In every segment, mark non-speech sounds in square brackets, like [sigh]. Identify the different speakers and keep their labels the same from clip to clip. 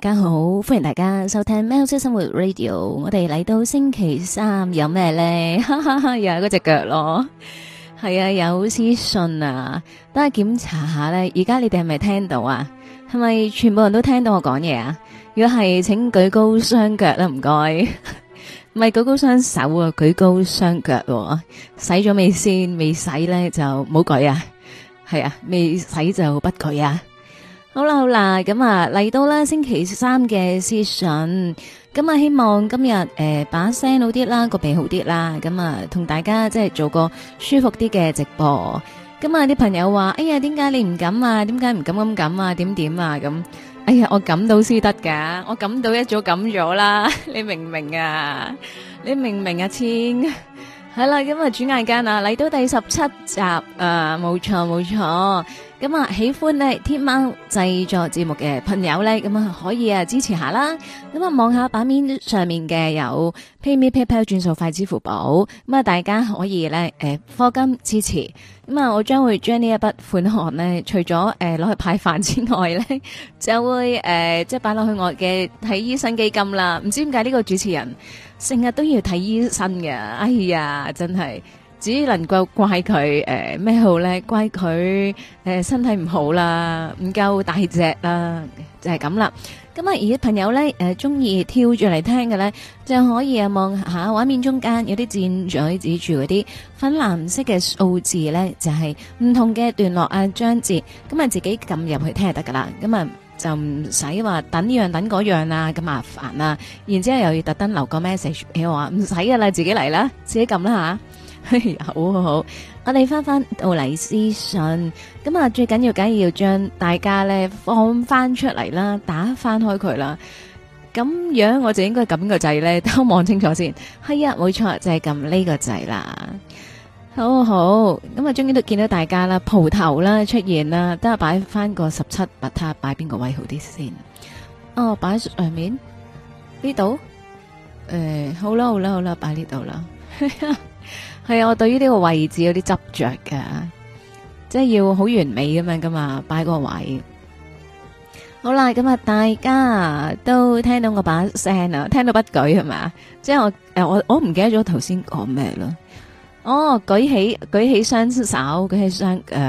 Speaker 1: 大家好，歡迎大家收聽《喵式生活 Radio》。我哋嚟到星期三有咩咧，哈哈哈哈？又係嗰隻腳咯，係啊，有屍訊啊，都係檢查下咧。而家你哋係咪聽到啊？係咪全部人都聽到我講嘢啊？如果係，請舉高雙腳啦，唔該。唔 [laughs] 係舉高雙手啊，舉高雙腳。洗咗未先？未洗咧就冇舉啊。係啊，未洗就不舉啊。好啦好啦，咁啊嚟到啦星期三嘅屍訊，咁啊希望今日誒把聲好啲啦，個鼻好啲啦，咁啊同大家即係做個舒服啲嘅直播。咁啊啲朋友話：哎呀，點解你唔敢啊？點解唔敢咁咁啊？點點啊？咁，哎呀，我敢到先得噶，我敢到一早咁咗啦，你明唔明啊？你明唔明啊？千係啦，咁啊轉眼間啊嚟到第十七集啊，冇錯冇錯。咁啊、嗯，喜歡呢天貓製作節目嘅朋友咧，咁、嗯、啊、嗯、可以啊支持下啦。咁、嗯、啊，望下版面上面嘅有 PayMe PayPal 轉數快支付寶，咁、嗯、啊、嗯、大家可以咧誒，課金支持。咁、嗯、啊、嗯，我將會將呢一筆款項咧，除咗誒攞去派飯之外咧， [laughs] 就會誒、呃、即係擺落去我嘅睇醫生基金啦。唔知點解呢個主持人成日都要睇醫生嘅，哎呀，真係。只能夠怪佢咩、呃、好咧？怪佢、呃、身體唔好啦，唔夠大隻啦，就係咁啦。咁啊，而啲朋友咧誒中意跳住嚟聽嘅咧，就可以啊望下畫面中間有啲箭嘴指住嗰啲粉藍色嘅數字咧，就係、是、唔同嘅段落啊章節。咁、嗯、啊，自己撳入去聽就得噶啦，咁、嗯、啊就唔使話等呢樣等嗰樣啊咁麻煩啦、啊。然之後又要特登留個 message 俾我話唔使噶啦，自己嚟啦，自己撳啦吓。好 [laughs] 好好，我哋翻翻道尼屍訊，咁啊最緊要梗係要將大家咧放翻出嚟啦，打翻開佢啦，咁樣我就應該撳個掣咧，都望清楚先。係啊，冇錯，就係撳呢個掣啦。好好，咁啊，終於都見到大家啦，蒲頭啦出現啦，都係擺翻個十七八塔，擺邊個位好啲先？哦，擺上面呢度？誒、欸，好啦好啦好啦，擺呢度啦。 [laughs] 係啊，我對於呢個位置有啲執着嘅，即係要好完美咁樣噶嘛，擺個位。好啦，咁啊，大家都聽到我把聲啊，聽到不舉係嘛？即係我誒，我我唔記得咗頭先講咩咯。哦，舉起舉起雙手，舉起雙腳。咁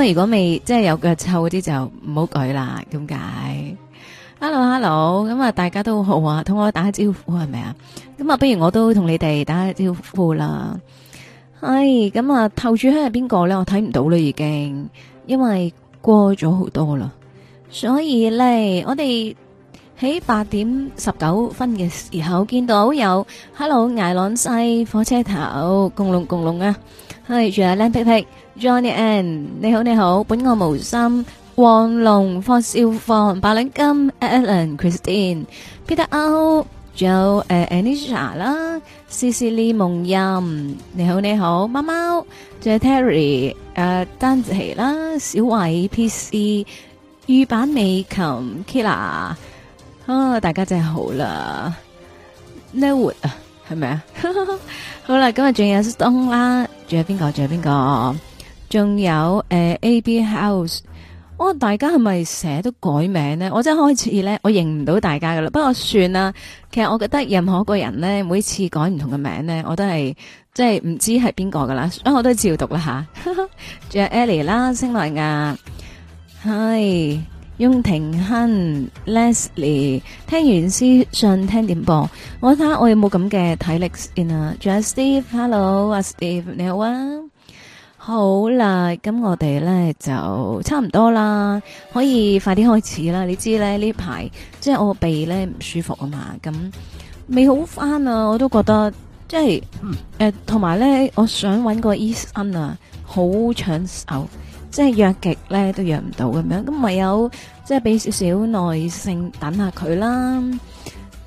Speaker 1: 啊，如果未即係有腳臭嗰啲就唔好舉啦，咁解。hello hello，咁啊，大家都好啊，同我打下招呼係咪啊？咁啊，不如我都同你哋打下招呼啦。係，咁啊，頭柱香係邊個咧？我睇唔到啦，已經，因為過咗好多啦。所以咧，我哋喺八點十九分嘅時候見到有 hello 艾朗西火車頭，共龍共龍啊！係仲有靚 PPJohnny N，你好你好，本我無心。黃龍、放笑、放白領金、Alan、Christine、Peter 歐，仲有誒 Anisha 啦，C C 李夢音，你好你好，貓貓，仲有 Terry，誒丹琪啦，小偉、P C、U 版美琴、Killa，啊大家真係好啦，Newt 啊係咪啊，好啦今日仲有 Stone 啦，仲有邊個仲有邊個，仲有誒 A B House。我、哦、大家係咪成日都改名咧？我真係開始咧，我認唔到大家噶啦。不過算啦，其實我覺得任何一個人咧，每次改唔同嘅名咧，我都係即係唔知係邊個噶啦。所以我都照讀啦吓。仲、啊、 [laughs] 有 Ellie 啦，星來亞，係，翁庭亨 Leslie，聽完私信聽點播，我睇下我有冇咁嘅體力先啊。仲有 Steve，Hello，阿 Steve 你好啊。好啦，咁我哋咧就差唔多啦，可以快啲開始啦。你知咧呢排即係我個鼻咧唔舒服啊嘛，咁未好翻，啊，我都覺得即係誒，同埋咧我想搵個醫生啊，好搶手，即係約極咧都約唔到咁樣，咁唯有即係俾少少耐性等下佢啦。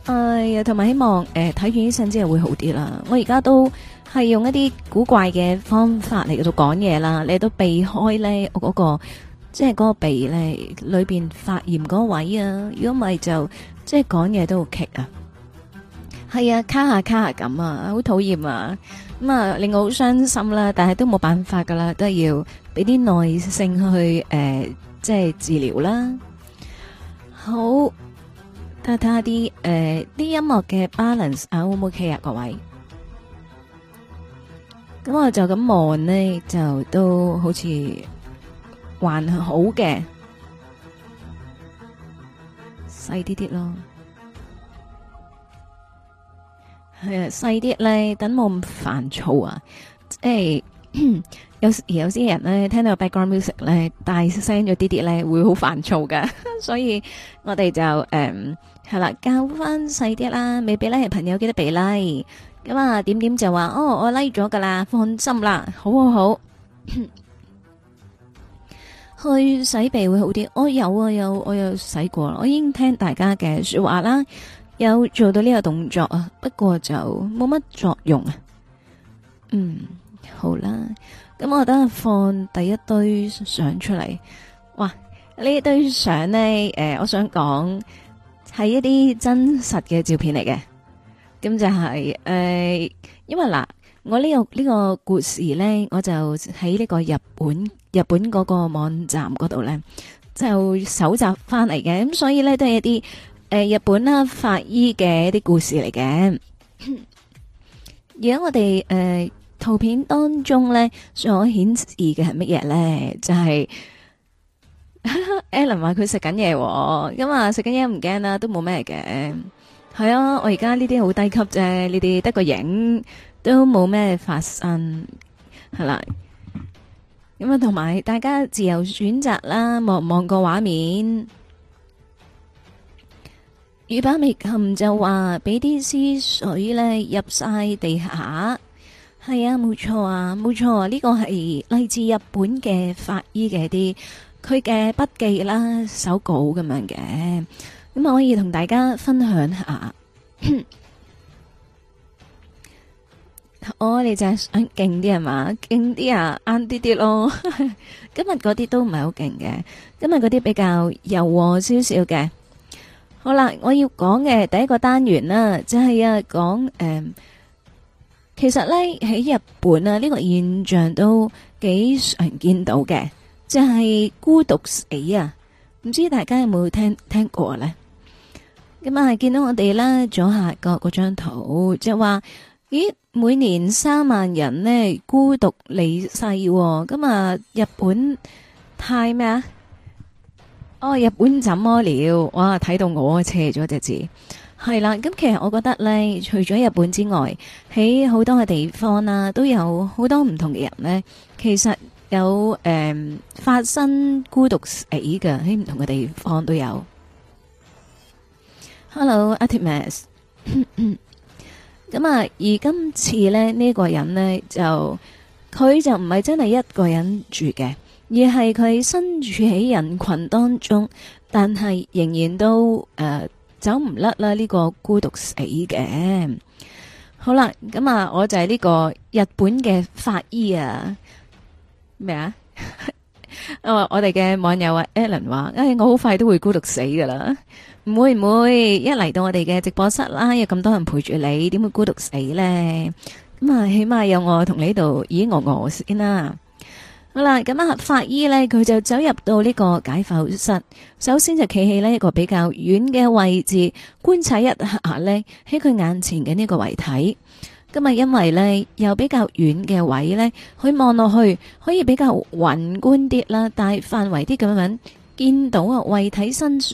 Speaker 1: 哎、呃、呀，同埋希望誒睇、呃、完醫生之後會好啲啦。我而家都係用一啲古怪嘅方法嚟到講嘢啦，你都避開咧嗰、嗰個，即係嗰個鼻咧裏邊發炎嗰位啊。如果唔係就，即係講嘢都好棘啊。係啊，卡下卡下咁啊，好討厭啊。咁啊，令我好傷心啦。但係都冇辦法噶啦，都係要俾啲耐性去誒、呃，即係治療啦。好，睇下睇下啲誒啲音樂嘅 balance 啊，會唔會 ok 啊？各位？咁我就咁望咧，就都好似還好嘅，細啲啲咯，係細啲咧。等冇咁煩躁啊！即係有有啲人咧，聽到 background music 咧，大聲咗啲啲咧，會好煩躁噶。所以我哋就誒，係啦，教翻細啲啦，未俾咧，係朋友記得俾咧。咁啊，點點、嗯、就話哦，我拉咗噶啦，放心啦，好好好， [coughs] 去洗鼻會好啲。我、哦、有啊，有我有洗過啦，我已經聽大家嘅說話啦，有做到呢個動作啊，不過就冇乜作用啊。嗯，好啦，咁、嗯、我等下放第一堆相出嚟。哇，呢堆相呢，誒、呃，我想講係一啲真實嘅照片嚟嘅。咁就係、是、誒、呃，因為嗱，我呢、這個呢、這個故事咧，我就喺呢個日本日本嗰個網站嗰度咧，就搜集翻嚟嘅。咁所以咧都係一啲誒、呃、日本啦法醫嘅一啲故事嚟嘅。而家 [coughs] 我哋誒、呃、圖片當中咧所顯示嘅係乜嘢咧？就係、是、 [laughs] Alan 話佢食緊嘢喎，咁啊食緊嘢唔驚啦，都冇咩嘅。係啊，我而家呢啲好低級啫，呢啲得個影都冇咩發生，係啦。咁啊，同埋大家自由選擇啦，望望個畫面。雨把未冚就話俾啲濕水咧入晒地下。係啊，冇錯啊，冇錯啊，呢個係嚟自日本嘅法醫嘅啲佢嘅筆記啦、手稿咁樣嘅。我可以同大家分享下，我哋就係想勁啲係嘛，勁啲啊，啱啲啲咯。今日嗰啲都唔係好勁嘅，今日嗰啲比較柔和少少嘅。好啦，我要講嘅第一個單元啦，就係啊講誒，其實咧喺日本啊呢個現象都幾常見到嘅，就係孤獨死啊，唔知大家有冇聽聽過咧？咁係、嗯、見到我哋咧，左下角嗰張圖即係話、就是，咦，每年三萬人呢孤獨離世，啊、咁、嗯、啊，日本太咩啊？哦，日本怎麼了？哇，睇到我斜咗隻字，係啦。咁、嗯、其實我覺得咧，除咗日本之外，喺好多嘅地方啦、啊，都有好多唔同嘅人咧。其實有誒、嗯、發生孤獨死嘅喺唔同嘅地方都有。Hello，Atimes。咁啊，而今次咧呢、呢個人呢，就佢就唔係真係一個人住嘅，而係佢身處喺人群當中，但係仍然都誒走唔甩啦。呢、呃呢個孤獨死嘅好啦。咁、嗯、啊，我就係呢個日本嘅法醫啊。咩啊？啊、哦！我哋嘅網友啊，Allen 話：，唉，我好快都會孤獨死噶啦，唔會唔會？一嚟到我哋嘅直播室啦，有咁多人陪住你，點會孤獨死呢？咁啊，起碼有我同你度，咦，我、呃、我、呃呃、先啦。好啦，咁啊，法醫呢，佢就走入到呢個解剖室，首先就企喺呢一個比較遠嘅位置，觀察一下呢喺佢眼前嘅呢個遺體。咁啊，因為咧有比較遠嘅位咧，佢望落去可以比較宏觀啲啦，大範圍啲咁樣，見到啊，胃體身上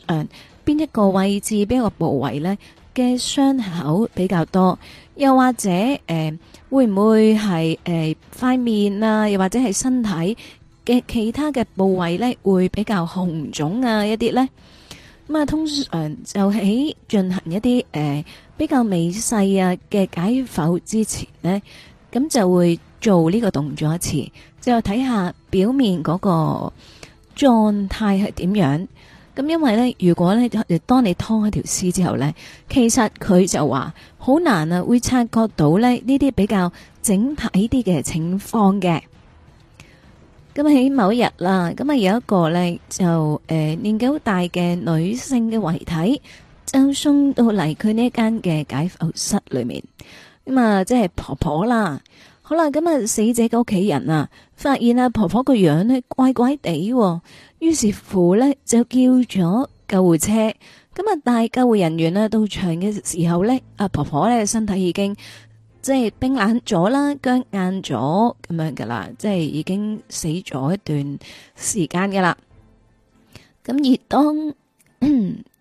Speaker 1: 邊一個位置，邊一個部位咧嘅傷口比較多，又或者誒會唔會係誒塊面啊，又或者係身體嘅其他嘅部位咧，會比較紅腫啊一啲咧？咁啊，通常就喺進行一啲誒、呃、比較微細啊嘅解剖之前呢，咁就會做呢個動作一次，就睇下表面嗰個狀態係點樣。咁因為呢，如果呢當你拖一條絲之後呢，其實佢就話好難啊，會察覺到呢呢啲比較整體啲嘅情況嘅。咁喺某日啦，咁啊有一個咧就誒、呃、年紀好大嘅女性嘅遺體就送到嚟佢呢一間嘅解剖室裏面，咁啊即係婆婆啦，好啦，咁啊死者嘅屋企人啊發現阿婆婆個樣咧怪怪地、啊，於是乎咧就叫咗救護車，咁啊帶救護人員咧到場嘅時候咧，阿婆婆咧身體已經。即係冰冷咗啦，僵硬咗咁樣噶啦，即係已經死咗一段時間噶啦。咁而當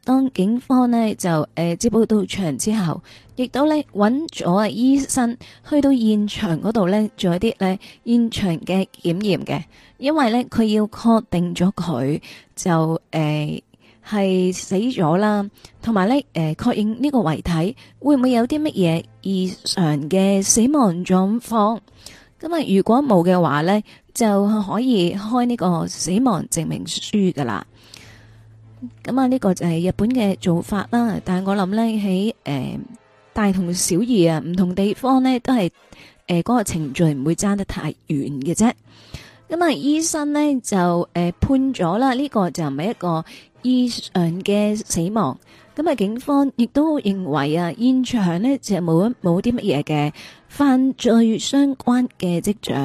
Speaker 1: 當警方呢，就誒、呃、接報到場之後，亦都咧揾咗啊醫生去到現場嗰度咧做一啲咧、呃、現場嘅檢驗嘅，因為咧佢要確定咗佢就誒。呃係死咗啦，同埋咧誒，確、呃、認呢個遺體會唔會有啲乜嘢異常嘅死亡狀況？咁啊，如果冇嘅話咧，就可以開呢個死亡證明書噶啦。咁啊，呢個就係日本嘅做法啦。但係我諗咧，喺誒、呃、大同小異啊，唔同地方呢都係誒嗰個程序唔會爭得太遠嘅啫。咁啊，醫生呢就誒、呃、判咗啦，呢、這個就唔係一個。異常嘅死亡，咁啊警方，亦都認為啊現場咧就係冇冇啲乜嘢嘅犯罪相關嘅跡象，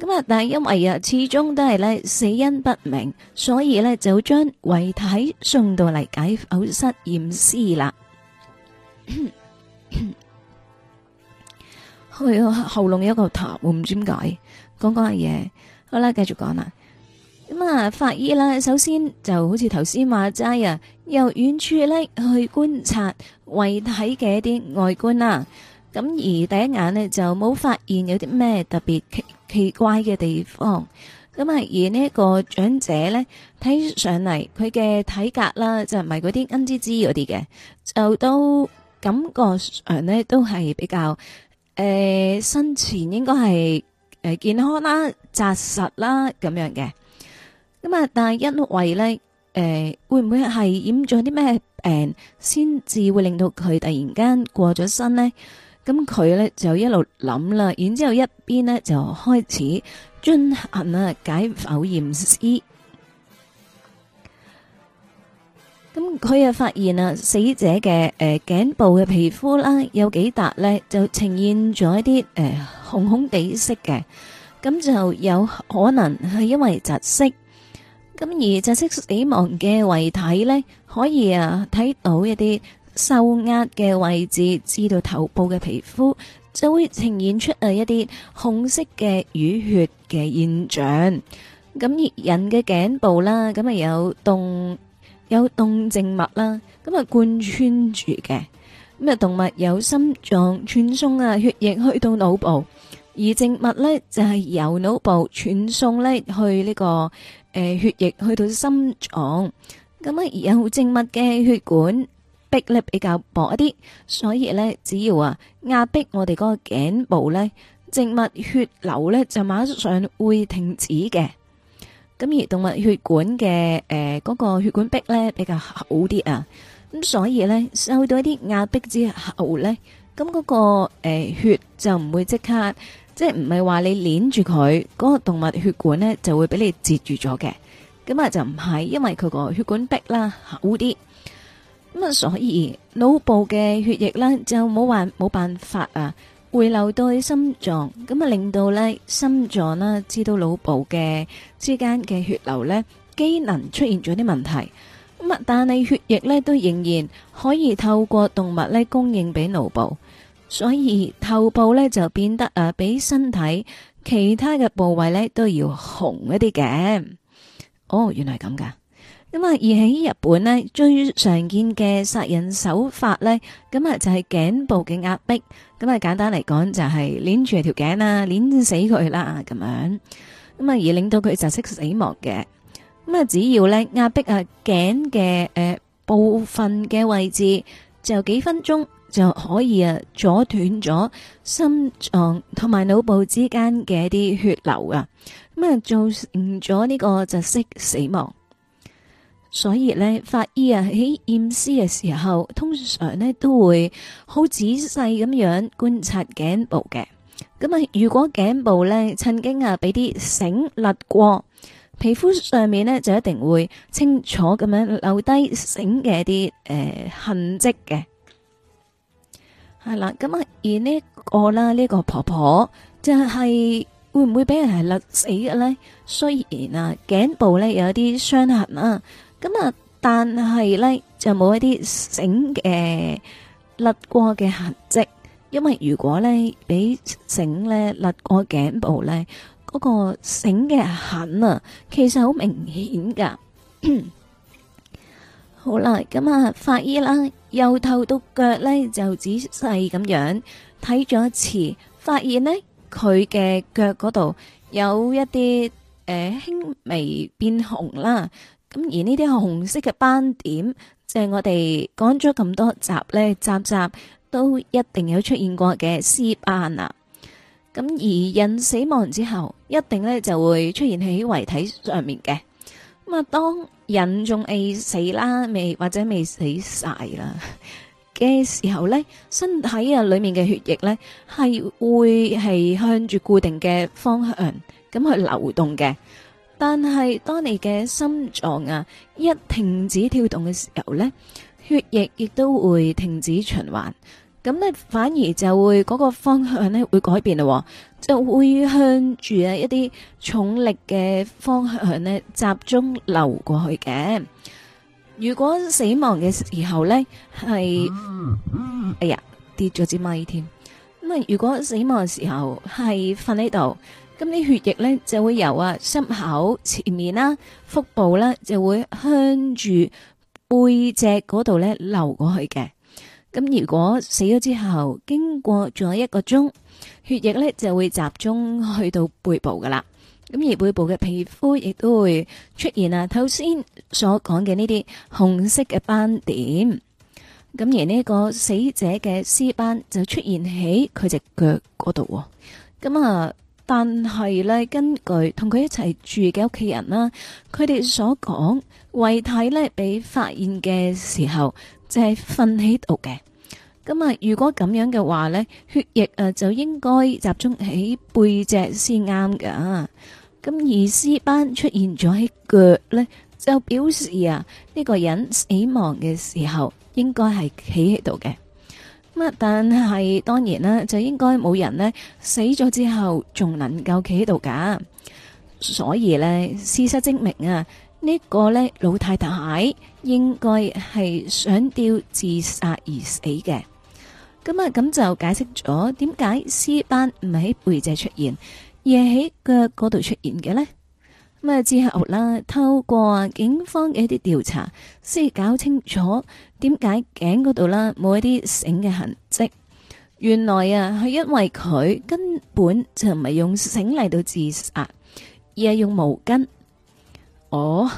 Speaker 1: 咁啊但係因為啊始終都係呢死因不明，所以呢就將遺體送到嚟解剖室驗屍啦。去 [coughs] [coughs] 喉嚨有一個痰，唔知點解，講講下嘢，好啦，繼續講啦。咁啊，法醫啦，首先就好似頭先話齋啊，由遠處咧去觀察遺體嘅一啲外觀啦。咁而第一眼呢就冇發現有啲咩特別奇奇怪嘅地方。咁啊，而呢一個長者咧睇上嚟，佢嘅體格啦，就唔係嗰啲恩滋滋嗰啲嘅，就都感覺上呢都係比較誒生、呃、前應該係誒健康啦、紮實啦咁樣嘅。咁啊！但係因為咧，誒、呃，會唔會係染咗啲咩病，先至會令到佢突然間過咗身呢？咁佢呢，就一路諗啦，然之後一邊呢，就開始進行啊解剖驗屍。咁佢啊發現啊死者嘅誒頸部嘅皮膚啦有幾笪呢，就呈現咗一啲誒、呃、紅紅哋色嘅，咁就有可能係因為窒息。咁而窒息死亡嘅遺體呢，可以啊睇到一啲受壓嘅位置，至到頭部嘅皮膚就會呈現出啊一啲紅色嘅淤血嘅現象。咁而人嘅頸部啦，咁啊有動有動靜脈啦，咁啊貫穿住嘅，咁啊動脈由心臟傳送啊血液去到腦部，而靜脈呢，就係、是、由腦部傳送呢去呢、這個。誒，血液去到心臟，咁啊而有靜脈嘅血管壁咧，比較薄一啲，所以咧，只要啊壓迫我哋嗰個頸部咧，靜脈血流咧，就馬上會停止嘅。咁而動物血管嘅誒嗰個血管壁咧，比較厚啲啊，咁所以咧，受到一啲壓迫之後咧。咁嗰、那個誒、呃、血就唔會即刻，即係唔係話你捻住佢，嗰、那個動物血管呢就會俾你截住咗嘅。咁啊就唔係，因為佢個血管壁啦厚啲。咁啊所以腦部嘅血液呢就冇話冇辦法啊回流到去心臟，咁啊令到呢心臟啦知道腦部嘅之間嘅血流呢機能出現咗啲問題。咁啊但係血液呢都仍然可以透過動物呢供應俾腦部。所以頭部咧就變得比身體其他嘅部位咧都要紅一啲嘅。哦，原來咁噶。咁啊，而喺日本呢，最常見嘅殺人手法咧，咁啊就係、是、頸部嘅壓迫。咁啊簡單嚟講就係鏈住條頸啊，鏈死佢啦咁樣。咁啊而令到佢窒息死亡嘅。咁啊只要咧壓迫啊頸嘅誒部分嘅位置，就幾分鐘。就可以啊，阻斷咗心臟同埋腦部之間嘅一啲血流啊，咁啊造成咗呢個窒息死亡。所以呢，法醫啊喺驗屍嘅時候，通常呢都會好仔細咁樣觀察頸部嘅。咁啊，如果頸部呢曾經啊俾啲繩勒過，皮膚上面呢就一定會清楚咁樣留低繩嘅一啲誒、呃、痕跡嘅。係啦，咁啊，而呢一個啦，呢個婆婆就係會唔會俾人係勒死嘅咧？雖然啊，頸部咧有一啲傷痕啊，咁啊，但係咧就冇一啲繩嘅勒過嘅痕跡，因為如果咧俾繩咧勒過頸部咧，嗰個繩嘅痕啊，其實好明顯噶。好啦，咁啊，法醫啦。由頭到腳咧，就仔細咁樣睇咗一次，發現呢，佢嘅腳嗰度有一啲誒輕微變紅啦。咁而呢啲紅色嘅斑點，即係我哋講咗咁多集咧，集集都一定有出現過嘅屍斑啦。咁而人死亡之後，一定咧就會出現喺遺體上面嘅。咁啊，當。人仲未死啦，未或者未死晒啦嘅時候呢，身體啊裏面嘅血液呢係會係向住固定嘅方向咁去流動嘅。但係當你嘅心臟啊一停止跳動嘅時候呢，血液亦都會停止循環。咁咧，反而就會嗰個方向咧會改變咯，就會向住啊一啲重力嘅方向咧集中流過去嘅。如果死亡嘅時候咧係，哎呀跌咗支咪添。咁啊，如果死亡嘅時候係瞓喺度，咁啲血液咧就會由啊心口前面啦、腹部啦，就會向住背脊嗰度咧流過去嘅。咁如果死咗之後，經過咗一個鐘，血液咧就會集中去到背部噶啦。咁而背部嘅皮膚亦都會出現啊，頭先所講嘅呢啲紅色嘅斑點。咁而呢個死者嘅屍斑就出現喺佢隻腳嗰度。咁啊，但係咧，根據同佢一齊住嘅屋企人啦，佢哋所講，遺體咧被發現嘅時候就係瞓喺度嘅。咁啊！如果咁樣嘅話呢，血液啊就應該集中喺背脊先啱噶。咁而屍斑出現咗喺腳呢，就表示啊呢個人死亡嘅時候應該係企喺度嘅。咁啊，但係當然啦，就應該冇人呢死咗之後仲能夠企喺度噶。所以呢，事實證明啊，呢個呢，老太太應該係想吊自殺而死嘅。咁啊，咁就解釋咗點解屍斑唔係喺背脊出現，而係喺腳嗰度出現嘅呢？咁啊，之後啦，透過警方嘅一啲調查，先搞清楚點解頸嗰度啦冇一啲繩嘅痕跡。原來啊，係因為佢根本就唔係用繩嚟到自殺，而係用毛巾。哦。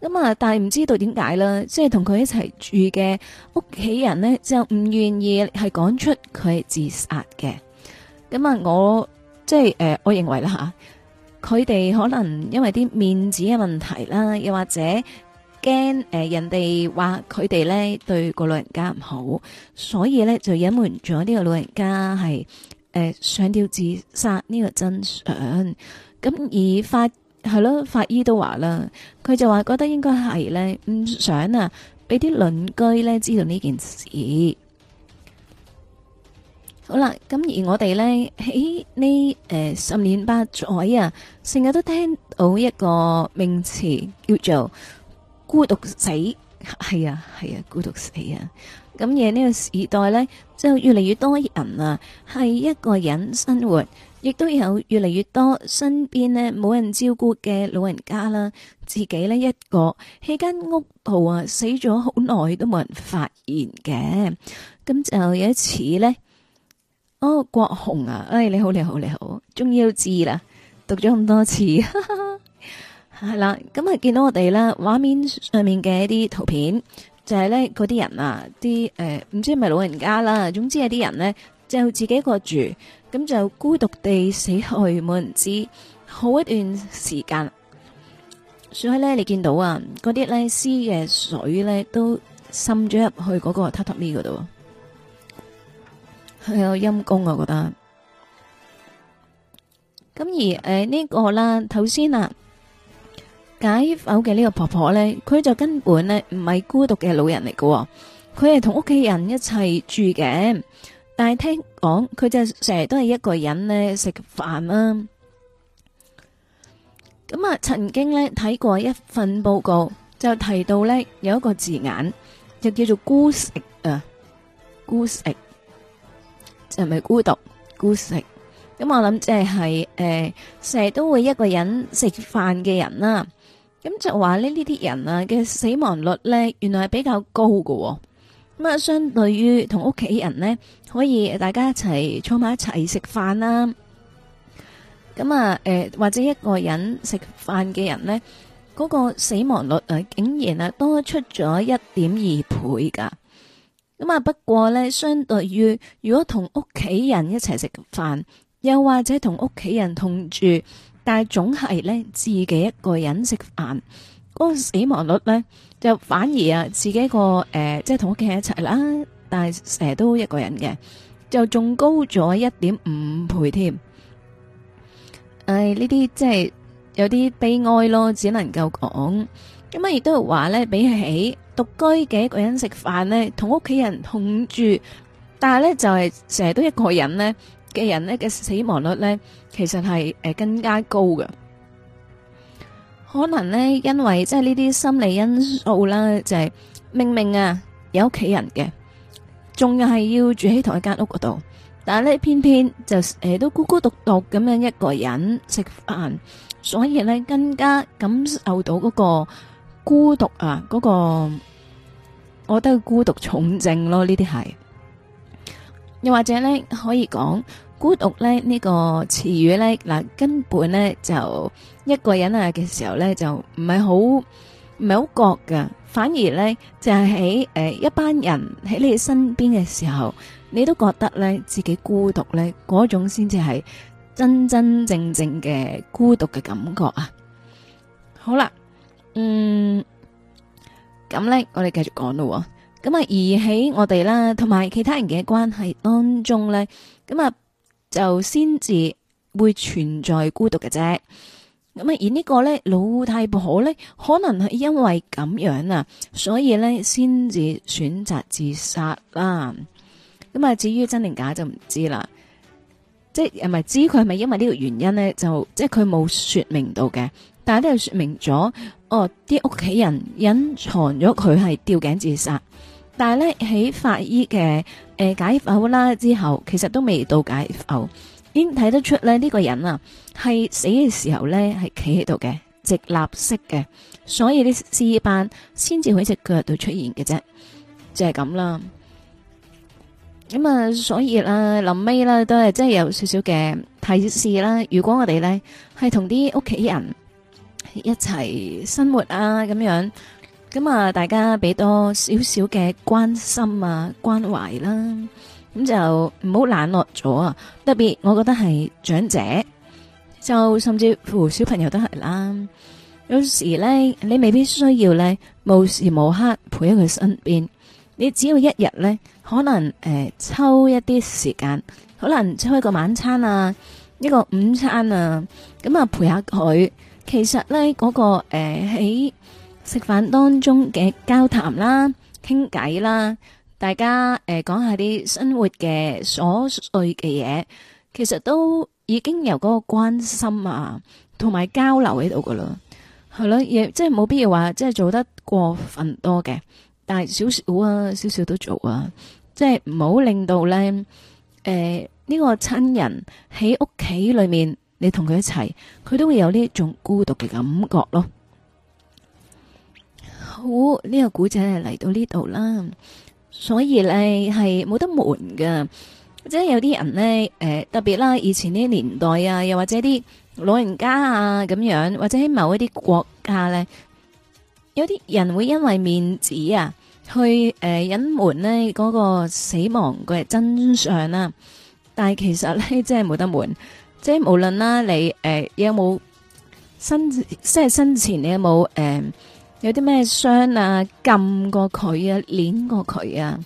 Speaker 1: 咁啊、嗯！但係唔知道點解啦，即係同佢一齊住嘅屋企人咧，就唔願意係講出佢係自殺嘅。咁、嗯、啊，我即係誒、呃、我認為啦吓，佢哋可能因為啲面子嘅問題啦，又或者驚誒、呃、人哋話佢哋咧對個老人家唔好，所以咧就隱瞞咗呢個老人家係誒上吊自殺呢個真相。咁、嗯、而發。係咯，法醫都話啦，佢就話覺得應該係咧，唔想啊，俾啲鄰居咧知道呢件事。好啦，咁而我哋咧喺呢誒十年八載啊，成日都聽到一個名詞叫做孤獨死，係啊係啊孤獨死啊。咁而喺呢個時代咧，就越嚟越多人啊，係一個人生活。亦都有越嚟越多身邊呢冇人照顧嘅老人家啦，自己呢一個喺間屋度啊，死咗好耐都冇人發現嘅。咁就有一次呢，哦，國雄啊、哎，你好，你好，你好，終於都知啦，讀咗咁多次係啦。咁啊，見 [laughs] 到我哋啦，畫面上面嘅一啲圖片，就係、是、呢嗰啲人啊，啲誒，唔、哎、知係咪老人家啦，總之有啲人呢，就自己一個住。咁就孤獨地死去，冇人知好一段時間，所以咧，你見到啊，嗰啲咧，屍嘅水咧都滲咗入去嗰個榻榻米嗰度，係有陰功啊，我覺得。咁而誒呢、呃這個啦，頭先啊，解剖嘅呢個婆婆咧，佢就根本咧唔係孤獨嘅老人嚟嘅、哦，佢係同屋企人一齊住嘅，但係聽。講佢、哦、就成日都係一個人呢食飯啦、啊，咁啊曾經呢睇過一份報告，就提到呢有一個字眼就叫做孤食啊，孤食就係咪孤獨孤食？咁我諗即係誒成日都會一個人食飯嘅人啦，咁就話咧呢啲人啊嘅、啊、死亡率呢，原來係比較高噶、哦。咁啊，相對於同屋企人呢，可以大家一齊坐埋一齊食飯啦。咁啊，誒，或者一個人食飯嘅人呢，嗰個死亡率誒，竟然啊多出咗一點二倍噶。咁啊，不過呢，相對於如果同屋企人一齊食飯，又或者同屋企人同住，但係總係呢，自己一個人食飯。死亡率咧，就反而啊，自己一個誒、呃，即係同屋企人一齊啦，但係成日都一個人嘅，就仲高咗一、哎、點五倍添。誒，呢啲即係有啲悲哀咯，只能夠講。咁啊，亦都係話咧，比起獨居嘅一個人食飯咧，同屋企人同住，但係咧就係成日都一個人咧嘅人咧嘅死亡率咧，其實係誒更加高嘅。可能咧，因為即係呢啲心理因素啦，就係、是、明明啊有屋企人嘅，仲係要住喺同一間屋嗰度，但係咧偏偏就誒、呃、都孤孤獨獨咁樣一個人食飯，所以咧更加感受到嗰個孤獨啊，嗰、那個，我覺得孤獨重症咯，呢啲係，又或者咧可以講孤獨咧呢、這個詞語咧嗱、呃、根本咧就。一個人啊嘅時候咧，就唔係好唔係好覺噶，反而咧就係喺誒一班人喺你身邊嘅時候，你都覺得咧自己孤獨咧，嗰種先至係真真正正嘅孤獨嘅感覺啊！好啦，嗯，咁咧我哋繼續講咯，咁啊而喺我哋啦，同埋其他人嘅關係當中咧，咁啊就先至會存在孤獨嘅啫。咁啊，而呢個咧老太婆咧，可能係因為咁樣啊，所以咧先至選擇自殺啦。咁啊，至於真定假就唔知啦。即係唔係知佢係咪因為呢個原因咧，就即係佢冇說明到嘅，但係都係說明咗哦。啲屋企人隱藏咗佢係吊頸自殺，但係咧喺法醫嘅誒解剖啦之後，其實都未到解剖。已經睇得出咧，呢、這個人啊係死嘅時候咧係企喺度嘅，直立式嘅，所以啲屍斑先至喺隻腳度出現嘅啫，就係、是、咁啦。咁、嗯、啊，所以啦，臨尾啦都係真係有少少嘅提示啦。如果我哋咧係同啲屋企人一齊生活啊咁樣，咁、嗯、啊大家俾多少少嘅關心啊關懷啦。咁就唔好冷落咗啊！特別我覺得係長者，就甚至乎小朋友都係啦。有時呢，你未必需要呢無時無刻陪喺佢身邊。你只要一日呢，可能誒、呃、抽一啲時間，可能抽一個晚餐啊，一個午餐啊，咁啊陪下佢。其實呢，嗰、那個誒喺、呃、食飯當中嘅交談啦、傾偈啦。大家誒講下啲生活嘅瑣碎嘅嘢，其實都已經有嗰個關心啊，同埋交流喺度噶啦，係咯，亦即係冇必要話即係做得過分多嘅，但係少少啊，少少都做啊，即係唔好令到咧誒呢個親人喺屋企裏面，你同佢一齊，佢都會有呢一種孤獨嘅感覺咯。好，呢個古仔嚟到呢度啦。所以咧，係冇得瞞噶，即係有啲人咧，誒、呃、特別啦，以前啲年代啊，又或者啲老人家啊咁樣，或者喺某一啲國家咧，有啲人會因為面子啊，去誒隱瞞咧嗰個死亡嘅真相啦、啊。但係其實咧，即係冇得瞞，即係無論啦，你誒、呃、有冇生即係生前你有冇誒？呃有啲咩傷啊？撳過佢啊，捻過佢啊，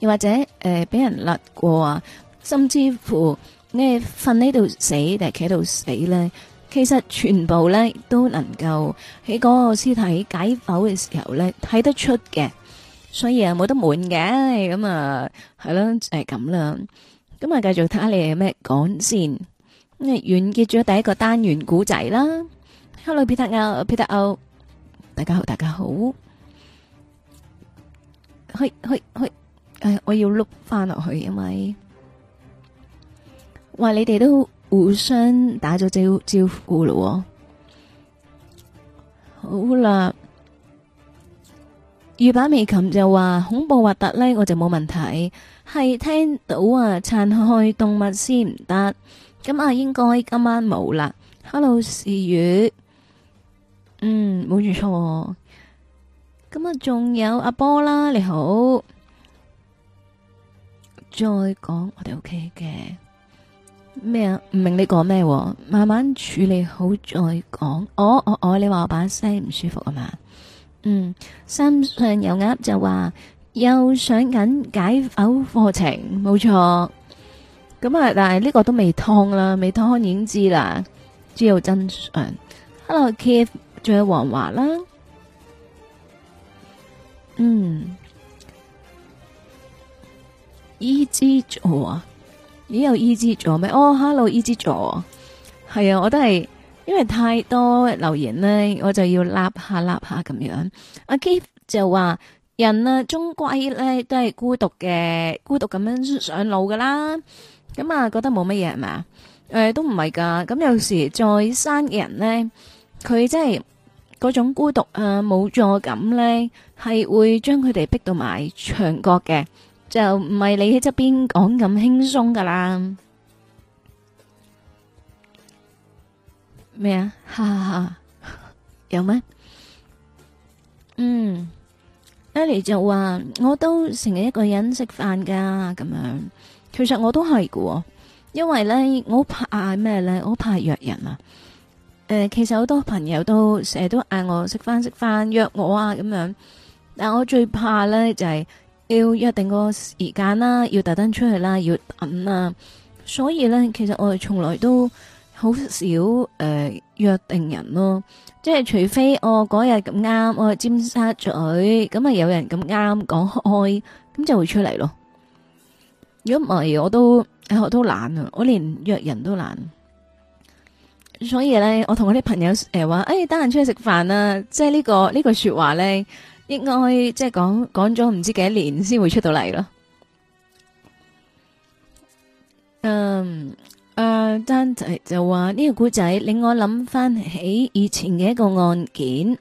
Speaker 1: 又或者誒俾、呃、人勒過啊，甚至乎你瞓喺度死定係企喺度死咧？其實全部咧都能夠喺嗰個屍體解剖嘅時候咧睇得出嘅，所以啊冇得悶嘅咁啊係咯，係咁、啊啊就係、啦。咁啊，繼續睇下你哋有咩講先，咁啊，完結咗第一個單元古仔啦。Hello，Peter，Peter。大家好，大家好，去去去，誒，我要碌翻落去，因為話你哋都互相打咗招招呼啦，好啦，月板眉琴就話恐怖核突咧，我就冇問題，係聽到啊殘害動物先唔得，咁啊應該今晚冇啦。Hello，是月。嗯，冇錯。咁啊，仲有阿波啦，你好。再講，我哋 OK 嘅咩啊？唔明你講咩？慢慢處理好再講。我我我，你話我把聲唔舒服係嘛？嗯，心上有鴨就話又上緊解剖課程，冇錯。咁、嗯、啊，但係呢個都未通啦，未通已經知啦。知道真相。Hello，K、F. 仲有黃華啦，嗯，E Z 座，咦有 E Z 座咩？哦，Hello E Z 座，係啊，我都係因為太多留言咧，我就要笠下笠下咁樣。阿 Keith 就話人啊，終歸咧都係孤獨嘅，孤獨咁樣上路噶啦，咁啊覺得冇乜嘢係咪啊？誒、呃、都唔係噶，咁有時在生嘅人咧，佢真係。嗰種孤獨啊，冇助感呢，係會將佢哋逼到埋牆角嘅，就唔係你喺側邊講咁輕鬆噶啦。咩啊？ [laughs] 有咩？嗯，Ellie 就話我都成日一個人食飯噶，咁樣其實我都係喎，因為呢，我怕嗌咩呢？我怕約人啊。誒、呃，其實好多朋友都成日都嗌我食飯食飯，約我啊咁樣。但係我最怕咧就係、是、要約定個時間啦，要特登出去啦，要等啦。所以咧，其實我哋從來都好少誒、呃、約定人咯。即係除非我嗰日咁啱，我去尖沙咀咁啊，有人咁啱講開，咁就會出嚟咯。如果唔係，我都我都懶啊，我連約人都懶。所以咧，我同我啲朋友誒，話，誒，得閒出去食飯啦。」即係呢，這個呢句，這個，說話咧，應該即係講講咗唔知幾多年先會出到嚟咯。嗯，um, uh，誒，但就就話呢個故仔令我諗翻起以前嘅一個案件，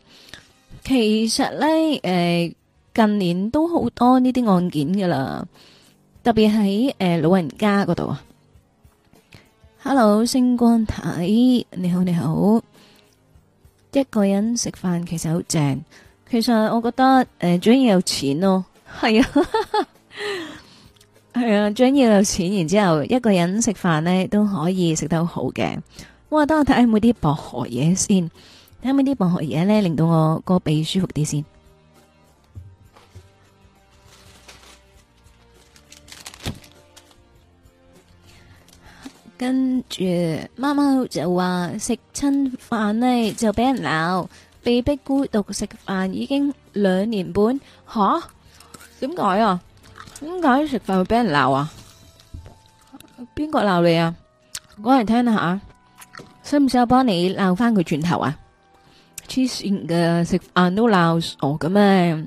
Speaker 1: 其實咧誒、呃、近年都好多呢啲案件噶啦，特別喺誒老人家嗰度啊。Hello，星光太。你好你好，一個人食飯其實好正，其實我覺得誒、呃，最緊要有錢咯，係啊係 [laughs] 啊，最緊要有錢，然之後一個人食飯咧都可以食得好好嘅。哇，等我睇下有冇啲薄荷嘢先，睇下有冇啲薄荷嘢咧令到我個鼻舒服啲先。跟住貓貓就話食親飯呢就俾人鬧，被逼孤獨食飯已經兩年半，吓？點解啊？點解食飯會俾人鬧啊？邊個鬧你啊？講嚟聽下，需唔需要幫你鬧翻佢轉頭啊？黐線嘅，食飯都鬧我嘅咩！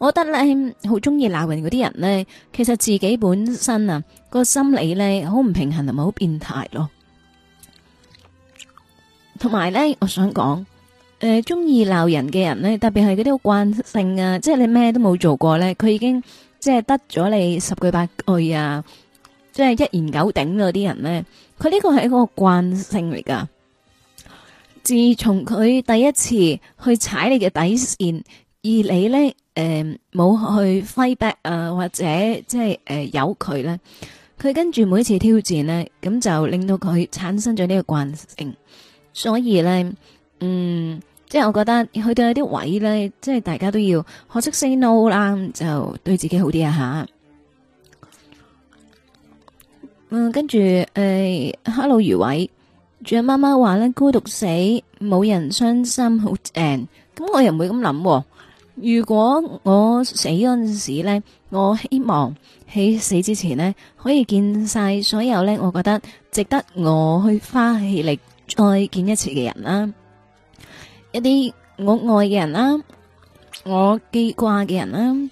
Speaker 1: 我覺得咧，好中意鬧人嗰啲人咧，其實自己本身啊個心理咧好唔平衡，係咪好變態咯？同埋咧，我想講，誒、呃，中意鬧人嘅人咧，特別係嗰啲好慣性啊，即係你咩都冇做過咧，佢已經即係得咗你十句八句啊，即係一言九鼎嗰啲人咧，佢呢個係一個慣性嚟噶。自從佢第一次去踩你嘅底線，而你咧。誒，冇、呃、去 fight back 啊，或者即係誒由佢咧，佢、呃、跟住每一次挑戰咧，咁就令到佢產生咗呢個慣性，所以咧，嗯，即係我覺得去到一啲位咧，即係大家都要學識 say no 啦，就對自己好啲啊吓。嗯，跟住誒、呃、Hello 余偉，仲有媽媽話咧孤獨死冇人傷心，好正，咁我又唔會咁諗啊。如果我死嗰陣時咧，我希望喺死之前呢，可以見晒所有咧，我覺得值得我去花氣力再見一次嘅人啦，一啲我愛嘅人啦，我記掛嘅人啦，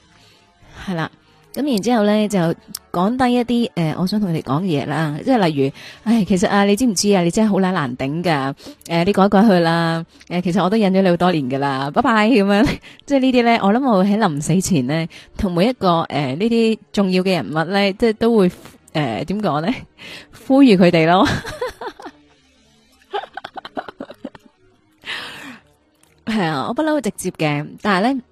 Speaker 1: 係啦。咁然之後咧，就講低一啲誒，我想同你哋講嘅嘢啦，即係例如，唉，其實啊，你知唔知啊？你真係好難難頂噶，誒，你改一改去啦，誒，其實我都忍咗你好多年噶啦，拜拜咁樣，即係呢啲咧，我諗我喺臨死前咧，同每一個誒呢啲重要嘅人物咧，即係都會誒點講咧，呼籲佢哋咯，係啊，我不嬲直接嘅，但係咧，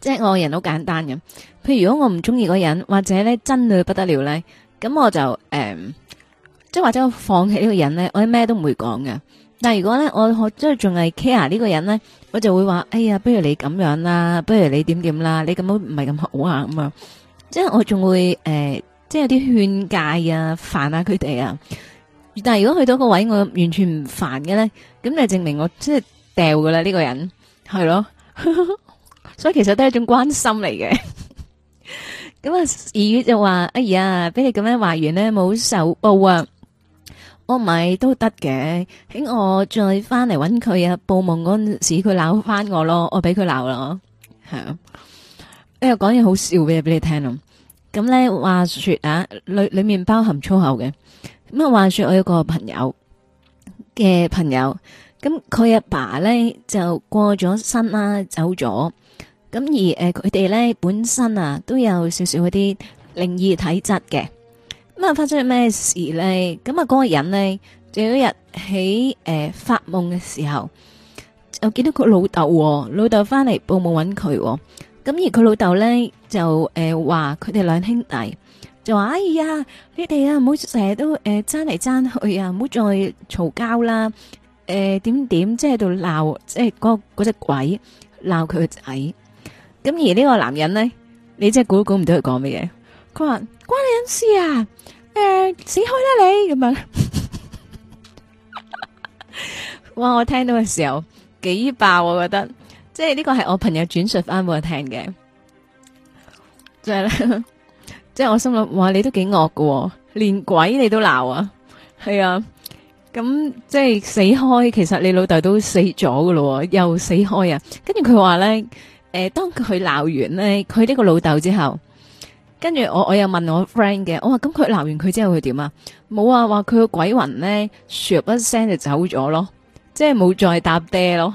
Speaker 1: 即係我嘅人好簡單嘅。譬如如果我唔中意嗰人，或者咧憎佢不得了咧，咁我就誒、嗯，即係或者我放棄呢個人咧，我咩都唔會講嘅。但係如果咧，我真係即係仲係 care 呢個人咧，我就會話：哎呀，不如你咁樣啦，不如你點點啦，你咁樣唔係咁好啊咁、呃、啊。即係我仲會誒，即係有啲勸誡啊，煩啊佢哋啊。但係如果去到個位，我完全唔煩嘅咧，咁就證明我真係掉噶啦。呢個人係咯， [laughs] 所以其實都係一種關心嚟嘅。咁啊 [laughs] 二月就話哎呀，俾你咁樣話完呢，冇受報啊！我唔係都得嘅，喺我再翻嚟揾佢啊，報夢嗰陣時佢鬧翻我咯，我俾佢鬧囉。係啊！哎又講嘢好笑嘅俾你聽咯、啊。咁咧話說啊，裏裏面包含粗口嘅。咁啊，話說我有個朋友嘅朋友，咁佢阿爸咧就過咗身啦、啊，走咗。咁而誒，佢哋咧本身啊，都有少少嗰啲靈異體質嘅。咁啊，發生咗咩事咧？咁啊，嗰個人咧，有一日喺誒發夢嘅時候，就見到佢老豆喎，老豆翻嚟報夢揾佢喎。咁而佢老豆咧就誒話佢哋兩兄弟，就話：哎呀，你哋啊，唔好成日都誒爭嚟爭去啊，唔好再嘈交啦。誒，點點即係度鬧，即係嗰嗰隻鬼鬧佢個仔。咁而呢個男人咧，你真係估估唔到佢講乜嘢。佢話關你事啊，誒、呃、死開啦你咁樣。 [laughs] [laughs] 哇！我聽到嘅時候幾爆，我覺得即係呢個係我朋友轉述翻畀我聽嘅。就是、 [laughs] 即係咧，即係我心諗哇，你都幾惡噶，連鬼你都鬧啊，係啊。咁、嗯、即係死開，其實你老豆都死咗噶咯，又死開啊。跟住佢話咧。誒，當佢鬧完咧，佢呢個老豆之後，跟住我我又問我 friend 嘅，我話咁佢鬧完佢之後佢點啊？冇啊，話佢個鬼魂咧，咻一聲就走咗咯，即係冇再搭爹咯。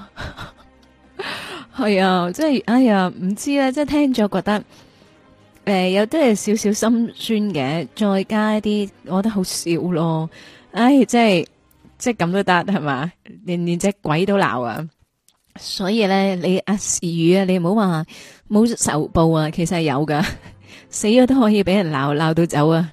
Speaker 1: 係 [laughs] 啊，即係哎呀，唔知啊，即係聽咗覺得，誒、哎，有啲係少少心酸嘅，再加一啲，我覺得好笑咯。唉、哎，即係即係咁都得係嘛？連連隻鬼都鬧啊！所以咧、啊，你阿時雨啊，你唔好話冇仇報啊，其實係有噶，死咗都可以俾人鬧鬧到走啊！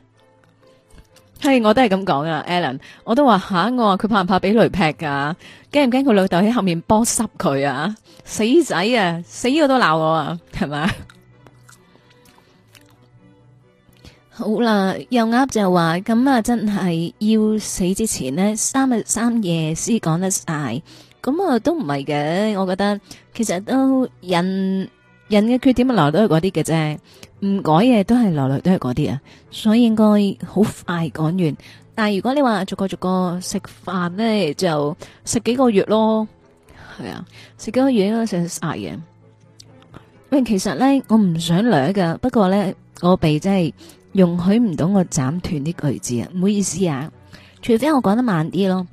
Speaker 1: 係，我，我都係咁講啊 Alan 我都話吓，我話佢怕唔怕俾雷劈噶、啊？驚唔驚佢老豆喺後面幫濕佢啊？死仔啊，死咗都鬧我啊，係嘛？好啦，又啱就話咁啊，真係要死之前呢，三日三夜先講得晒。咁啊、嗯，都唔係嘅，我覺得其實都人人嘅缺點啊，來來都係嗰啲嘅啫，唔改嘢，都係來來都係嗰啲啊，所以應該好快講完。但係如果你話逐個逐個食飯咧，就食幾個月咯，係啊，食幾個月咯，食晒嘅。喂，其實咧我唔想掠噶，不過咧我個鼻真係容許唔到我斬斷啲句子啊，唔好意思啊，除非我講得慢啲咯。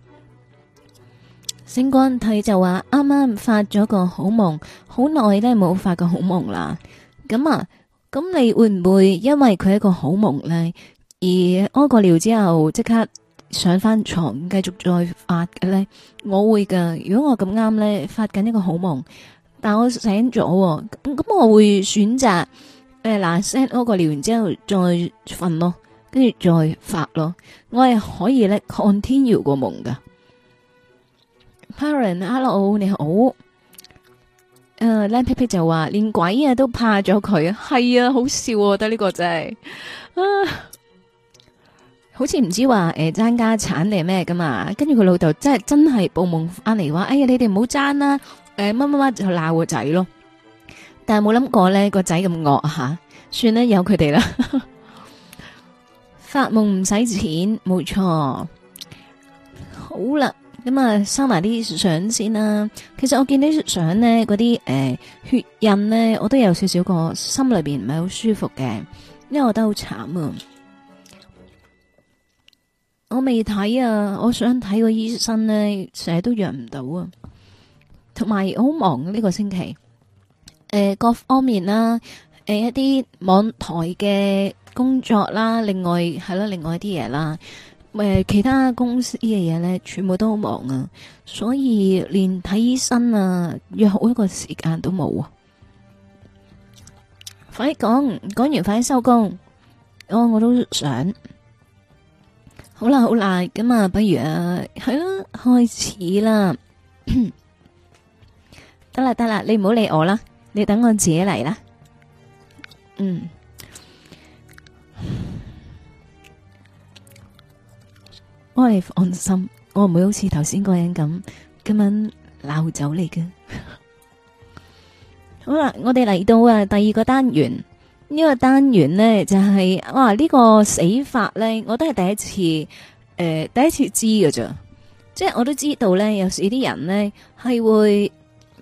Speaker 1: 星官睇就話啱啱發咗個好夢，好耐呢冇發個好夢啦。咁啊，咁你會唔會因為佢一個好夢呢？而屙個尿之後即刻上翻床繼續再發嘅呢？我會噶，如果我咁啱呢發緊一個好夢，但我醒咗咁、啊，我會選擇誒嗱，先、呃、屙個尿完之後再瞓咯，跟住再發咯。我係可以咧看天饒個夢噶。p a r e n h e l l o 你好。係我 Hello,、uh,。誒，靚 p 皮就話連鬼啊都怕咗佢，係啊，好笑得、啊、呢個真係。啊、好似唔知話誒、呃、爭家產定係咩噶嘛？跟住佢老豆真係真係報夢返嚟話，哎呀你哋唔好爭啦，誒乜乜乜就鬧個仔咯。但係冇諗過咧個仔咁惡吓，算啦，有佢哋啦。發夢唔使錢，冇錯。好啦。咁啊，收埋啲相先啦。其實我見啲相呢，嗰啲誒血印呢，我都有少少個心裏邊唔係好舒服嘅，因為我覺得好慘啊。我未睇啊，我想睇個醫生呢，成日都約唔到啊。同埋好忙呢、啊這個星期，誒、呃，各方面啦、啊，誒、呃，一啲網台嘅工作啦、啊，另外係啦、啊，另外一啲嘢啦。誒，其他公司嘅嘢咧，全部都好忙啊，所以連睇醫生啊，約好一個時間都冇啊。快啲講，講完快啲收工。哦，我都想。好啦，好啦，咁啊，不如啊，係咯，係啊，開始啦。得啦，得 [coughs] 啦，你唔好理我啦，你等我自己嚟啦。嗯。我係放心，我唔會好似頭先嗰人咁，今晚鬧走你嘅。 [laughs] 好啦，我哋嚟到啊第二個單元，呢、呢個單元呢，就係、係、哇呢、呢個死法呢，我都係第一次誒、呃、第一次知嘅咋，即係我都知道呢，有時啲人呢係會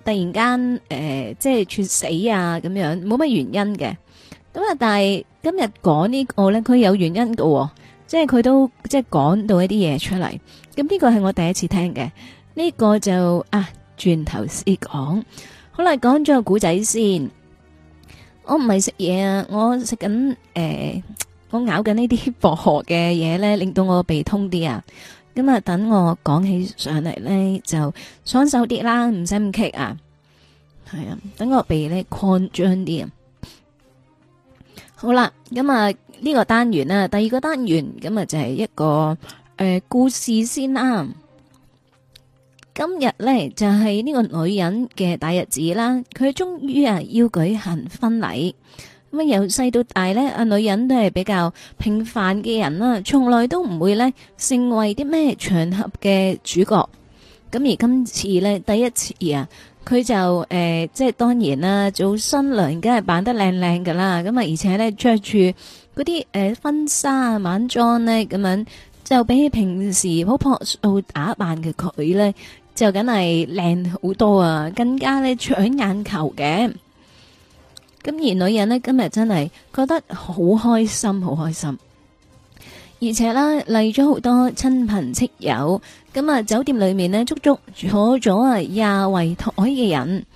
Speaker 1: 突然間誒、呃、即係猝死啊咁樣，冇乜原因嘅。咁啊，但係今日講呢個呢，佢有原因嘅、哦。即係佢都即係講到一啲嘢出嚟，咁呢個係我第一次聽嘅。呢、這個就啊，轉頭先講，好啦，講咗個古仔先。我唔係食嘢啊，我食緊誒，我咬緊呢啲薄荷嘅嘢咧，令到我鼻通啲啊。咁啊，等我講起上嚟咧，就爽手啲啦，唔使咁棘啊。係啊，等我鼻咧擴張啲。好啦，咁啊。呢個單元啦、啊，第二個單元咁啊就係一個誒、呃、故事先啦、啊。今日呢，就係、是、呢個女人嘅大日子啦，佢終於啊要舉行婚禮。咁、呃、啊由細到大呢，女人都係比較平凡嘅人啦、啊，從來都唔會呢成為啲咩場合嘅主角。咁、呃、而今次呢，第一次啊，佢就誒、呃、即係當然啦、啊，做新娘梗係扮得靚靚噶啦。咁、呃、啊而且呢，着住。嗰啲誒婚紗晚裝呢，咁樣就比起平時好樸素打扮嘅佢呢，就梗係靚好多啊，更加呢搶眼球嘅。咁而女人呢，今日真係覺得好開心，好開心。而且呢，嚟咗好多親朋戚友，咁啊，酒店裏面呢，足足坐咗啊廿位台嘅人。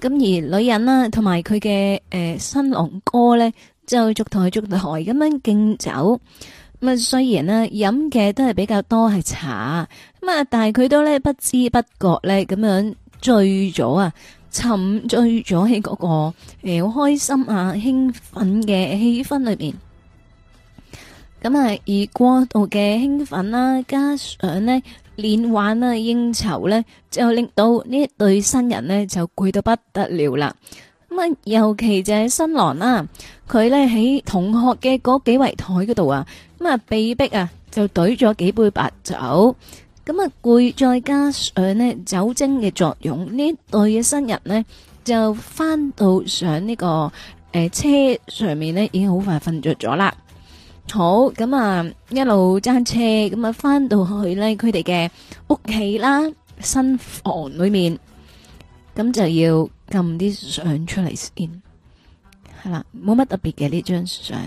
Speaker 1: 咁而女人啦，同埋佢嘅誒新郎哥呢。就逐台逐台咁樣敬酒，咁啊雖然咧飲嘅都係比較多係茶，咁啊但係佢都咧不知不覺咧咁樣醉咗啊，沉醉咗喺嗰個誒好開心啊興奮嘅氣氛裏邊。咁啊，而過度嘅興奮啦，加上呢，練玩啦應酬咧，就令到呢一對新人呢，就攰到不得了啦。咁啊，尤其就係新郎啦，佢咧喺同學嘅嗰幾圍台嗰度啊，咁啊，被迫啊就懟咗幾杯白酒，咁啊，攰，再加上呢酒精嘅作用，呢對嘅新人呢，就翻到上呢、這個誒、呃、車上面呢，已經好快瞓着咗啦。好，咁啊一路揸車，咁啊翻到去呢佢哋嘅屋企啦，新房裏面，咁就要。咁啲相出嚟先，係啦，冇乜特別嘅呢張相。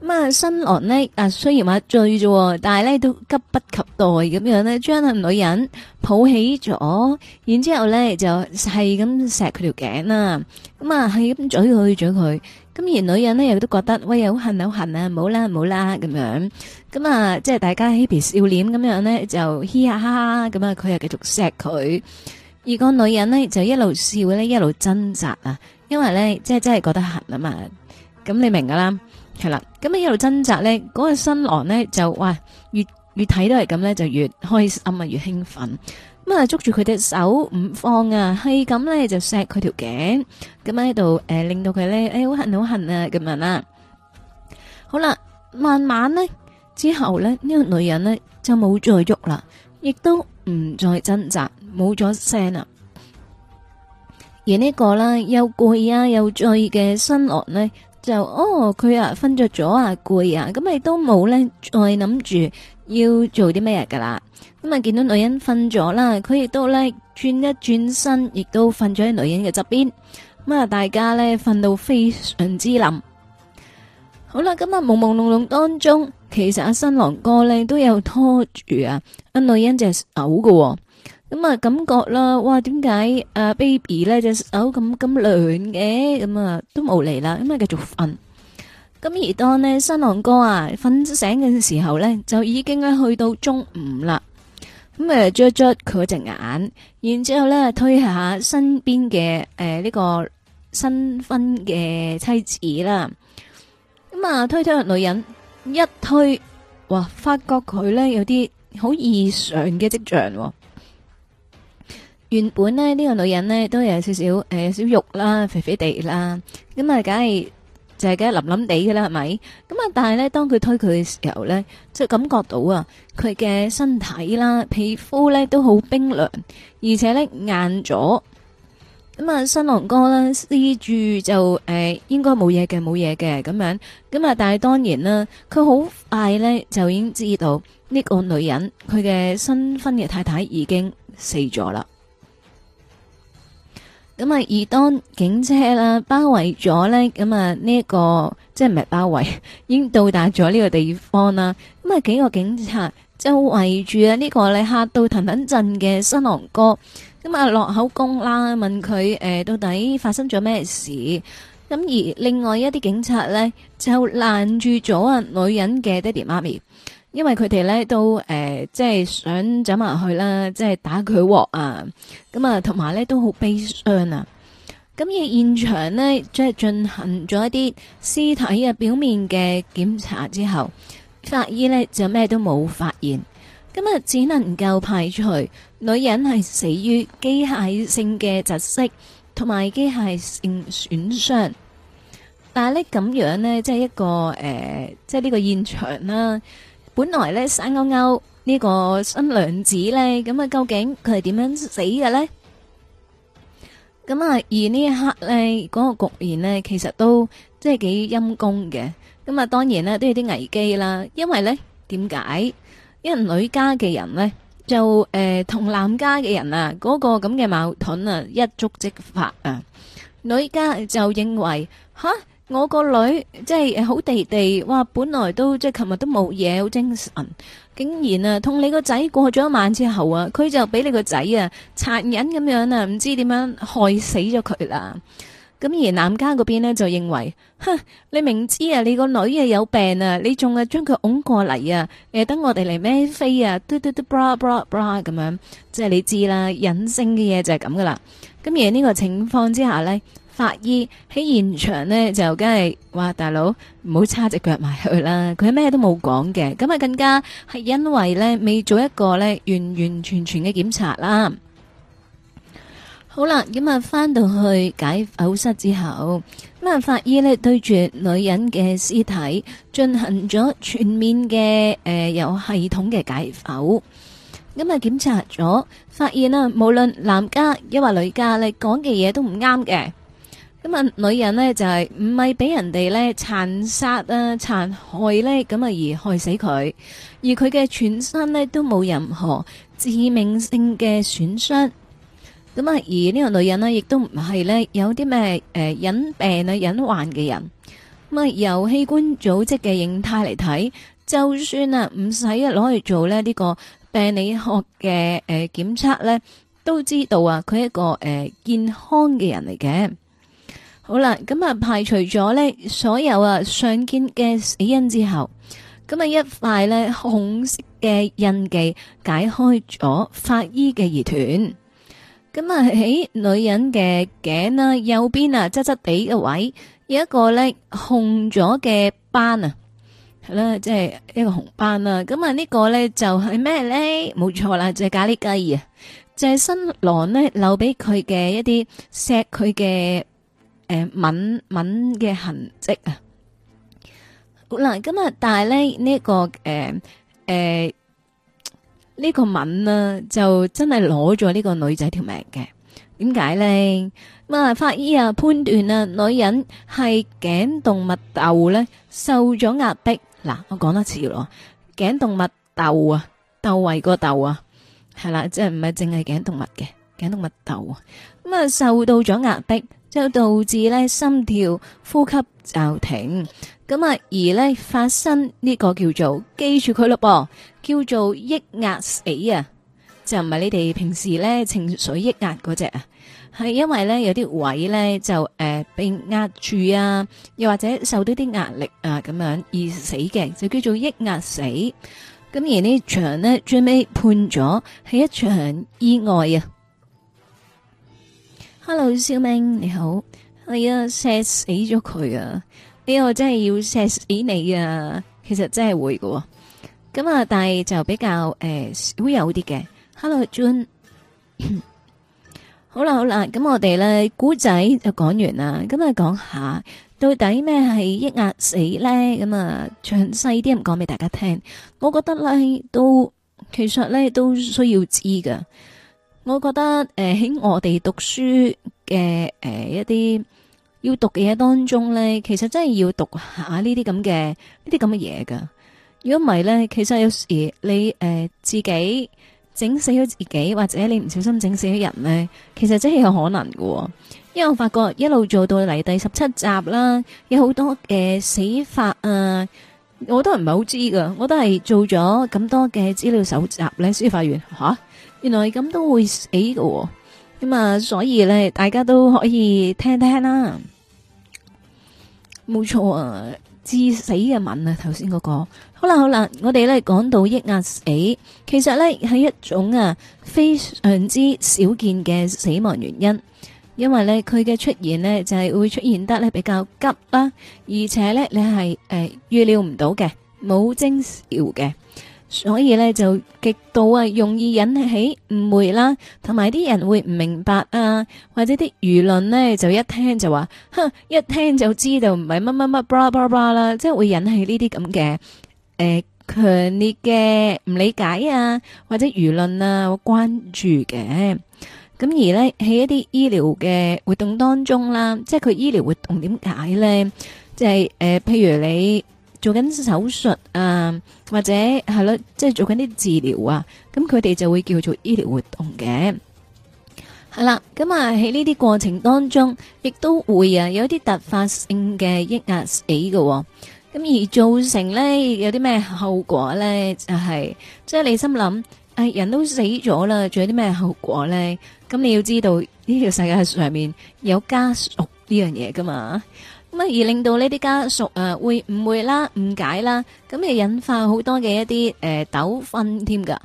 Speaker 1: 咁啊，新郎呢啊，雖然話醉咗，但係咧都急不及待咁樣咧，將個女人抱起咗，然之後咧就係咁錫佢條頸啦，咁啊係咁嘴佢嘴佢，咁而女人呢又都覺得，喂，好痕啊好痕啊，冇啦冇啦咁樣，咁啊即係大家嘻皮笑臉咁樣咧就嘻嘻哈哈，咁啊佢又繼續錫佢。而個女人呢，就一路笑咧，一路掙扎啊！因為咧，即係真係覺得痕啊嘛！咁你明噶啦，係啦。咁啊一路掙扎咧，嗰、那個新郎呢，就哇越越睇都係咁咧，就越開心啊，越興奮。咁、嗯、啊捉住佢隻手唔放啊，係咁咧就錫佢條頸，咁喺度誒令到佢咧誒好痕好痕啊！咁樣啦。好啦，慢慢呢，之後咧呢、這個女人呢，就冇再喐啦，亦都，唔再掙扎，冇咗聲啦。而呢個啦，又攰啊，又醉嘅新郎呢，就哦，佢啊瞓着咗啊，攰啊，咁咪都冇呢，再諗住要做啲咩嘢噶啦。咁啊，見到女人瞓咗啦，佢亦都呢，轉一轉身，亦都瞓咗喺女人嘅側邊。咁啊，大家呢，瞓到非常之冧。好啦，咁啊朦朦朧朧當中。其實阿新郎哥咧，都有拖住啊，阿女人隻手嘅，咁、哦、啊，感覺啦，哇，點解啊 baby 咧，隻手咁咁亂嘅？咁啊都冇嚟啦，咁啊繼續瞓。咁、啊、而當呢新郎哥啊，瞓醒嘅時候咧，就已經咧去到中午啦。咁啊，捽一捽佢隻眼，然之後咧推下身邊嘅，誒，呢個新婚嘅妻子啦。咁啊，推推女人。一推，哇！發覺佢咧有啲好異常嘅跡象、哦。原本呢，呢、這個女人呢都有少少誒，少、呃、肉啦，肥肥地啦，咁、嗯、啊，梗係就係梗係腍腍地嘅啦，係咪？咁啊、嗯，但係呢，當佢推佢嘅時候呢，即係感覺到啊，佢嘅身體啦、皮膚呢都好冰涼，而且呢，硬咗。咁啊，新郎哥呢，黐住就誒，應該冇嘢嘅，冇嘢嘅咁樣。咁啊，但係當然啦，佢好快呢，就已經知道呢個女人佢嘅新婚嘅太太已經死咗啦。咁啊，而當警車啦包圍咗呢。咁啊呢個即係唔係包圍，已經到達咗呢個地方啦。咁啊，幾個警察就圍住啊呢個你嚇到騰騰震嘅新郎哥。咁啊，落口供啦，問佢誒到底發生咗咩事？咁而另外一啲警察呢，就攔住咗啊女人嘅爹哋媽咪，因為佢哋呢都誒、呃、即係想走埋去啦，即係打佢鑊啊！咁啊，同埋呢都好悲傷啊！咁而現場呢即係進行咗一啲屍體嘅表面嘅檢查之後，法醫呢就咩都冇發現，咁啊只能夠派出去。女人係死於機械性嘅窒息同埋機械性損傷，但係咧咁樣咧，即係一個誒，即係呢個現場啦。本來咧，生勾勾呢個新娘子咧，咁啊，究竟佢係點樣死嘅咧？咁啊，而呢一刻咧，嗰個局面咧，其實都即係幾陰公嘅。咁啊，當然咧都有啲危機啦，因為咧點解？因為女家嘅人咧。就誒、呃，同男家嘅人啊，嗰、嗰個咁嘅矛盾啊，一觸即發啊！女家就認為吓，我個女即係好地地，哇，本來都即係琴日都冇嘢，好精神，竟然啊，同你個仔過咗一晚之後啊，佢就俾你個仔啊，殘忍咁樣啊，唔知點樣害死咗佢啦。咁而男家嗰邊呢，就是、認為，哼，你明知啊，你個女啊有病啊，你仲係將佢拱過嚟啊，誒，等我哋嚟孭飛啊，嘟嘟嘟，bra bra bra 咁樣，即係你知啦，人性嘅嘢就係咁噶啦。咁而喺呢個情況之下呢，法醫喺現場呢，就梗係話大佬唔好叉隻腳埋去啦，佢咩都冇講嘅，咁啊更加係因為呢，未做一個呢，完完全全嘅檢查啦。好啦，咁啊，翻到去解剖室之後，咁啊，法醫呢對住女人嘅屍體進行咗全面嘅誒、呃，有系統嘅解剖，咁啊，檢查咗，發現啦，無論男家抑或女家，你講嘅嘢都唔啱嘅。咁啊，女人呢，就係唔係俾人哋呢殘殺啊殘害呢？咁啊而害死佢，而佢嘅全身呢，都冇任何致命性嘅損傷。咁啊，而呢個女人呢，亦都唔係咧有啲咩誒引病啊引患嘅人。咁啊，由器官組織嘅形態嚟睇，就算啊唔使一攞去做呢個病理學嘅誒檢測咧，都知道啊佢係一個誒健康嘅人嚟嘅。好啦，咁啊排除咗呢所有啊常見嘅死因之後，咁啊一塊咧紅色嘅印記解開咗法醫嘅疑團。咁啊喺女人嘅頸啊右邊啊側側地個位有一個咧紅咗嘅斑啊，係啦，即係一個紅斑啊。咁啊呢個咧就係咩咧？冇錯啦，就係咖喱雞啊，就係新郎咧留俾佢嘅一啲錫佢嘅誒吻吻嘅痕跡啊。嗱，咁啊，但係咧呢個誒誒。呢個吻啊，就真係攞咗呢個女仔條命嘅。點解呢？咁啊，法醫啊判斷啊，女人係頸動脈竇咧受咗壓迫。嗱，我講多次咯，頸動脈竇啊，竇位個竇啊，係啦，即係唔係淨係頸動脈嘅頸動脈竇啊，咁、嗯、啊受到咗壓迫，就導致咧心跳呼吸驟停。咁啊，而呢發生呢個叫做記住佢咯，叫做抑壓死啊，就唔係你哋平時呢情緒抑壓嗰隻啊，係因為呢有啲位呢就誒、呃、被壓住啊，又或者受到啲壓力啊咁樣而死嘅，就叫做抑壓死。咁而呢場呢，最尾判咗係一場意外啊！Hello，小明你好，係啊，錫死咗佢啊！呢個真係要錫死你啊！其實真係會嘅，咁啊，但係就比較誒少有啲嘅。呃、Hello，June， [laughs] 好啦好啦，咁我哋咧古仔就講完啦，咁啊講下到底咩係抑制死咧？咁、嗯、啊詳細啲咁講俾大家聽。我覺得咧都其實咧都需要知嘅。我覺得誒喺、呃、我哋讀書嘅誒、呃、一啲。要讀嘅嘢當中咧，其實真係要讀下這這這這要呢啲咁嘅呢啲咁嘅嘢噶。如果唔係咧，其實有時你誒、呃、自己整死咗自己，或者你唔小心整死咗人咧，其實真係有可能噶、哦。因為我發覺一路做到嚟第十七集啦，有好多嘅死法啊，我都唔係好知噶，我都係做咗咁多嘅資料搜集咧。先至發現吓，原來咁都會死噶、哦，咁、嗯、啊，所以咧大家都可以聽聽啦。冇錯啊，致死嘅吻啊，頭先嗰個。好啦好啦，我哋咧講到抑壓死，其實咧係一種啊非常之少見嘅死亡原因，因為咧佢嘅出現呢就係、是、會出現得咧比較急啦，而且咧你係誒預料唔到嘅，冇徵兆嘅。所以咧就極度啊，容易引起誤會啦，同埋啲人會唔明白啊，或者啲輿論咧就一聽就話，哼，一聽就知道唔係乜乜乜，bra bra bra 啦，即係會引起呢啲咁嘅誒強烈嘅唔理解啊，或者輿論啊會關注嘅。咁而咧喺一啲醫療嘅活動當中啦，即係佢醫療活動點解咧？即係誒，譬如你。做緊手術啊，或者係啦，即係做緊啲治療啊，咁佢哋就會叫做醫療活動嘅，係啦。咁啊喺呢啲過程當中，亦都會啊有啲突發性嘅抑制死嘅，咁而造成呢有啲咩後果呢，就係即係你心諗，誒人都死咗啦，仲有啲咩後果呢？咁你要知道呢條世界上面有家屬呢樣嘢噶嘛？咁啊，而令到呢啲家屬啊，會誤會啦、誤解啦，咁啊，引發好多嘅一啲誒糾紛添㗎。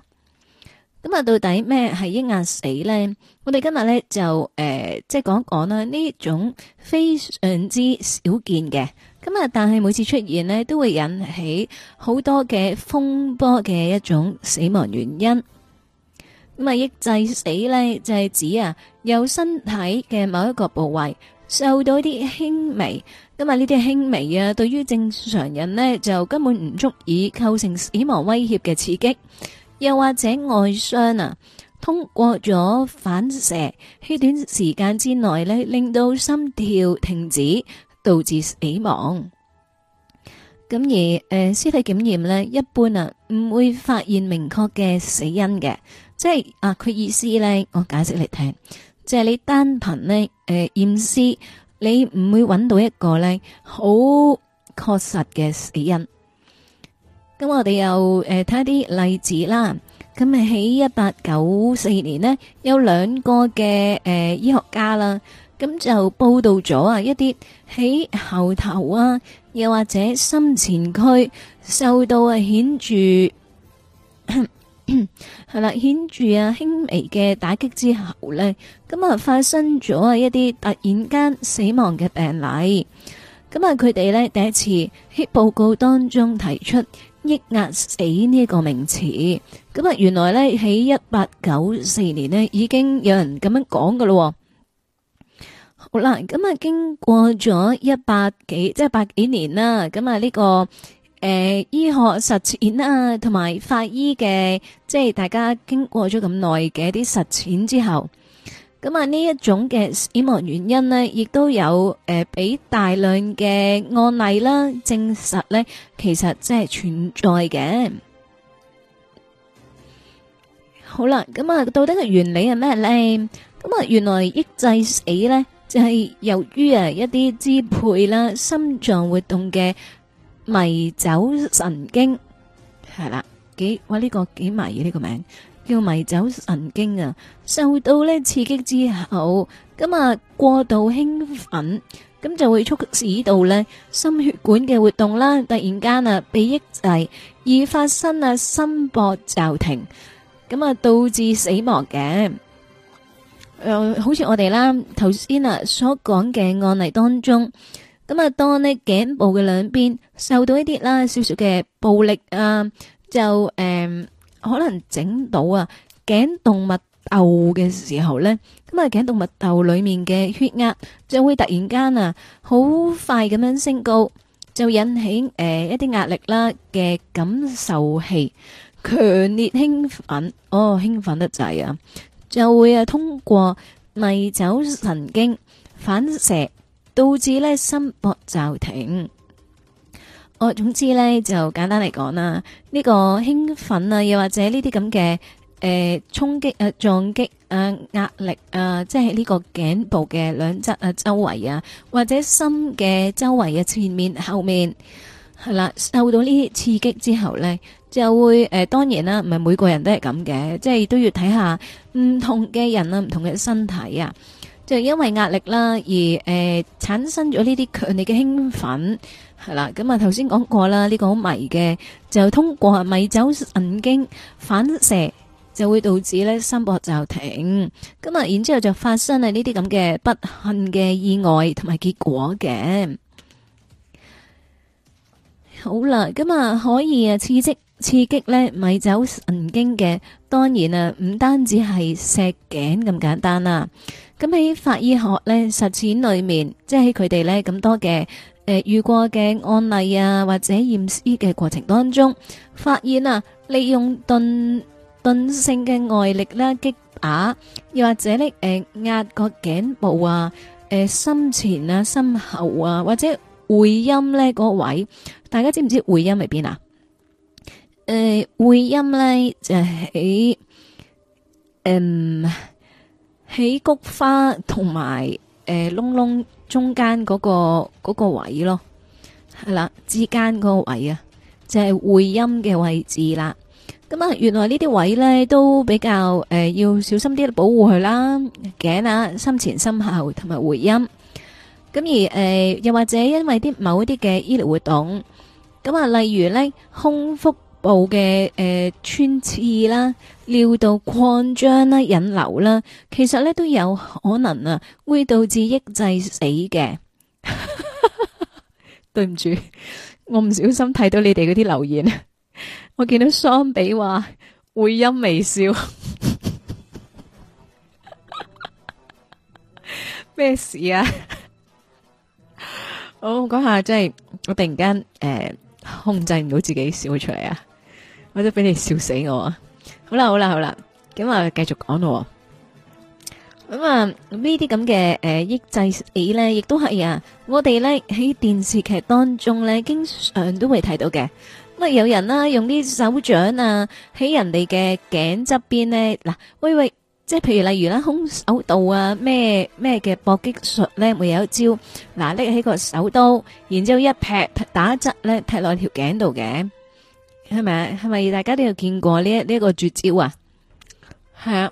Speaker 1: 咁、呃、啊，到底咩係抑壓死呢？我哋今日咧就誒，即係講講啦。呢、就是、種非常之少見嘅，咁啊，但係每次出現呢，都會引起好多嘅風波嘅一種死亡原因。咁啊，抑制死呢，就係、是、指啊，由身體嘅某一個部位。受到一啲輕微，今日呢啲輕微啊，對於正常人呢就根本唔足以構成死亡威脅嘅刺激，又或者外傷啊，通過咗反射，喺短時間之內呢令到心跳停止，導致死亡。咁而誒，屍體檢驗呢，一般啊唔會發現明確嘅死因嘅，即係啊，佢意思呢，我解釋嚟聽。即係你單憑咧，誒驗屍，你唔會揾到一個咧好確實嘅死因。咁我哋又誒睇下啲例子啦。咁咪喺一八九四年咧，有兩個嘅誒醫學家啦，咁就報道咗啊一啲喺喉頭啊，又或者心前區受到啊顯著。係啦，顯著啊輕微嘅打擊之後呢，咁啊發生咗啊一啲突然間死亡嘅病例，咁啊佢哋呢第一次喺報告當中提出抑壓死呢、呢個名詞，咁啊原來呢喺一八九四年呢已經有人咁樣講噶啦，好啦，咁啊經過咗一百幾即係百幾年啦，咁啊呢個。誒、呃，醫學實踐啦、啊，同埋法醫嘅，即係大家經過咗咁耐嘅一啲實踐之後，咁啊呢一種嘅死亡原因呢，亦都有誒俾、呃、大量嘅案例啦證實呢，其實即係存在嘅。好啦，咁啊，到底嘅原理係咩呢？咁啊，原來抑制死呢，就係、是、由於啊一啲支配啦心臟活動嘅。迷走神經係啦，幾哇呢個幾迷呢個名叫迷走神經啊！受到呢刺激之後，咁啊過度興奮，咁就會促使到呢心血管嘅活動啦，突然間啊被抑制，而發生啊心搏驟停，咁啊導致死亡嘅。誒，好似我哋啦頭先啊所講嘅案例當中。咁啊，當呢頸部嘅兩邊受到一啲啦少少嘅暴力啊，就誒可能整到啊頸動脈竇嘅時候咧，咁啊頸動脈竇裡面嘅血壓就會突然間啊好快咁樣升高，就引起誒一啲壓力啦嘅感受器強烈興奮，哦興奮得滯啊，就會啊通過迷走神經反射。導致呢心搏驟停。哦，總之呢就簡單嚟講啦，呢、這個興奮啊，又或者呢啲咁嘅誒衝擊啊、撞擊啊、壓力啊，即係呢個頸部嘅兩側啊、周圍啊，或者心嘅周圍嘅、啊、前面、後面係啦，受到呢啲刺激之後呢，就會誒、呃，當然啦，唔係每個人都係咁嘅，即係都要睇下唔同嘅人啊、唔同嘅身體啊。就因為壓力啦，而誒產生咗呢啲強烈嘅興奮係啦。咁啊，頭先講過啦，呢、呢個好迷嘅就通過迷走神經反射，就會導致呢心搏驟停。咁啊，然之後就發生啊呢啲咁嘅不幸嘅意外同埋結果嘅好啦。咁、嗯、啊，可以啊刺激刺激迷走神經嘅，當然啊唔單止係石頸咁簡單啦。咁喺法醫學咧實踐裏面，即係佢哋咧咁多嘅誒遇過嘅案例啊，或者驗屍嘅過程當中，發現啊，利用鈍鈍性嘅外力啦擊打，又或者咧誒壓個頸部啊，誒心前啊、心後啊，或者會陰咧嗰位，大家知唔知會陰喺邊啊？誒，會陰咧就喺，嗯。喺菊花同埋誒窿窿中間嗰、那個嗰、那個位咯，係啦，之間嗰個位啊，就係、是、會陰嘅位置啦。咁、嗯、啊，原來呢啲位咧都比較誒、呃、要小心啲保護佢啦，頸啊、心前、心後同埋會陰。咁、嗯、而誒、呃，又或者因為啲某一啲嘅醫療活動，咁、嗯、啊，例如咧胸腹。部嘅誒穿刺啦、尿道擴張啦、引流啦，其實咧都有可能啊，會導致抑制死嘅。 [laughs] 對唔住，我唔小心睇到你哋嗰啲留言， [laughs] 我見到桑比話會陰微笑，咩 [laughs] [laughs] 事啊？ [laughs] 好，講下真係我突然間誒、呃、控制唔到自己笑出嚟啊！我都俾你笑死我啊！好啦好啦好啦，咁啊繼續講咯。咁啊、嗯，這這呃、呢啲咁嘅誒抑制死咧，亦都係啊。我哋咧喺電視劇當中咧，經常都會睇到嘅。咁啊，有人啦用啲手掌啊，喺人哋嘅頸側邊咧，嗱、啊、喂喂，即係譬如例如啦、啊，空手道啊，咩咩嘅搏擊術咧，會有一招，嗱、啊、拎起個手刀，然之後一劈打側咧，劈落條頸度嘅。係咪？係咪？是不是大家都有見過呢一呢一個絕招啊？係啊，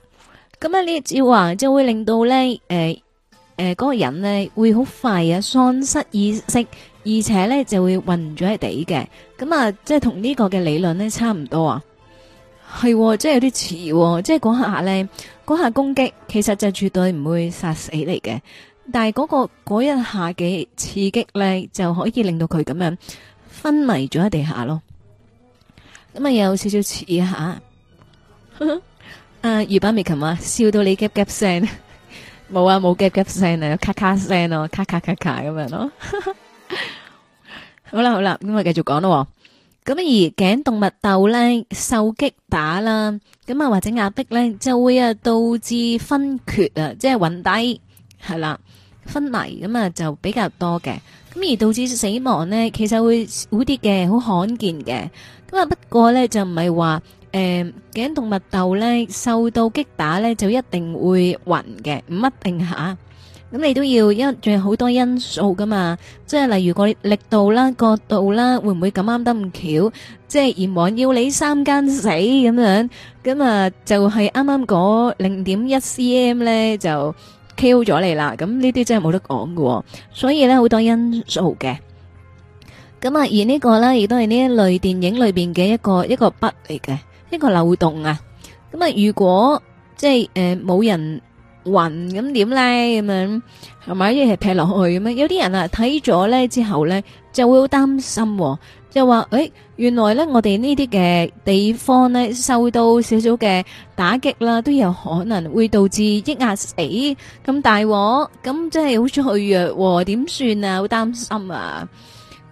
Speaker 1: 咁啊呢招啊，就會令到咧誒誒嗰個人咧會好快啊喪失意識，而且咧就會暈咗喺地嘅。咁啊，即係同呢個嘅理論咧差唔多啊。係即係有啲似，哦，即係嗰下下咧嗰下攻擊其實就絕對唔會殺死你嘅，但係嗰，嗰個嗰一下嘅刺激咧就可以令到佢咁樣昏迷咗喺地下咯。咁啊有少少似下， [laughs] 啊！魚爸咪琴啊笑到你 gap gap 聲，冇 [laughs] 啊冇 gap gap 聲啊，卡卡聲咯，卡卡卡卡咁樣咯。好啦好啦，咁啊繼續講咯、哦。咁而頸動脈竇呢，受擊打啦，咁啊或者壓迫咧，就會啊導致昏厥啊，即係暈低係啦，昏迷咁啊就比較多嘅。咁而導致死亡咧，其實會少啲嘅，好罕見嘅。咁啊，不過咧就唔係話誒頸動脈竇咧受到擊打咧就一定會暈嘅，唔一定嚇。咁你都要因為仲有好多因素噶嘛，即係例如個力度啦、角度啦，會唔會咁啱得咁巧？即係閻王要你三更死咁樣，咁啊就係啱啱嗰零點一 cm 咧就。KO 咗你啦，咁呢啲真係冇得講嘅，所以咧好多因素嘅。咁啊，而呢個咧亦都係呢一類電影裏邊嘅一個一個不嚟嘅一個漏洞啊。咁啊，如果即係誒冇人暈咁點咧，咁樣係咪一係劈落去咁咧？有啲人啊睇咗咧之後咧就會好擔心，就話誒。原來咧，我哋呢啲嘅地方咧，受到少少嘅打擊啦，都有可能會導致抑壓死，咁大鑊，咁即係好脆弱，哦，點算啊？好擔心啊！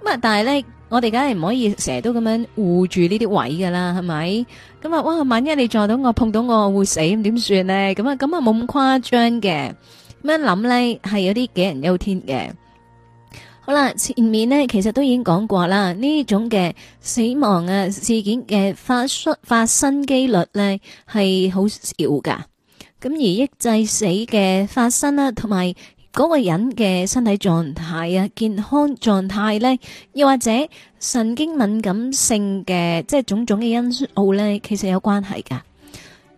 Speaker 1: 咁啊，但係咧，我哋梗係唔可以成日都咁樣護住呢啲位噶啦，係咪？咁啊，哇！萬一你撞到我，碰到我會死，咁點算呢？咁啊，咁啊冇咁誇張嘅，咁樣諗咧係有啲杞人憂天嘅。好啦，前面呢其實都已經講過啦，呢種嘅死亡啊事件嘅發，發生發生機率呢係好少噶，咁而抑制死嘅發生啦、啊，同埋嗰個人嘅身體狀態啊、健康狀態呢，又或者神經敏感性嘅即係種種嘅因素呢，其實有關係噶。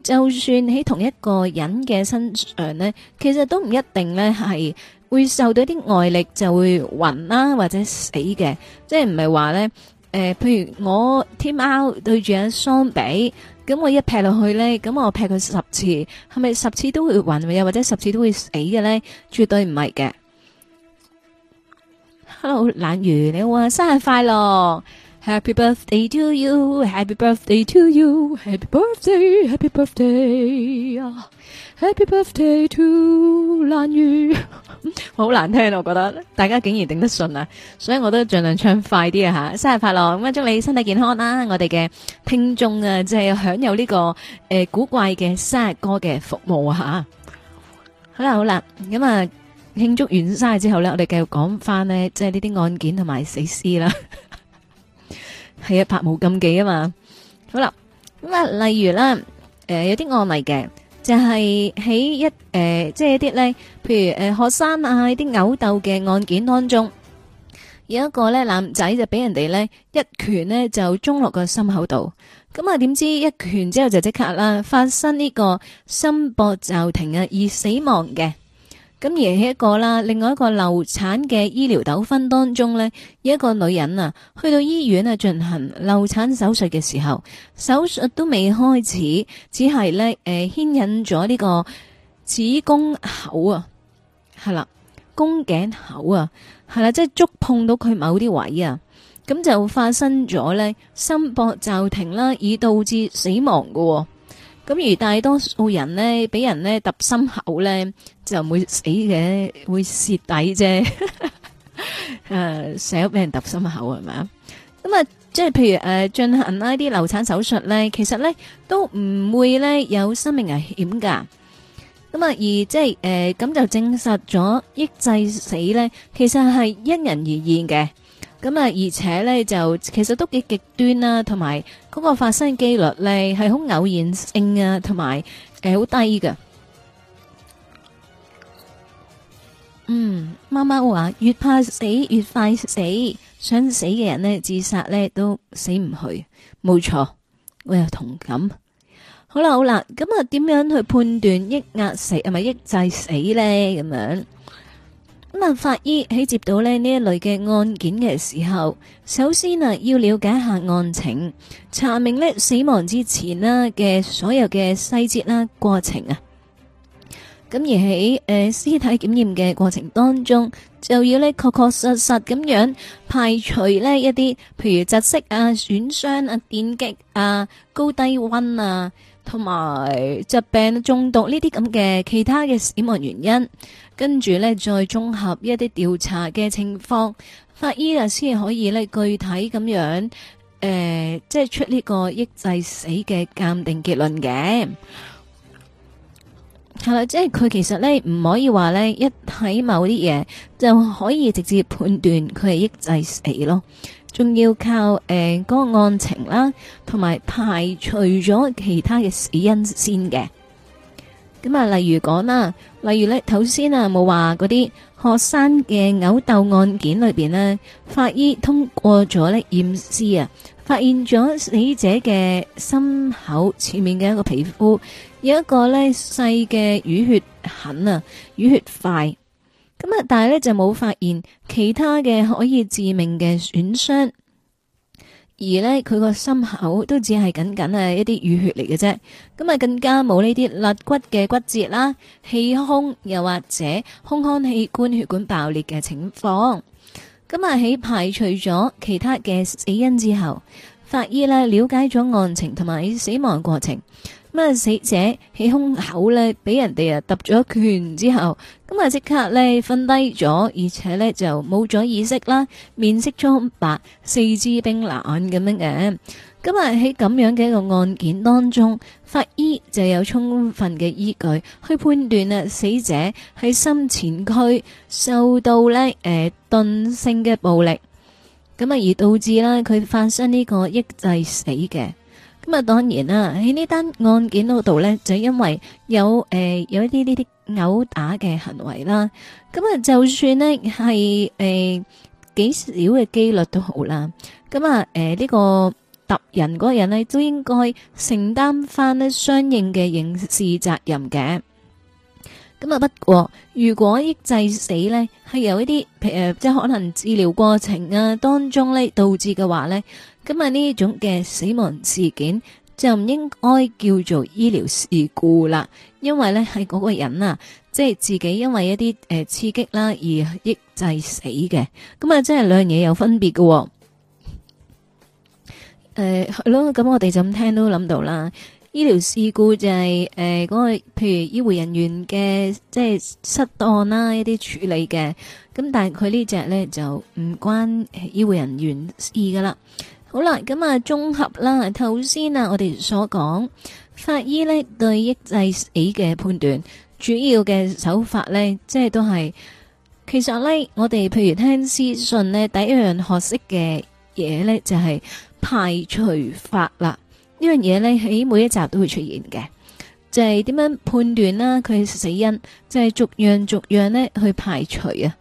Speaker 1: 就算喺同一個人嘅身上呢，其實都唔一定呢係。會受到啲外力就會暈啦、啊、或者死嘅，即係唔係話咧，誒、呃，譬如我天貓對住一雙髀，咁我一劈落去咧，咁我劈佢十次，係咪十次都會暈又、啊、或者十次都會死嘅咧？絕對唔係嘅。Hello，懶魚你好啊，生日快樂！Happy birthday to you, happy birthday to you, happy birthday, happy birthday。Happy birthday to 藍宇，好難聽啊！我覺得大家竟然頂得順啊，所以我都盡量唱快啲啊！吓生日快樂，咁啊祝你身體健康啦、啊！我哋嘅聽眾啊，即、就、係、是、享有呢、這個誒、呃、古怪嘅生日歌嘅服務啊！吓好啦，好啦，咁啊慶祝完生日之後咧，我哋繼續講翻呢，即係呢啲案件同埋死屍啦，係 [laughs] 啊，拍冇禁忌啊嘛！好啦，咁啊，例如啦，誒、呃、有啲案例嘅。就係喺一誒、呃，即係啲咧，譬如誒、呃、學生啊，啲毆鬥嘅案件當中，有一個咧男仔就俾人哋咧一拳呢，一拳呢就中落個心口度，咁啊點知一拳之後就即刻啦、啊，發生呢個心搏驟停啊而死亡嘅。咁而係一個啦，另外一個流產嘅醫療糾紛當中呢，有一個女人啊，去到醫院啊進行流產手術嘅時候，手術都未開始，只係呢誒牽、呃、引咗呢個子宮口啊，係啦，宮頸口啊，係啦，即係觸碰到佢某啲位啊，咁就發生咗呢心搏驟停啦，已導致死亡噶、哦。咁而大多數人咧，俾人咧揼心口咧，就唔會死嘅，會蝕底啫。誒，成日俾人揼心口係咪啊？咁啊，即係譬如誒進行呢啲流產手術咧，其實咧都唔會咧有生命危險噶。咁啊，而即係誒咁就證實咗，抑制死咧其實係因人而異嘅。咁啊，而且咧就其實都幾極端啦，同埋嗰個發生幾率咧係好偶然性啊，同埋誒，好低嘅。嗯，媽媽話越怕死越快死，想死嘅人咧自殺咧都死唔去，冇錯，我有同感。好啦，好啦，咁啊，點樣去判斷抑壓死係咪抑制死咧？咁樣。咁法醫喺接到呢一類嘅案件嘅時候，首先啊要了解一下案情，查明死亡之前嘅所有嘅細節啦，過程啊。咁而喺誒屍體檢驗嘅過程當中，就要呢確確實實咁樣排除呢一啲譬如窒息啊、損傷啊、電擊啊、高低溫啊，同埋疾病、啊、中毒呢啲咁嘅其他嘅死亡原因。跟住呢，再綜合一啲調查嘅情況，法醫啊先可以呢具體咁樣，誒、呃，即係出呢個抑制死嘅鑑定結論嘅。係啦，即係佢其實呢，唔可以話呢一睇某啲嘢就可以直接判斷佢係抑制死咯，仲要靠誒嗰、呃嗰個案情啦，同埋排除咗其他嘅死因先嘅。咁啊，例如講啦，例如咧，頭先啊冇話嗰啲學生嘅毆鬥案件裏邊呢，法醫通過咗呢驗屍啊，發現咗死者嘅心口前面嘅一個皮膚有一個呢細嘅淤血痕啊，淤血塊，咁啊，但係呢，就冇發現其他嘅可以致命嘅損傷。而呢，佢個心口都只係僅僅係一啲淤血嚟嘅啫，咁啊更加冇呢啲肋骨嘅骨折啦、氣胸又或者胸腔器官血管爆裂嘅情況。咁啊喺排除咗其他嘅死因之後，法醫呢了解咗案情同埋死亡過程。咩死者喺胸口呢俾人哋啊揼咗拳之後，咁啊即刻呢瞓低咗，而且呢就冇咗意識啦，面色蒼白，四肢冰冷咁樣嘅。咁啊喺咁樣嘅一個案件當中，法醫就有充分嘅依據去判斷啊，死者喺心前區受到呢誒鈍性嘅暴力，咁啊而導致啦佢發生呢個抑制死嘅。咁啊，當然啦，喺呢單案件嗰度呢，就因為有誒、呃、有一啲呢啲毆打嘅行為啦。咁啊，就算呢係誒幾少嘅幾率都好啦。咁啊，誒、呃、呢、這個揼人嗰人呢，都應該承擔翻呢相應嘅刑事責任嘅。咁啊，不過如果抑制死呢，係由一啲誒即係可能治療過程啊當中呢導致嘅話呢。咁啊呢種嘅死亡事件就唔應該叫做醫療事故啦，因為呢係嗰個人啊，即係自己因為一啲誒、呃、刺激啦而抑制死嘅，咁啊即係兩樣嘢有分別嘅，哦。誒係咯，咁我哋就咁聽都諗到啦。醫療事故就係誒嗰個，譬如醫護人員嘅即係失當啦，啊、一啲處理嘅，咁但係佢呢隻呢，就唔關醫護人員事噶啦。好啦，咁啊，綜合啦，頭先啊，我哋所講法醫呢對抑制死嘅判斷，主要嘅手法呢，即係都係，其實呢，我哋譬如聽屍訊呢，第一樣學識嘅嘢呢，就係排除法啦。呢樣嘢呢，喺每一集都會出現嘅，就係點樣判斷啦，佢嘅死因，就係逐樣逐樣呢去排除啊。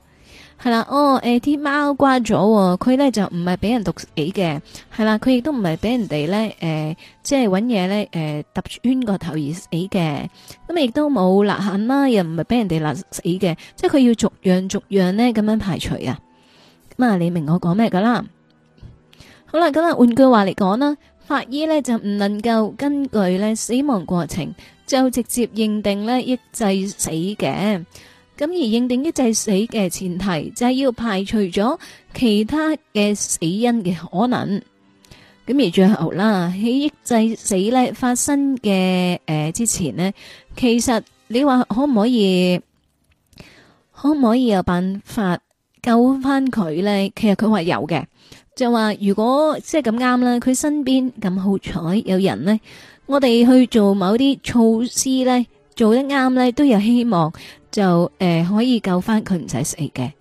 Speaker 1: 係啦，哦，誒、呃，啲貓瓜咗，佢咧就唔係俾人毒死嘅。係啦，佢亦都唔係俾人哋咧，誒、呃，即係搵嘢咧，誒、呃，揼穿個頭而死嘅，咁亦都冇勒痕啦，又唔係俾人哋勒死嘅，即係佢要逐樣逐樣呢咁樣排除啊，咁啊，你明我講咩噶啦？好啦，咁啊，換句話嚟講啦，法醫咧就唔能夠根據咧死亡過程就直接認定咧抑制死嘅。咁而認定抑制死嘅前提就係、是、要排除咗其他嘅死因嘅可能。咁而最後啦，喺抑制死咧發生嘅誒、呃、之前呢，其實你話可唔可以，可唔可以有辦法救翻佢咧？其實佢話有嘅，就話如果即係咁啱啦，佢身邊咁好彩有人呢，我哋去做某啲措施咧。做得啱咧，都有希望就誒、呃、可以救翻佢唔使死嘅。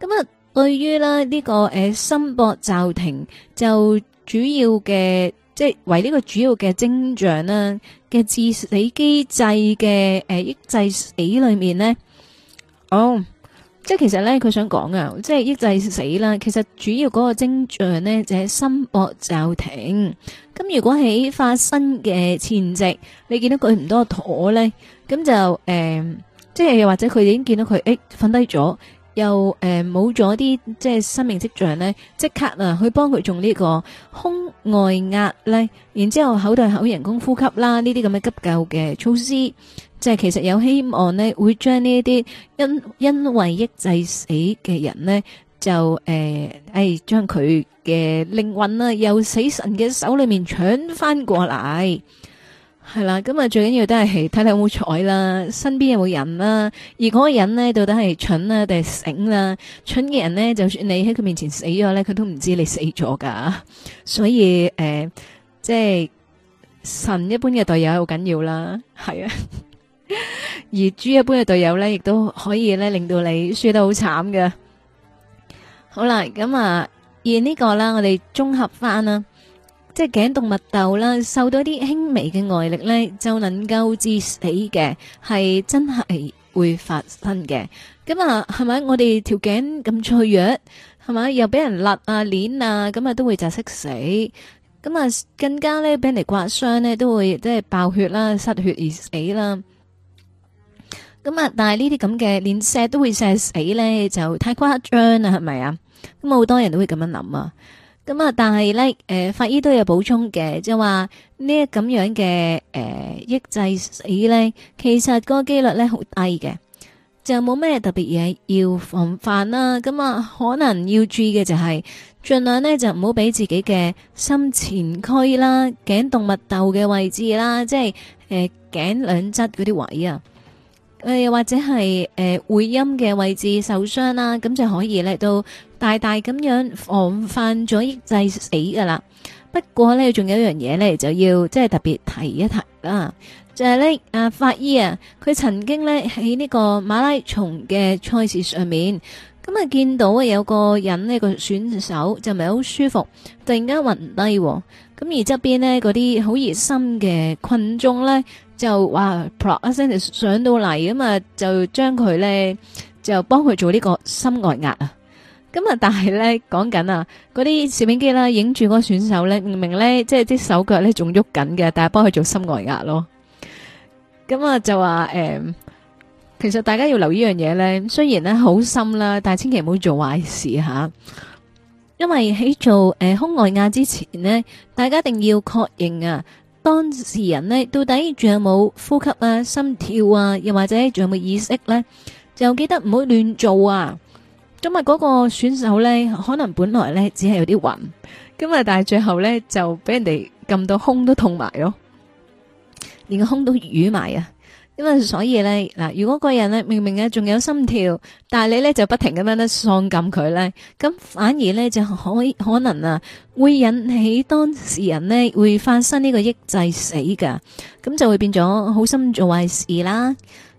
Speaker 1: 咁啊，對於啦呢、呢個誒心搏驟停就主要嘅，即係為呢個主要嘅徵象啦嘅致死機制嘅誒、呃、抑制死裏面呢。哦，即係其實咧佢想講啊，即係抑制死啦。其實主要嗰個徵象呢，就係心搏驟停。咁如果喺發生嘅前夕，你見到佢唔多妥咧？咁就誒、呃，即係又或者佢已經見到佢，誒瞓低咗，又誒冇咗啲即係生命跡象咧，即刻啊去幫佢做呢個胸外壓咧，然之後口對口人工呼吸啦，呢啲咁嘅急救嘅措施，即係其實有希望呢會將呢一啲因因為抑制死嘅人呢，就誒，誒將佢嘅靈魂啦、啊，由死神嘅手裏面搶翻過嚟。係啦，咁啊最緊要都係睇睇好彩啦，身邊有冇人啦，而嗰個人呢，到底係蠢啊定係醒啦？蠢嘅人呢，就算你喺佢面前死咗咧，佢都唔知你死咗噶。所以誒、呃，即係神一般嘅隊友好緊要啦，係啊。 [laughs] 而豬一般嘅隊友呢，亦都可以咧令到你輸得好慘㗎。好啦，咁啊，而個呢個啦，我哋綜合翻啦。即係頸動脈竇啦，受到啲輕微嘅外力咧，就能夠致死嘅，係真係會發生嘅。咁啊，係咪我哋條頸咁脆弱，係咪又俾人勒啊、鏈啊，咁啊都會窒息死？咁啊，更加咧俾人嚟刮傷咧，都會即係爆血啦、失血而死啦。咁啊，但係呢啲咁嘅連錫都會錫死咧，就太誇張啦，係咪啊？咁好多人都會咁樣諗啊。咁啊、嗯！但係咧，誒、呃、法醫都有補充嘅，即係話呢一咁樣嘅誒、呃、抑制死咧，其實個幾率咧好低嘅，就冇咩特別嘢要防範啦。咁、嗯、啊，可能要注意嘅就係、是，儘量呢，就唔好俾自己嘅心前區啦、頸動脈竇嘅位置啦，即係誒頸兩側嗰啲位啊、呃，或者係誒、呃、會陰嘅位置受傷啦，咁、嗯、就可以咧都。到大大咁樣防範咗抑制死噶啦。不過呢，仲有一樣嘢呢，就要即係特別提一提啦。就係呢，阿法醫啊，佢曾經呢喺呢個馬拉松嘅賽事上面，咁啊見到啊有個人呢個選手就唔係好舒服，突然間暈低，咁而側邊呢，嗰啲好熱心嘅群眾呢，就哇撲一聲上到嚟咁啊，就將佢呢，就幫佢做呢個心外壓啊。咁啊！但係咧，講緊啊，嗰啲攝影機啦，影住嗰個選手咧，明明咧，即係啲手腳咧仲喐緊嘅，但係幫佢做心外壓咯。咁、嗯、啊，就話誒、嗯，其實大家要留意樣嘢咧，雖然咧好心啦，但係千祈唔好做壞事吓。因為喺做誒胸、呃、外壓之前呢，大家一定要確認啊，當事人呢，到底仲有冇呼吸啊、心跳啊，又或者仲有冇意識咧，就記得唔好亂做啊。因為嗰個選手咧，可能本來咧只係有啲暈，咁啊，但係最後咧就俾人哋撳到胸都痛埋咯，連個胸都瘀埋啊！因為所以咧嗱，如果個人咧明明咧仲有心跳，但係你咧就不停咁樣咧喪撳佢咧，咁反而咧就可可能啊會引起當事人呢，會發生呢個抑制死噶，咁就會變咗好心做壞事啦。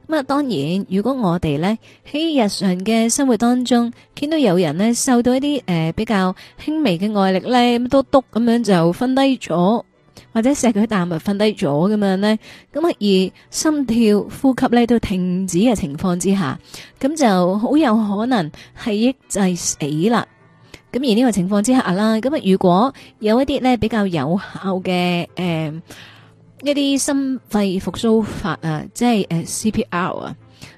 Speaker 1: 咁啊，當然，如果我哋呢喺日常嘅生活當中見到有人呢受到一啲誒、呃、比較輕微嘅外力呢，咁都篤咁樣就瞓低咗，或者錫佢一啖瞓低咗咁樣呢，咁啊而心跳呼吸呢都停止嘅情況之下，咁就好有可能係抑制死啦。咁而呢個情況之下啦，咁啊如果有一啲呢比較有效嘅誒。呃一啲心肺復甦法啊，即係誒 CPR 啊，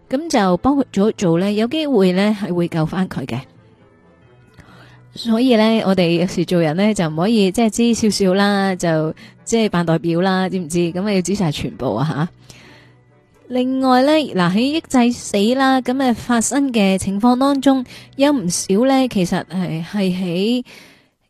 Speaker 1: 咁就包括咗做咧，有機會咧係會救翻佢嘅。所以咧，我哋有時做人咧就唔可以即係知少少啦，就即係扮代表啦，知唔知？咁啊要知晒全部啊吓。另外咧，嗱喺抑制死啦，咁啊發生嘅情況當中，有唔少咧，其實係係喺。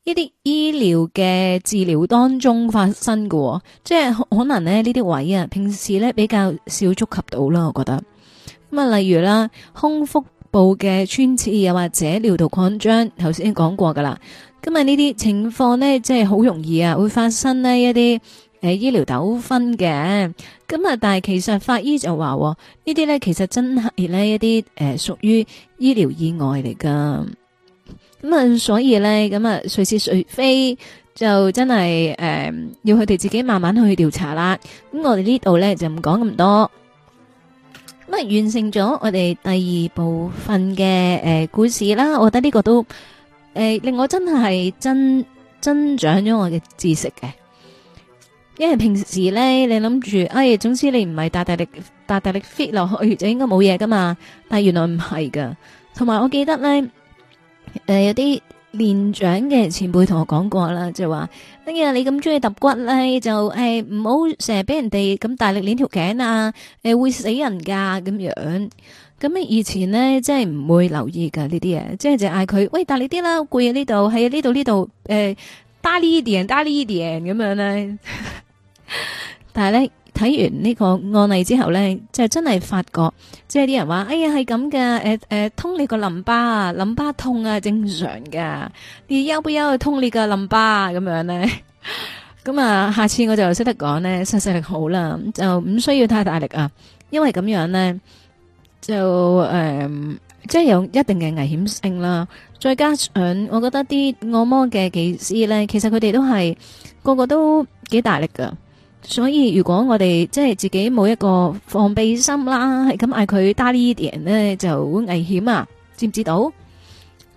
Speaker 1: 一啲醫療嘅治療當中發生嘅、哦，即係可能咧呢啲位啊，平時咧比較少觸及到啦，我覺得。咁、嗯、啊，例如啦，胸腹部嘅穿刺又或者尿道擴張，頭先已經講過噶啦。咁、嗯、啊，呢啲情況呢，即係好容易啊，會發生呢一啲誒、呃、醫療糾紛嘅。咁、嗯、啊，但係其實法醫就話、哦、呢啲咧，其實真係呢一啲誒、呃、屬於醫療意外嚟噶。咁啊，所以咧，咁啊，誰是誰非就真係誒、呃，要佢哋自己慢慢去調查啦。咁我哋呢度咧就唔講咁多。咁、嗯、啊，完成咗我哋第二部分嘅誒、呃、故事啦。我覺得呢個都誒、呃、令我真係增增長咗我嘅知識嘅。因為平時咧，你諗住，哎，總之你唔係大大力大大力 fit 落去，就應該冇嘢噶嘛。但係原來唔係噶，同埋我記得咧。誒、呃，有啲年長嘅前輩同我講過啦，就話：，今日你咁中意揼骨咧，就係唔好成日俾人哋咁大力擰條頸啊！誒、欸，會死人噶咁樣。咁咧以前咧，即係唔會留意噶呢啲嘢，即係就嗌佢：，喂，大力啲啦，攰啊呢度，喺呢度呢度，誒、啊呃，大力啲嘅，大力啲嘅咁樣咧。樣 [laughs] 但係咧。睇完呢個案例之後咧，就真係發覺，即係啲人話：，哎呀，係咁㗎，誒、啊、誒、啊，通你個淋巴啊，淋巴痛啊，正常噶，你休不休去通你個、啊、淋巴咁、啊、樣咧？咁 [laughs] 啊，下次我就識得講咧，細細力好啦，就唔需要太大力啊，因為咁樣咧，就誒、嗯，即係有一定嘅危險性啦。再加上，我覺得啲按摩嘅技師咧，其實佢哋都係個個都幾大力噶。所以如果我哋即係自己冇一個防備心啦，係咁嗌，佢打呢啲人呢就危險啊！知唔知道？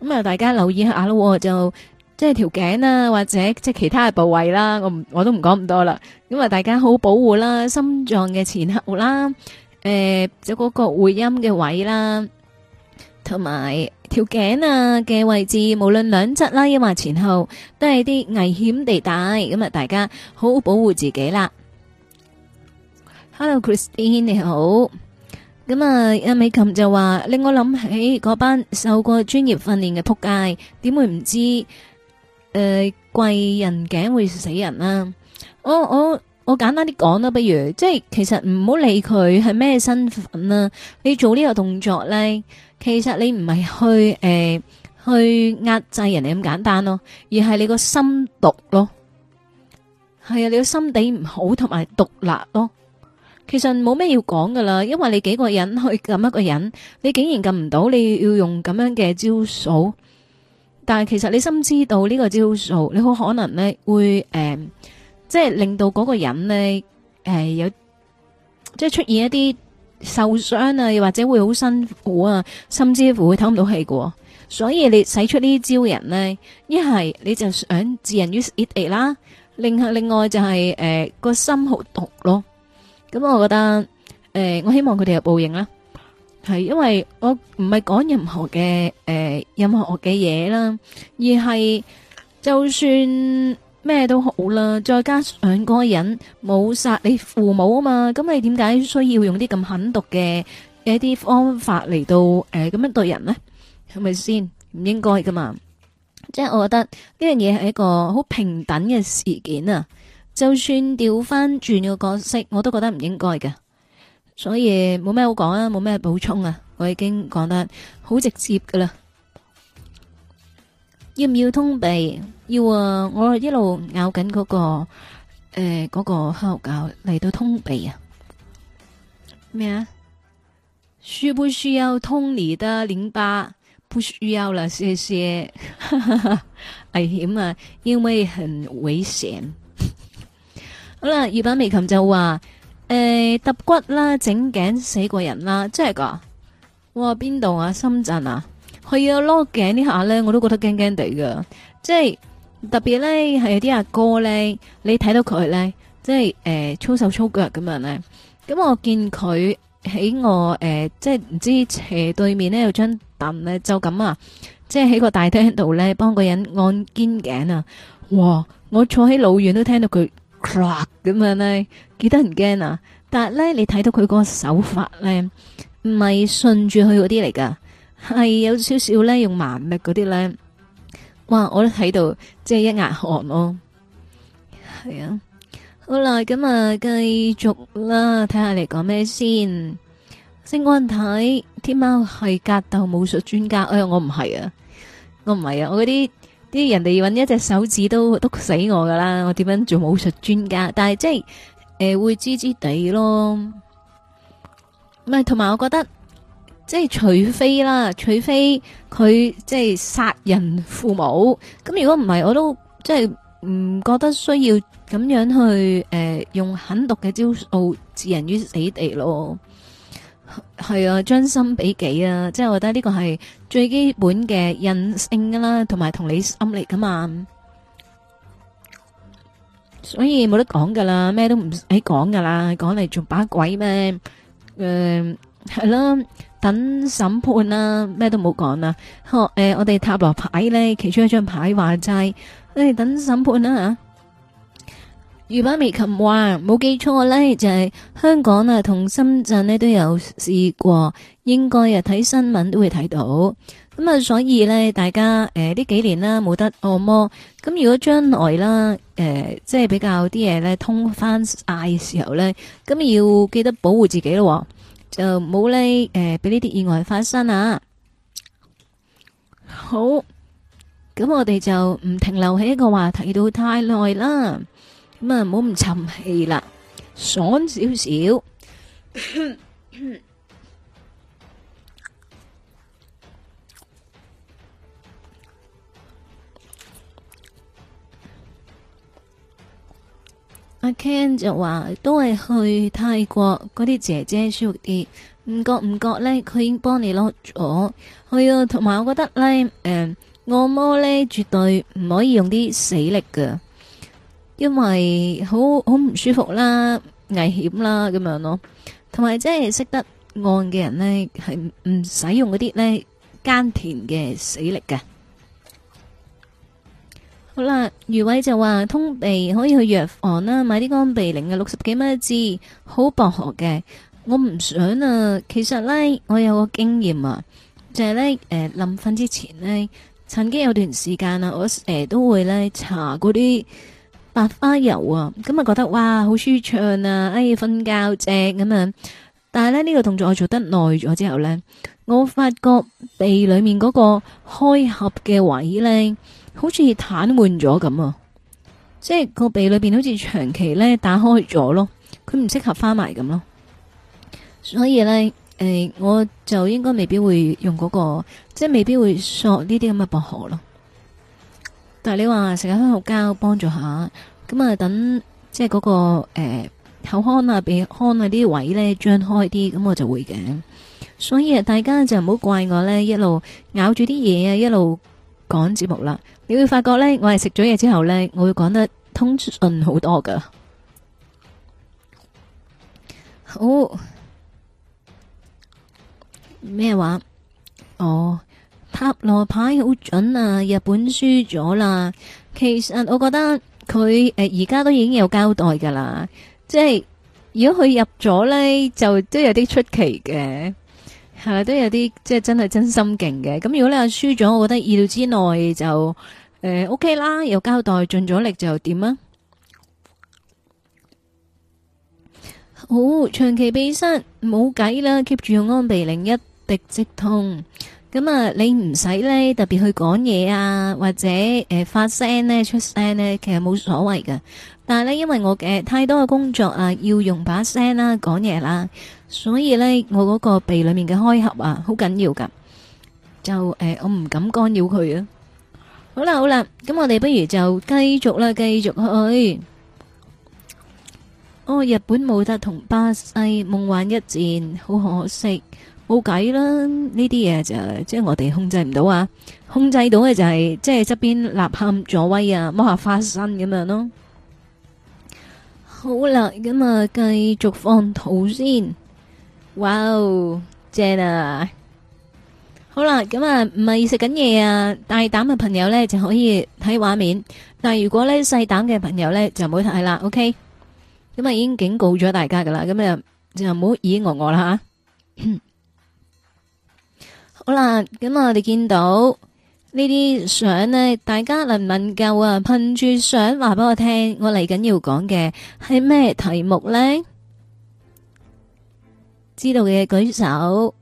Speaker 1: 咁啊，大家留意下咯，就即係條頸啦，或者即係其他嘅部位啦，我唔我都唔講咁多啦。咁啊，大家好好保護啦，心臟嘅前後啦，誒、呃、就、那、嗰個會陰嘅位啦，同埋條頸啊嘅位置，無論兩側啦，抑或前後，都係啲危險地帶。咁啊，大家好好保護自己啦。Hello，Christine，你好。咁啊，阿美琴就話令我諗起嗰班受過專業訓練嘅扑街，點會唔知誒貴人頸會死人啦？我我我簡單啲講啦，不如即係其實唔好理佢係咩身份啦。你做呢個動作咧，其實你唔係去誒去壓制人哋咁簡單咯，而係你個心毒咯，係啊，你個心地唔好同埋獨立咯。其實冇咩要講噶啦，因為你幾個人去撳一個人，你竟然撳唔到，你要用咁樣嘅招數。但係其實你深知道呢個招數，你好可能呢會誒、呃，即係令到嗰個人呢，誒、呃、有，即係出現一啲受傷啊，又或者會好辛苦啊，甚至乎會唞唔到氣嘅。所以你使出呢啲招人呢，一係你就想置人於死地啦，另另外就係誒個心好毒咯。咁我覺得，誒，我希望佢哋有報應啦。係因為我唔係講任何嘅、誒任何嘅嘢啦，而係就算咩都好啦，再加上個人冇殺你父母啊嘛，咁你點解需要用啲咁狠毒嘅一啲方法嚟到誒、咁樣對人呢？係咪先？唔應該噶嘛。即係我覺得呢樣嘢係一個好平等嘅事件啊。就算調翻轉個角色，我都覺得唔應該㗎。所以冇咩好講啊，冇咩補充啊，我已經講得好直接噶啦。要唔要通鼻？要啊！我一路咬緊、那、嗰個誒嗰、呃那個黑膠嚟到通鼻啊！咩啊？需唔需要通你的淋巴？不需要啦，謝謝。 [laughs] 危險啊！因為很危險。好啦，粵版眉琴就話誒，揼、欸、骨啦，整頸死過人啦，真係噶。哇，邊度啊？深圳啊？佢要攞頸呢下咧，我都覺得驚驚地噶。即係特別咧，係有啲阿哥咧，你睇到佢咧，即係誒、呃、粗手粗腳咁樣咧。咁我見佢喺我誒、呃，即係唔知斜對面咧有張凳咧，就咁啊，即係喺個大廳度咧幫個人按肩頸啊。哇！我坐喺老遠都聽到佢。咁樣咧，幾得人驚啊！但係咧，你睇到佢嗰個手法咧，唔係順住佢嗰啲嚟噶，係有少少咧用蠻力嗰啲咧。哇！我都睇到，即係一額汗咯。係啊，好啦，咁啊，繼續啦，睇下你講咩先。星光睇，天貓係格鬥武術專家，哎呀，我唔係啊，我唔係啊，我嗰啲。啲人哋揾一隻手指都篤死我噶啦，我點樣做武術專家？但係即係誒、呃，會知知地咯。唔係，同埋我覺得，即係除非啦，除非佢即係殺人父母。咁如果唔係，我都即係唔覺得需要咁樣去誒、呃，用狠毒嘅招數置人於死地咯。係啊，將心比己啊，即係我覺得呢個係最基本嘅人性噶啦，同埋同理心嚟噶嘛，所以冇得講噶啦，咩都唔使講噶啦，講嚟做把鬼咩？誒，係啦，等審判啦，咩都冇講啦，嗬？誒，我哋塔羅牌咧，其中一張牌話齋，誒，等審判啦啊！如媽咪琴話冇記錯咧，就係、是、香港啊同深圳呢都有試過，應該啊睇新聞都會睇到。咁啊，所以咧大家誒呢、呃、幾年啦冇得按摩。咁如果將來啦誒、呃，即係比較啲嘢咧通翻嗌嘅時候咧，咁要記得保護自己咯，就冇咧誒俾呢啲意外發生啊！好，咁我哋就唔停留喺一個話題度太耐啦。咁啊，唔好咁沉氣啦，爽少少。 [coughs] 阿 Ken 就話都係去泰國嗰啲姐姐舒服啲，唔覺唔覺咧，佢已經幫你攞咗。係啊，同埋我覺得咧，誒、呃，按摩咧絕對唔可以用啲死力，噶因為好好唔舒服啦，危險啦咁樣咯，同埋即係識得按嘅人呢，係唔使用嗰啲呢耕田嘅死力嘅。好啦，余偉就話通鼻可以去藥房啦，買啲安鼻靈嘅六十幾蚊一支，好薄荷嘅。我唔想啊，其實呢，我有個經驗啊，就係、是、呢，誒，臨瞓之前呢，曾經有段時間啊，我誒、呃、都會呢查嗰啲。花油啊，咁啊覺得哇好舒暢啊，哎瞓覺正咁、啊、樣，但係咧呢、呢個動作我做得耐咗之後呢，我發覺鼻裏面嗰個開合嘅位呢，好似癱瘓咗咁啊，即係個鼻裏邊好似長期咧打開咗咯，佢唔適合翻埋咁咯，所以呢，誒、哎、我就應該未必會用嗰、那個，即係未必會索呢啲咁嘅薄荷咯，但係你話成日香草膠幫助下。咁啊，等即係嗰個誒呃、口腔啊，鼻腔啊啲位咧張開啲，咁我就會嘅。所以啊，大家就唔好怪我呢，一路咬住啲嘢啊，一路講節目啦。你會發覺呢，我係食咗嘢之後呢，我會講得通順好多噶。好，咩話？哦，塔羅牌好準啊！日本輸咗啦。其實我覺得。佢誒而家都已經有交代噶啦，即係如果佢入咗呢，就都有啲出奇嘅，係咪都有啲即係真係真心勁嘅？咁如果你話輸咗，我覺得意料之內就誒 O K 啦，有交代盡咗力就點啊？好長期鼻塞冇計啦，keep 住用安倍靈一滴即通。咁啊，你唔使咧特別去講嘢啊，或者誒、呃、發聲咧、啊、出聲咧、啊，其實冇所謂噶。但係咧，因為我嘅太多嘅工作啊，要用把聲啦講嘢啦，所以咧我嗰個鼻裏面嘅開合啊，好緊要噶。就誒、呃，我唔敢干擾佢啊。好啦好啦，咁我哋不如就繼續啦，繼續去。哦，日本冇得同巴西夢幻一戰，好可惜，冇計啦！呢啲嘢就即係我哋控制唔到啊，控制到嘅就係即係側邊吶喊助威啊，摸下花生咁樣咯。好啦，咁啊，繼續放圖先。哇哦，正啊！好啦，咁啊，唔係食緊嘢啊，大膽嘅朋友咧就可以睇畫面，但係如果咧細膽嘅朋友咧就唔好睇啦。OK。咁啊，已經警告咗大家噶啦，咁啊就唔 [laughs] 好耳耳我啦吓。好啦，咁啊，我哋見到呢啲相呢，大家能唔能夠啊，憑住相話俾我聽，我嚟緊要講嘅係咩題目呢？知道嘅舉手，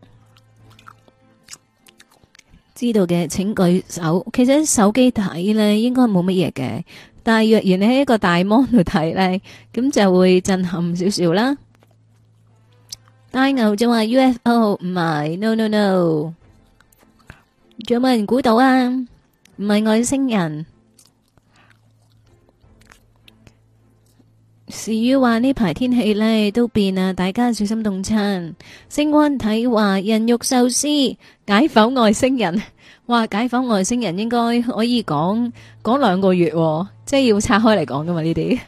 Speaker 1: 知道嘅請舉手。其實手機睇呢應該冇乜嘢嘅。大約然你喺一個大魔度睇咧，咁就會震撼少少啦。大牛就話 UFO 唔係，no no no，仲有冇人估到啊？唔係外星人。時雨話呢排天氣咧都變啦，大家小心凍親。星官睇話人肉壽司解剖外星人？哇！解剖外星人應該可以講講兩個月，即係要拆開嚟講噶嘛？呢啲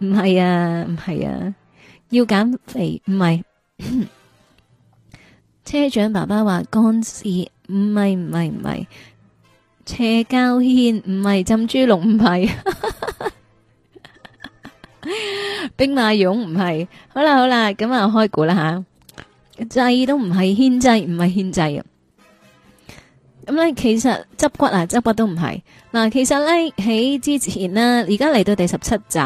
Speaker 1: 唔係啊，唔係啊，要減肥唔係。車長爸爸話乾屍唔係唔係唔係，車交軒唔係浸豬籠唔係，兵馬俑唔係。好啦好啦，咁啊開估啦吓，制都唔係牽制，唔係牽制啊。咁咧，其實執骨啊，執骨都唔係嗱。其實咧，喺之前啦，而家嚟到第十七集，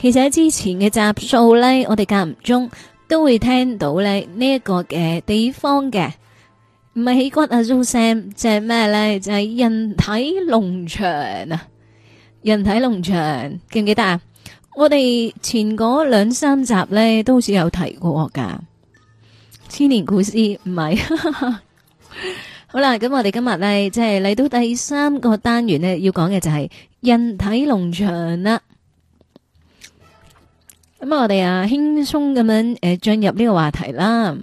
Speaker 1: 其實喺之前嘅集數咧，我哋間唔中都會聽到咧呢一個嘅地方嘅，唔係起骨啊，做聲，即係咩咧？就係人體農場啊！人體農場記唔記得啊？我哋前嗰兩三集咧，都好似有提過噶。千年古詩唔係。 [laughs] 好啦，咁我哋今日咧，即係嚟到第三個單元咧，要講嘅就係人體農場啦。咁啊，我哋啊輕鬆咁樣誒進入呢個話題啦。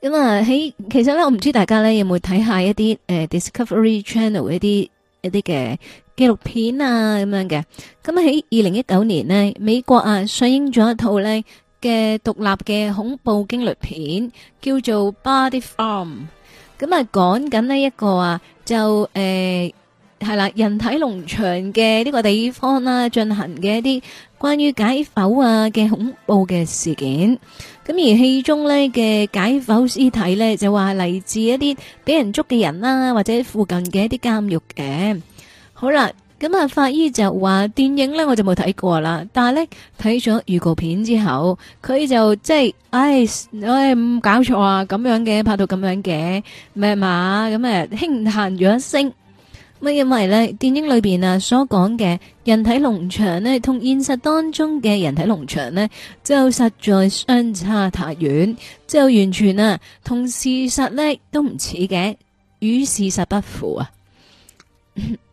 Speaker 1: 咁啊，喺其實咧，我唔知大家咧有冇睇下一啲誒 Discovery Channel 一啲一啲嘅紀錄片啊咁樣嘅。咁喺二零一九年咧，美國啊上映咗一套咧嘅獨立嘅恐怖驚慄片，叫做《Body Farm》。咁啊，講緊呢一個啊，就誒係啦，人體農場嘅呢個地方啦，進行嘅一啲關於解剖啊嘅恐怖嘅事件。咁而戲中呢嘅解剖屍體呢，就話係嚟自一啲俾人捉嘅人啦，或者附近嘅一啲監獄嘅。好啦。咁啊！法醫就話，電影呢我就冇睇過啦。但係咧睇咗預告片之後，佢就即係，唉、哎，唉、哎、唔搞錯啊！咁樣嘅，拍到咁樣嘅咩嘛？咁啊輕嘆咗一聲。乜因為呢電影裏邊啊所講嘅人體農場呢，同現實當中嘅人體農場咧，就實在相差太遠，就完全啊同事實呢都唔似嘅，與事實不符啊！ [laughs]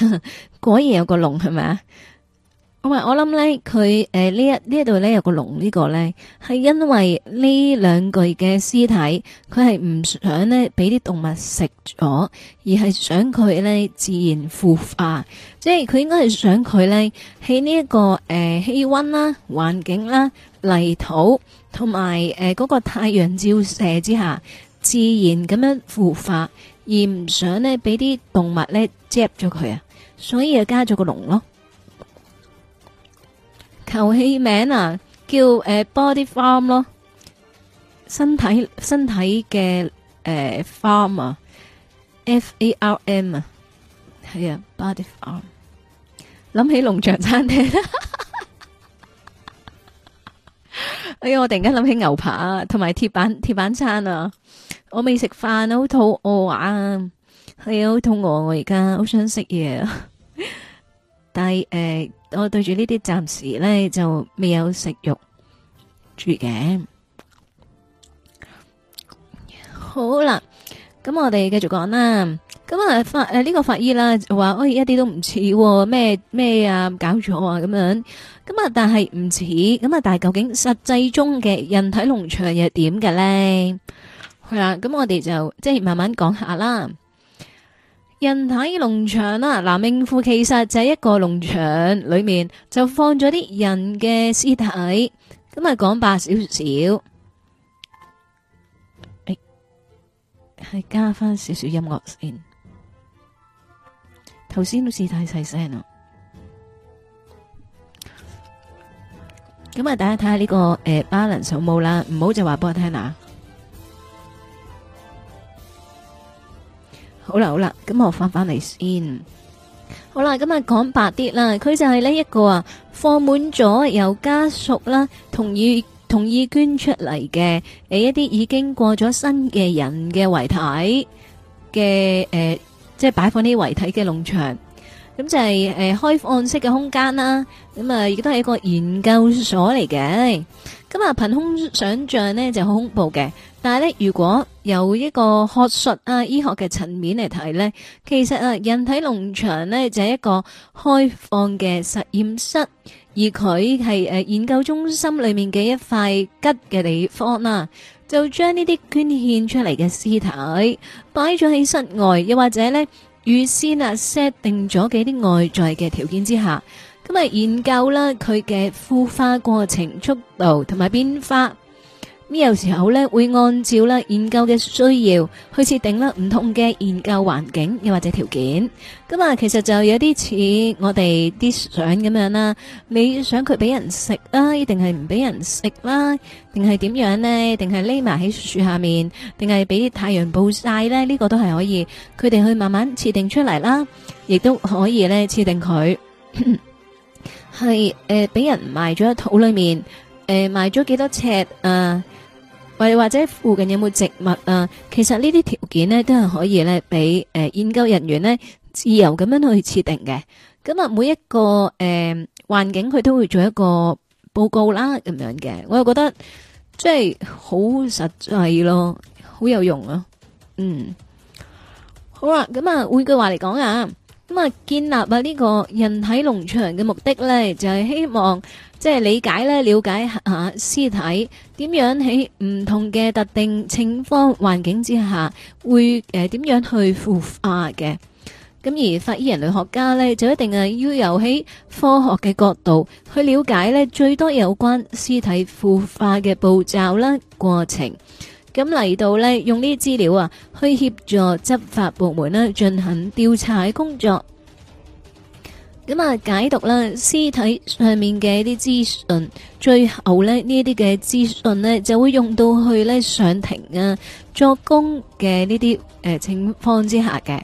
Speaker 1: [laughs] 果然有個龍，係咪啊？我話我諗咧，佢誒呢一呢一度咧有個龍、這個、呢個咧，係因為呢兩具嘅屍體，佢係唔想咧俾啲動物食咗，而係想佢咧自然腐化，即係佢應該係想佢咧喺呢一個、這個誒、呃、氣溫啦、環境啦、泥土同埋誒嗰個太陽照射之下，自然咁樣腐化，而唔想咧俾啲動物咧接咗佢啊！所以又加咗個龍咯，求其名啊，叫誒 body farm 咯，身體身體嘅誒 farm 啊，f a r m 啊，係啊 body farm，諗起龍象餐廳，哎呀我突然間諗起牛扒同埋鐵板鐵板餐啊，我未食飯啊，好肚餓啊，係啊好肚餓，我而家好想食嘢啊！但係誒、呃，我對住呢啲暫時咧就未有食慾住嘅。好啦，咁我哋繼續講啦。咁啊法誒呢、呃這個法醫啦就話，誒、哎、一啲都唔似、哦，咩咩啊搞錯啊咁樣。咁啊但係唔似，咁啊但係究竟實際中嘅人體農場又點嘅咧？係啦，咁我哋就即係慢慢講下啦。人體農場啊，嗱，名副其實就係一個農場裏面就放咗啲人嘅屍體，咁啊講白少少，係、哎、加翻少少音樂先，頭先都似太細聲啦，咁啊，大家睇下呢個誒，芭蕾上舞啦，唔好就話畀我聽啊。好啦，好啦，咁我翻翻嚟先。好啦，咁日講白啲啦，佢就係呢一個啊，放滿咗由家屬啦同意同意捐出嚟嘅，誒一啲已經過咗身嘅人嘅遺體嘅誒、呃，即係擺放啲遺體嘅農場，咁就係、是、誒、呃、開放式嘅空間啦。咁啊，亦都係一個研究所嚟嘅。咁啊，憑空想象呢就好恐怖嘅，但係呢，如果由一個學術啊、醫學嘅層面嚟睇呢，其實啊，人體農場呢就係、是、一個開放嘅實驗室，而佢係誒研究中心裏面嘅一塊吉嘅地方啦、啊，就將呢啲捐獻出嚟嘅屍體擺咗喺室外，又或者呢，預先啊 set 定咗嘅啲外在嘅條件之下。咁啊，研究啦，佢嘅孵化過程速度同埋變化，咁有時候咧，會按照啦研究嘅需要去設定啦唔同嘅研究環境又或者條件，咁啊其實就有啲似我哋啲相咁樣啦，你想佢俾人食啦，定係唔俾人食啦，定係點樣呢？定係匿埋喺樹下面，定係俾太陽暴曬咧？呢個都係可以，佢哋去慢慢設定出嚟啦，亦都可以咧設定佢。 [laughs] 係誒，俾、呃、人埋咗喺土裏面，誒埋咗幾多尺啊？或或者附近有冇植物啊？其實呢啲條件呢，都係可以咧俾誒研究人員呢自由咁樣去設定嘅。咁、嗯、啊，每一個誒、呃、環境佢都會做一個報告啦，咁樣嘅。我又覺得即係好實際咯，好有用啊。嗯，好啦，咁啊，換句話嚟講啊。咁啊，建立啊呢個人體農場嘅目的呢，就係希望即係理解呢，了解下屍體點樣喺唔同嘅特定情況環境之下，會誒點樣去腐化嘅。咁而法醫人類學家呢，就一定係要由喺科學嘅角度去了解呢，最多有關屍體腐化嘅步驟啦、過程。咁嚟到呢，用呢啲資料啊，去協助執法部門呢進行調查嘅工作。咁啊，解讀啦屍體上面嘅一啲資訊，最後呢呢一啲嘅資訊呢，就會用到去呢上庭啊作供嘅呢啲誒情況之下嘅。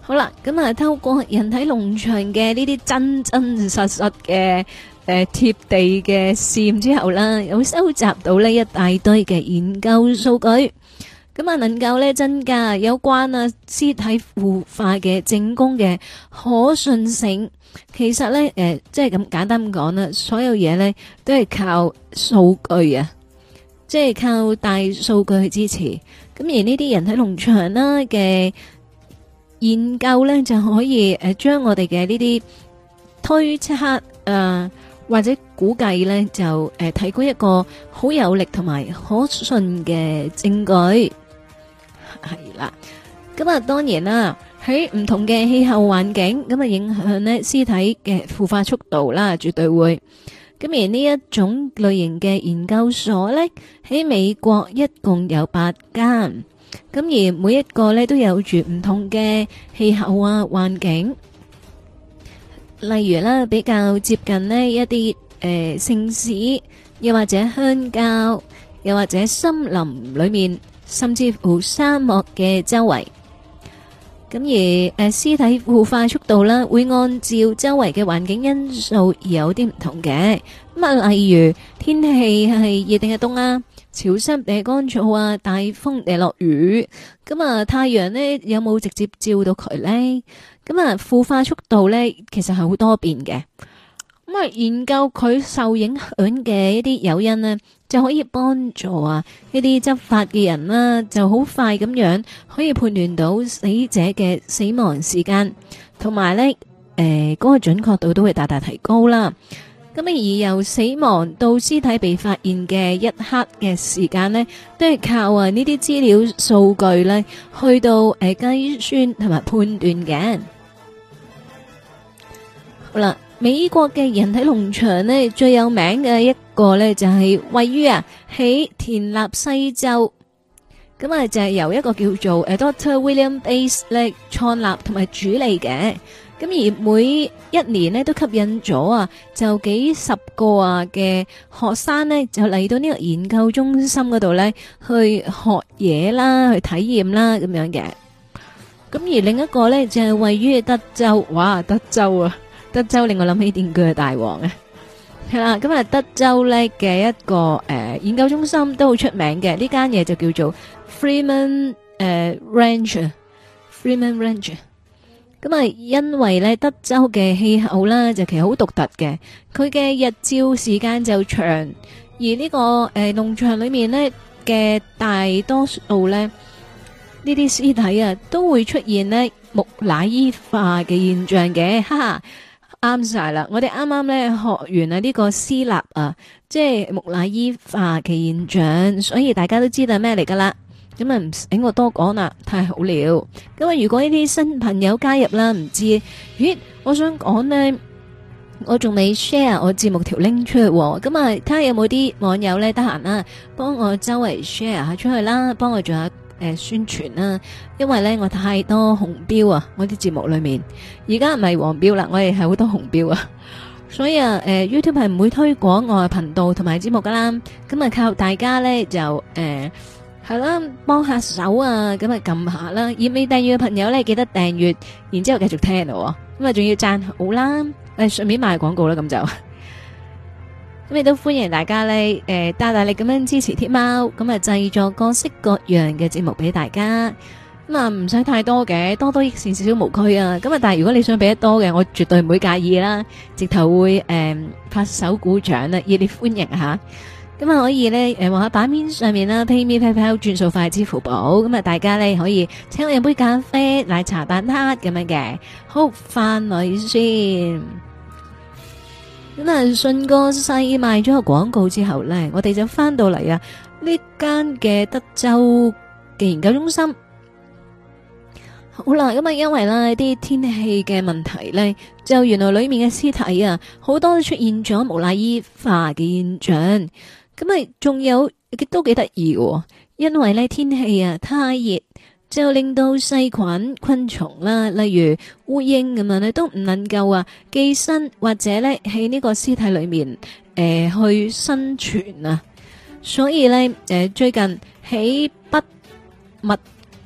Speaker 1: 好啦，咁啊透過人體農場嘅呢啲真真實實嘅。誒，貼地嘅試驗之後啦，又收集到呢一大堆嘅研究數據，咁啊，能夠咧增加有關啊屍體腐化嘅證供嘅可信性。其實咧，誒、呃，即係咁簡單咁講啦，所有嘢咧都係靠數據啊，即係靠大數據去支持。咁而呢啲人體農場啦嘅研究咧，就可以誒，將我哋嘅呢啲推測誒。或者估計呢，就誒提供一個好有力同埋可信嘅證據，係啦。咁啊，當然啦，喺唔同嘅氣候環境，咁啊影響呢屍體嘅腐化速度啦，絕對會。咁而呢一種類型嘅研究所呢，喺美國一共有八間，咁而每一個呢都有住唔同嘅氣候啊環境。例如咧，比較接近咧一啲誒城市，又或者鄉郊，又或者森林裏面，甚至乎沙漠嘅周圍。咁而誒屍體腐化速度咧，會按照周圍嘅環境因素有啲唔同嘅。咁啊，例如天氣係熱定係凍啊，潮濕定係乾燥啊，大風定係落雨。咁啊，太陽咧有冇直接照到佢咧？咁啊，腐化速度呢，其實係好多變嘅。咁啊，研究佢受影響嘅一啲誘因呢，就可以幫助啊一啲執法嘅人啦、啊，就好快咁樣可以判斷到死者嘅死亡時間，同埋呢，誒、呃，嗰、嗰個準確度都會大大提高啦。咁，而由死亡到屍體被發現嘅一刻嘅時間呢，都係靠啊呢啲資料數據呢，去到誒計算同埋判斷嘅。嗱，美國嘅人體農場咧，最有名嘅一個咧，就係位於啊喺田納西州，咁啊就係由一個叫做誒 Dr. William Bass 創立同埋主理嘅。咁而每一年咧，都吸引咗啊就幾十個啊嘅學生咧，就嚟到呢個研究中心嗰度咧，去學嘢啦，去體驗啦，咁樣嘅。咁而另一個咧，就係位於德州，哇，德州啊！德州令我諗起電鋸大王啊，係啦，咁啊德州咧嘅一個誒、呃、研究中心都好出名嘅，呢間嘢就叫做 Freeman、呃、Ranch, Freeman 誒 Ranch，Freeman Ranch，咁啊因為咧德州嘅氣候啦，就其實好獨特嘅，佢嘅日照時間就長，而呢、這個誒農、呃、場裏面咧嘅大多數咧，呢啲屍體啊都會出現咧木乃伊化嘅現象嘅，哈哈。啱晒啦！我哋啱啱咧學完啊呢個屍蠟啊，即係木乃伊化嘅現象，所以大家都知道係咩嚟噶啦。咁啊，唔使我多講啦，太好了。咁啊，如果呢啲新朋友加入啦，唔知咦，我想講呢，我仲未 share 我字幕條拎出去。咁啊，睇下有冇啲網友咧得閒啦，幫我周圍 share 下出去啦，幫我做下。誒、呃，宣傳啦、啊，因為咧我太多紅標啊，我啲節目裏面，而家唔係黃標啦，我哋係好多紅標啊，所以啊，誒、呃、，YouTube 係唔會推廣我嘅頻道同埋節目噶啦，咁啊靠大家咧就誒係、呃、啦，幫下手啊，咁啊撳下啦，而未訂閱嘅朋友咧記得訂閱，然之後繼續聽咯，咁啊仲要讚好啦，誒、呃、順便賣廣告啦咁就。咁亦都歡迎大家咧，誒、呃，大大力咁樣支持天喵，咁啊製作各式各樣嘅節目俾大家。咁啊唔使太多嘅，多多益善，少少無拘啊。咁、嗯、啊，但係如果你想俾得多嘅，我絕對唔會介意啦，直頭會誒拍手鼓掌啦，熱烈歡迎吓。咁啊、嗯、可以咧，誒望下版面上面啦、啊、，pay me paypal 轉數快支付寶。咁、嗯、啊、嗯、大家咧可以請我飲杯咖啡、奶茶、蛋撻咁樣嘅，好翻來先。咁啊，信哥細賣咗個廣告之後呢，我哋就返到嚟，啊呢間嘅德州嘅研究中心。好啦，咁啊，啊，因為呢啲天氣嘅問題呢，就原來裏面嘅屍體啊，好多都出現咗木乃伊化嘅現象。咁啊，仲有都幾得意喎，因為呢天氣啊太熱。就令到細菌、昆蟲啦，例如烏蠅咁樣咧，都唔能夠啊寄生或者咧喺呢個屍體裏面誒、呃、去生存啊！所以咧誒、呃，最近喺北密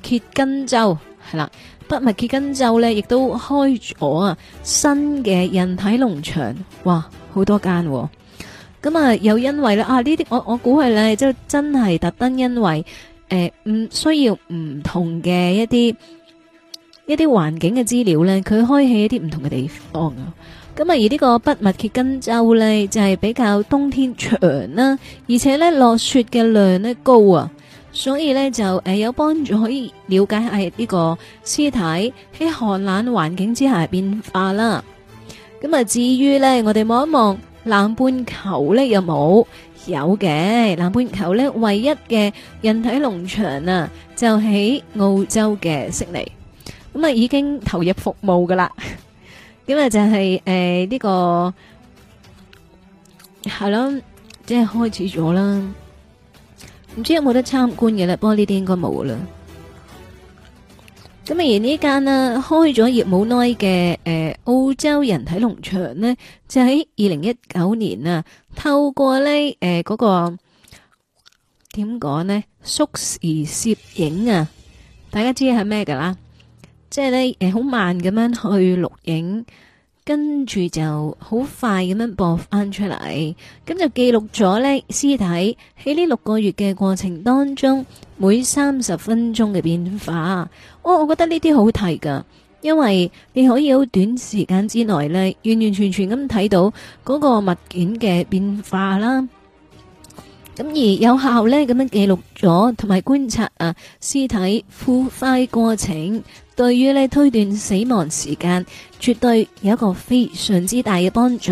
Speaker 1: 歇根州係啦，北密歇根州咧亦都開咗啊新嘅人體農場，哇，好多間、哦！咁啊，又因為咧啊呢啲，我我估係咧，就真係特登因為。誒，唔、呃、需要唔同嘅一啲一啲環境嘅資料咧，佢開啟一啲唔同嘅地方啊。咁、嗯、啊，而呢個北密歇根州咧就係、是、比較冬天長啦、啊，而且咧落雪嘅量咧高啊，所以咧就誒、呃、有幫助可以了解下呢個屍體喺寒冷環境之下變化啦。咁、嗯、啊，至於咧，我哋望一望南半球咧有冇？有嘅，南半球咧唯一嘅人體農場啊，就喺澳洲嘅悉尼，咁啊已經投入服務噶啦，咁啊就係誒呢個係咯，即係開始咗啦，唔知有冇得參觀嘅咧？不過呢啲應該冇啦。咁而呢間啊開咗業冇耐嘅，誒澳洲人體農場呢，就喺二零一九年啊，透過呢誒嗰、呃嗰個點講呢，縮時攝影啊，大家知係咩噶啦？即係呢，誒、呃、好慢咁樣去錄影。跟住就好快咁樣播翻出嚟，咁就記錄咗呢屍體喺呢六個月嘅過程當中，每三十分鐘嘅變化，我、哦、我覺得呢啲好睇㗎，因為你可以好短時間之內呢完完全全咁睇到嗰個物件嘅變化啦。咁而有效咧，咁樣記錄咗同埋觀察啊屍體腐敗過程，對於咧推斷死亡時間，絕對有一個非常之大嘅幫助。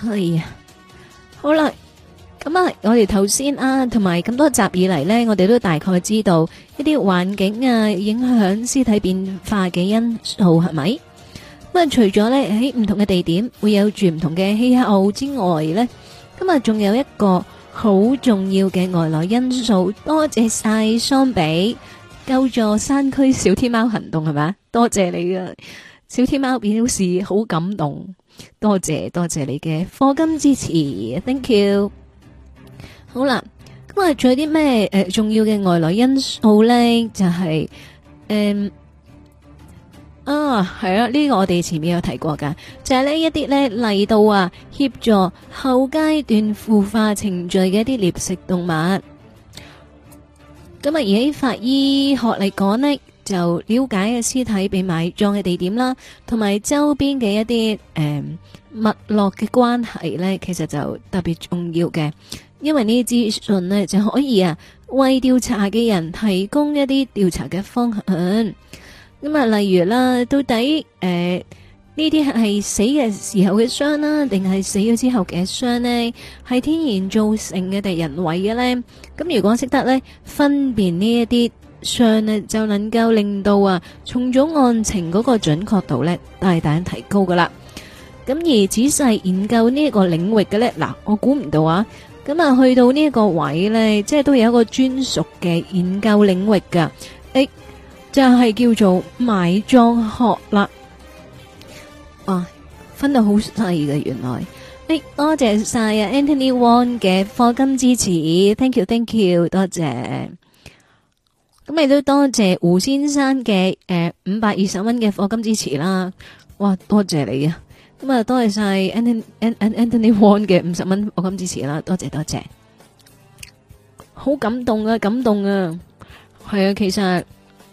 Speaker 1: 係啊，好啦，咁啊，我哋頭先啊，同埋咁多集以嚟咧，我哋都大概知道一啲環境啊影響屍體變化嘅因素係咪？咁啊，除咗咧喺唔同嘅地點會有住唔同嘅氣候之外咧，今日仲有一個好重要嘅外來因素，多謝晒桑比救助山區小天貓行動係咪？多謝你啊！小天貓表示好感動，多謝多謝你嘅課金支持，Thank you。好啦，咁啊，仲有啲咩誒重要嘅外來因素咧？就係誒。啊，係啊，呢、這個我哋前面有提過噶，就係、是、呢一啲呢，嚟到啊協助後階段腐化程序嘅一啲獵食動物。咁啊，而喺法醫學嚟講呢，就了解嘅屍體被埋葬嘅地點啦，同埋周邊嘅一啲誒、嗯、脈絡嘅關係呢，其實就特別重要嘅，因為呢啲資訊呢，就可以啊為調查嘅人提供一啲調查嘅方向。咁啊，例如啦，到底誒呢啲係死嘅時候嘅傷啦，定係死咗之後嘅傷呢？係天然造成嘅定係人為嘅呢？咁如果識得呢分辨呢一啲傷呢，就能夠令到啊，重組案情嗰個準確度呢，大大提高噶啦。咁而仔細研究呢一個領域嘅呢，嗱，我估唔到啊。咁啊，去到呢一個位呢，即係都有一個專屬嘅研究領域噶。誒、欸。就係叫做買裝殼啦，哇，分到好細嘅原來，誒多謝晒 Anthony Wong 嘅課金支持，thank you thank you 多謝，咁亦都多謝胡先生嘅誒五百二十蚊嘅課金支持啦，哇多謝你啊，咁啊多謝晒 Anthony Anthony Wong 嘅五十蚊課金支持啦，多謝多謝，好感動啊感動啊，係啊其實。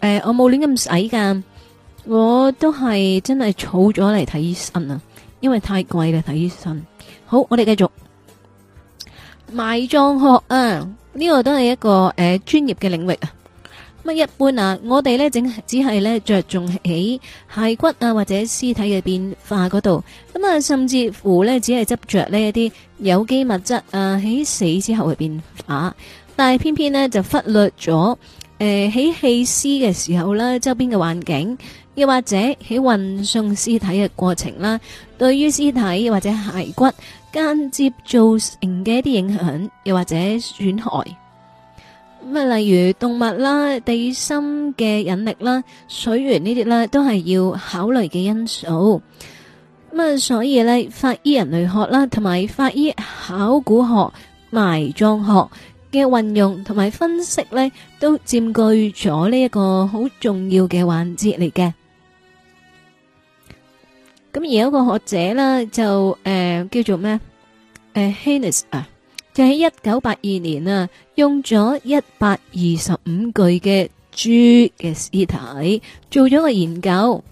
Speaker 1: 誒、呃，我冇亂咁使噶，我都係真係儲咗嚟睇醫生啊，因為太貴啦睇醫生。好，我哋繼續埋葬學啊，呢、這個都係一個誒、呃、專業嘅領域啊。咁啊，一般啊，我哋呢整只係呢着重喺骸骨啊或者屍體嘅變化嗰度，咁啊，甚至乎呢，只係執着呢一啲有機物質啊喺死之後嘅變化，但係偏偏呢，就忽略咗。誒，喺棄屍嘅時候啦，周邊嘅環境，又或者喺運送屍體嘅過程啦，對於屍體或者骸骨間接造成嘅一啲影響，又或者損害，咁啊，例如動物啦、地心嘅引力啦、水源呢啲啦，都係要考慮嘅因素。咁啊，所以呢法醫人類學啦，同埋法醫考古學、埋葬學。嘅運用同埋分析呢,都佔據咗呢一個好重要嘅環節嚟嘅。咁而有一個學者呢，就誒叫做咩？誒，Heinrich 啊，就喺一九八二年啊，用咗一百二十五具嘅豬嘅屍體做咗個研究。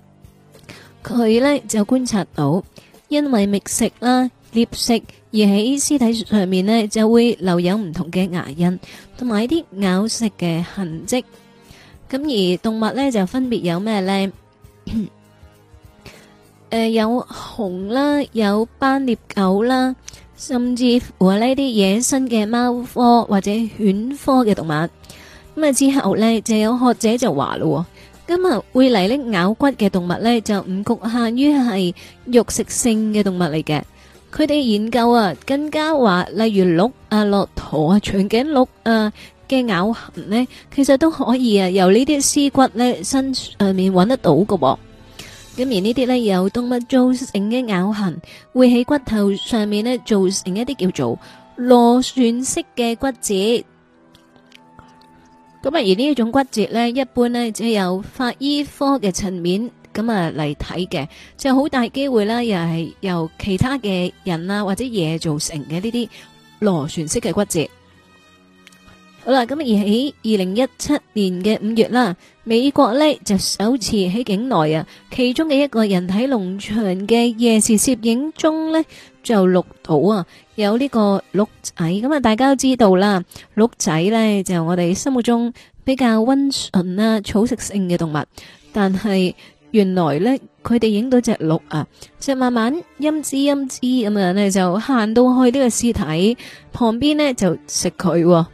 Speaker 1: 佢呢就觀察到，因為覓食啦。獵食而喺屍體上面咧，就會留有唔同嘅牙印，同埋一啲咬食嘅痕跡。咁而動物咧就分別有咩咧？誒，有熊啦，有斑鬣狗啦，甚至乎係呢啲野生嘅貓科或者犬科嘅動物。咁啊之後咧，就有學者就話啦，咁啊會嚟咧咬骨嘅動物咧，就唔局限於係肉食性嘅動物嚟嘅。佢哋研究啊，更加話例如鹿啊、駱駝啊、長頸鹿啊嘅咬痕咧，其實都可以啊由呢啲屍骨咧身上面搵得到嘅。咁而呢啲咧由動物造成嘅咬痕，會喺骨頭上面咧造成一啲叫做螺旋式嘅骨折。咁啊而呢一種骨折咧，一般咧只係有法醫科嘅層面。咁啊，嚟睇嘅，就好大機會啦，又係由其他嘅人啊或者嘢造成嘅呢啲螺旋式嘅骨折。好啦，咁而喺二零一七年嘅五月啦，美國呢就首次喺境內啊，其中嘅一個人體農場嘅夜視攝影中呢，就錄到啊有呢個鹿仔。咁啊，大家都知道啦，鹿仔呢就係我哋心目中比較溫順啦、草食性嘅動物，但係。原來咧，佢哋影到隻鹿啊，就慢慢陰滋陰滋咁樣咧，就行到去呢個屍體旁邊咧，就食佢。咁啊，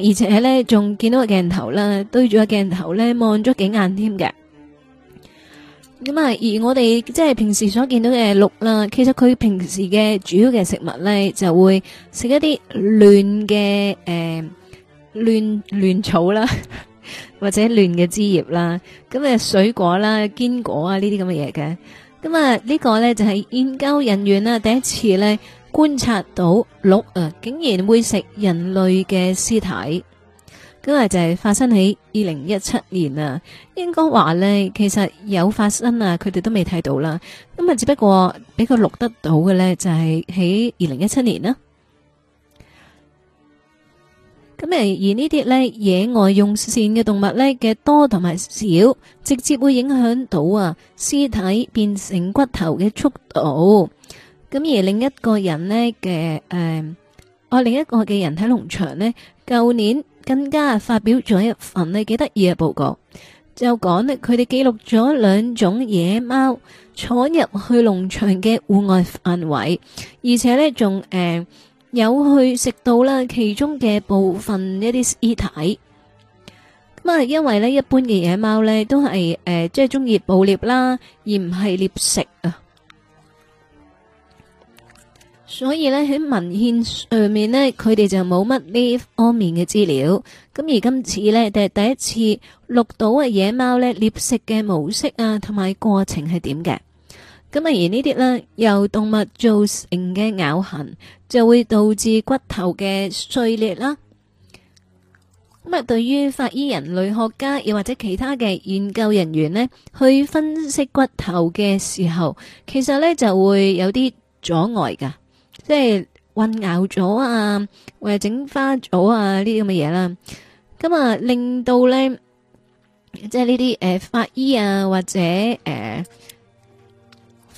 Speaker 1: 而且咧，仲見到個鏡頭啦，對住個鏡頭咧，望咗幾眼添嘅。咁啊，而我哋即係平時所見到嘅鹿啦，其實佢平時嘅主要嘅食物咧，就會食一啲嫩嘅誒，嫩嫩草啦。或者嫩嘅枝葉啦，咁啊水果啦、堅果啊呢啲咁嘅嘢嘅，咁啊呢個呢，就係研究人員啊第一次呢，觀察到鹿啊竟然會食人類嘅屍體，咁啊就係發生喺二零一七年啊，應該話呢，其實有發生啊，佢哋都未睇到啦，咁啊只不過比較錄得到嘅呢，就係喺二零一七年啦。咁而呢啲咧野外用膳嘅動物咧嘅多同埋少，直接會影響到啊屍體變成骨頭嘅速度。咁而另一個人呢嘅誒，另一個嘅人體農場呢，舊年更加發表咗一份呢幾得意嘅報告，就講呢，佢哋記錄咗兩種野貓闖入去農場嘅戶外範圍，而且呢仲誒。嗯有去食到啦，其中嘅部分一啲屍體。咁啊，因為呢一般嘅野貓呢都係誒，即係中意捕獵啦，而唔係獵食啊。所以呢，喺文獻上面呢，佢哋就冇乜呢方面嘅資料。咁而今次呢，就係第一次錄到嘅野貓呢，獵食嘅模式啊，同埋過程係點嘅？咁啊，而呢啲咧由動物造成嘅咬痕，就會導致骨頭嘅碎裂啦。咁啊，對於法醫人類學家又或者其他嘅研究人員呢，去分析骨頭嘅時候，其實呢就會有啲阻礙噶，即係混淆咗啊，或者整花咗啊呢啲咁嘅嘢啦。咁啊，令到呢，即係呢啲誒法醫啊，或者誒。呃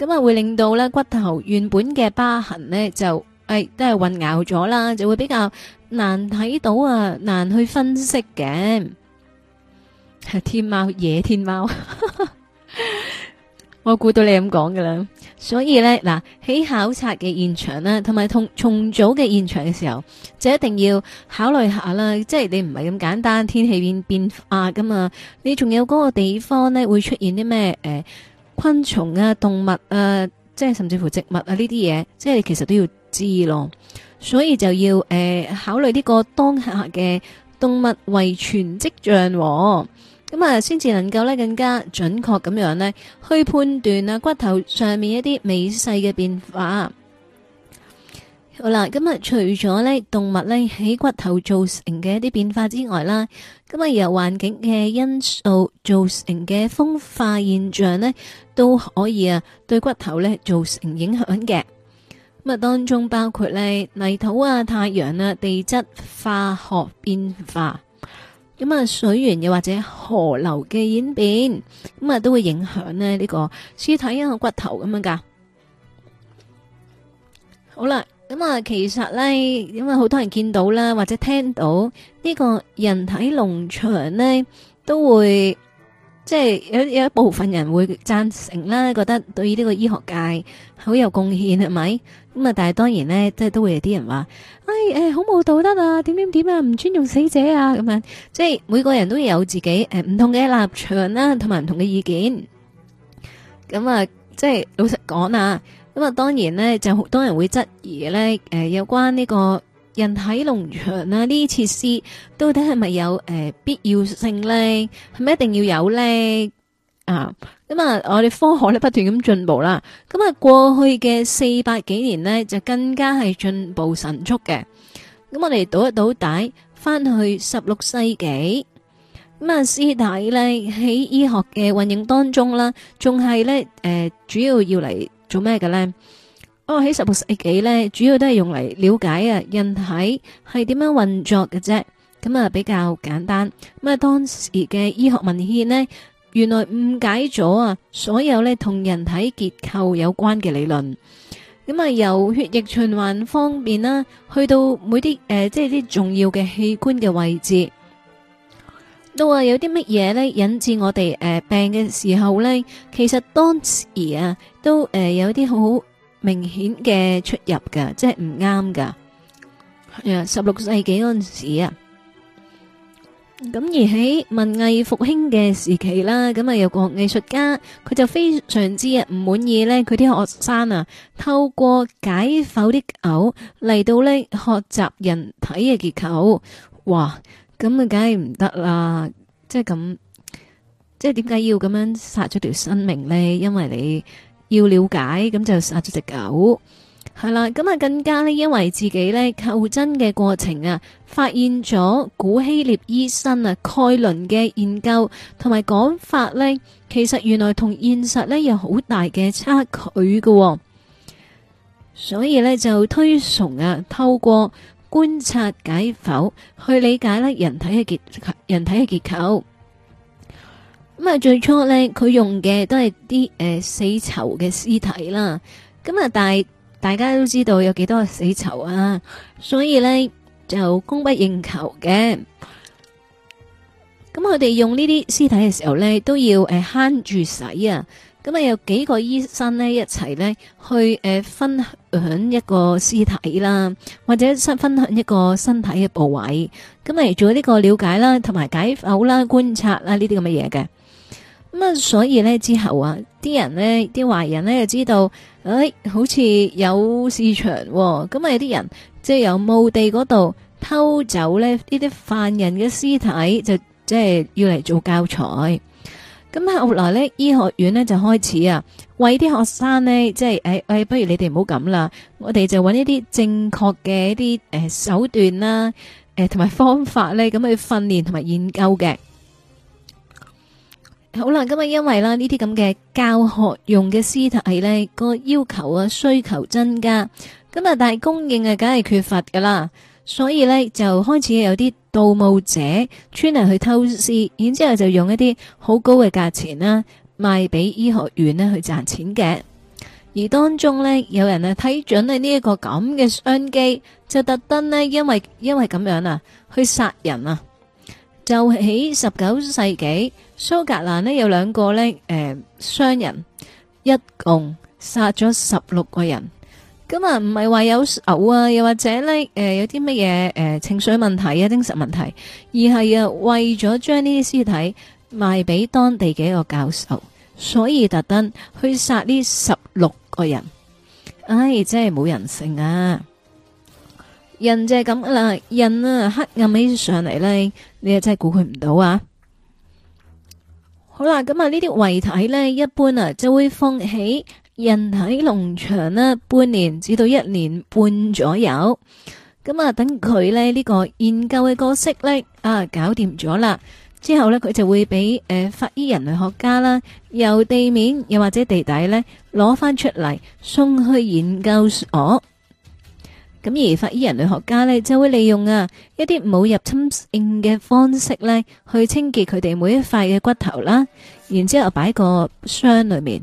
Speaker 1: 咁啊，會令到咧骨頭原本嘅疤痕咧就誒、哎、都係混淆咗啦，就會比較難睇到啊，難去分析嘅。係天貓野天貓， [laughs] 我估到你咁講噶啦，所以咧嗱喺考察嘅現場啦同埋同重組嘅現場嘅時候，就一定要考慮下啦，即係你唔係咁簡單，天氣變變化噶嘛，你仲有嗰個地方咧會出現啲咩誒？呃昆蟲啊、動物啊，即係甚至乎植物啊呢啲嘢，即係你其實都要知咯，所以就要誒、呃、考慮呢個當下嘅動物遺傳跡象、哦，咁啊先至能夠咧更加準確咁樣呢去判斷啊骨頭上面一啲微細嘅變化。好啦，咁啊除咗呢動物呢喺骨頭造成嘅一啲變化之外啦，咁啊由環境嘅因素造成嘅風化現象呢，都可以啊對骨頭呢造成影響嘅。咁啊當中包括呢泥土啊、太陽啊、地質化學變化，咁啊水源又或者河流嘅演變，咁啊都會影響呢呢個屍體一個骨頭咁樣噶。好啦。咁啊，其實咧，因為好多人見到啦，或者聽到呢個人體農場咧，都會即係有有一部分人會贊成啦，覺得對於呢個醫學界好有貢獻係咪？咁啊，但係當然咧，即係都會有啲人話，哎誒、欸，好冇道德啊，點點點啊，唔尊重死者啊，咁啊，即係每個人都有自己誒唔同嘅立場啦、啊，同埋唔同嘅意見。咁啊，即係老實講啊。咁啊，當然咧就好多人會質疑咧，誒、呃，有關呢個人體農場啦、啊，呢啲設施到底係咪有誒、呃、必要性咧？係咪一定要有咧？啊，咁、嗯、啊、嗯，我哋科學咧不斷咁進步啦。咁、嗯、啊，過去嘅四百幾年呢就更加係進步神速嘅。咁、嗯、我哋倒一倒帶翻去十六世紀，咁、嗯、啊，屍體咧喺醫學嘅運營當中啦，仲係咧誒，主要要嚟，做咩嘅咧？哦，喺十六世紀咧，主要都係用嚟了解啊，人體係點樣運作嘅啫。咁啊，比較簡單。咁啊，當時嘅醫學文獻咧，原來誤解咗啊，所有咧同人體結構有關嘅理論。咁啊，由血液循環方面啦，去到每啲誒，即係啲重要嘅器官嘅位置。都話有啲乜嘢咧引致我哋誒病嘅時候咧，其實當時啊，都誒有啲好明顯嘅出入噶即係唔啱噶係啊，十六世紀嗰陣時啊，咁而喺文藝復興嘅時期啦，咁啊有個藝術家，佢就非常之啊唔滿意咧，佢啲學生啊透過解剖啲牛嚟到咧學習人體嘅結構，哇！咁啊，梗係唔得啦！即係咁，即係點解要咁樣殺咗條生命呢？因為你要了解，咁就殺咗隻狗，係啦。咁啊，更加呢，因為自己呢，求真嘅過程啊，發現咗古希臘醫生啊，蓋倫嘅研究同埋講法呢，其實原來同現實呢有好大嘅差距噶，所以呢，就推崇啊，透過。觀察解剖去理解咧人體嘅結，人體嘅結構。咁啊，最初咧佢用嘅都係啲誒死囚嘅屍體啦。咁啊，但大家都知道有幾多死囚啊，所以咧就供不應求嘅。咁佢哋用呢啲屍體嘅時候咧，都要誒慳住使啊。咁啊，有幾個醫生咧一齊咧去誒、呃、分享一個屍體啦，或者身分享一個身體嘅部位，咁嚟做呢個了解啦，同埋解剖啦、觀察啦呢啲咁嘅嘢嘅。咁啊，所以咧之後啊，啲人咧啲壞人咧就知道，誒、哎，好似有市場，哦，咁啊有啲人即係由墓地嗰度偷走咧呢啲犯人嘅屍體，就即係要嚟做教材。咁後來咧，醫學院咧就開始啊，為啲學生咧，即係誒誒，不如你哋唔好咁啦，我哋就揾一啲正確嘅一啲誒手段啦，誒同埋方法咧，咁去訓練同埋研究嘅。好啦，咁啊，因為啦呢啲咁嘅教學用嘅屍體咧個要求啊需求增加，咁啊但係供應啊梗係缺乏噶啦。所以呢，就開始有啲盜墓者穿嚟，去偷屍，然之後就用一啲好高嘅價錢啦，賣俾醫學院呢去賺錢嘅。而當中呢，有人呢睇準呢呢一個咁嘅商機，就特登呢因為因為咁樣啊，去殺人啊。就喺十九世紀蘇格蘭呢有兩個呢誒、呃，商人一共殺咗十六個人。咁啊，唔係話有嘔啊，又或者呢，誒、呃，有啲乜嘢誒情緒問題啊，精神問題，而係啊為咗將呢啲屍體賣俾當地嘅一個教授，所以特登去殺呢十六個人，唉，真係冇人性啊！人就係咁噶啦，人啊黑暗起上嚟呢，你啊真係估佢唔到啊！好啦，咁啊呢啲遺體呢，一般啊就會放喺人喺農場咧，半年至到一年半左右，咁啊，等佢咧呢個研究嘅角色咧啊，搞掂咗啦，之後呢，佢就會俾誒法醫人類學家啦，由地面又或者地底咧攞翻出嚟，送去研究所。咁而法醫人類學家呢，就會利用啊一啲冇入侵性嘅方式呢，去清潔佢哋每一塊嘅骨頭啦，然之後擺喺個箱裏面。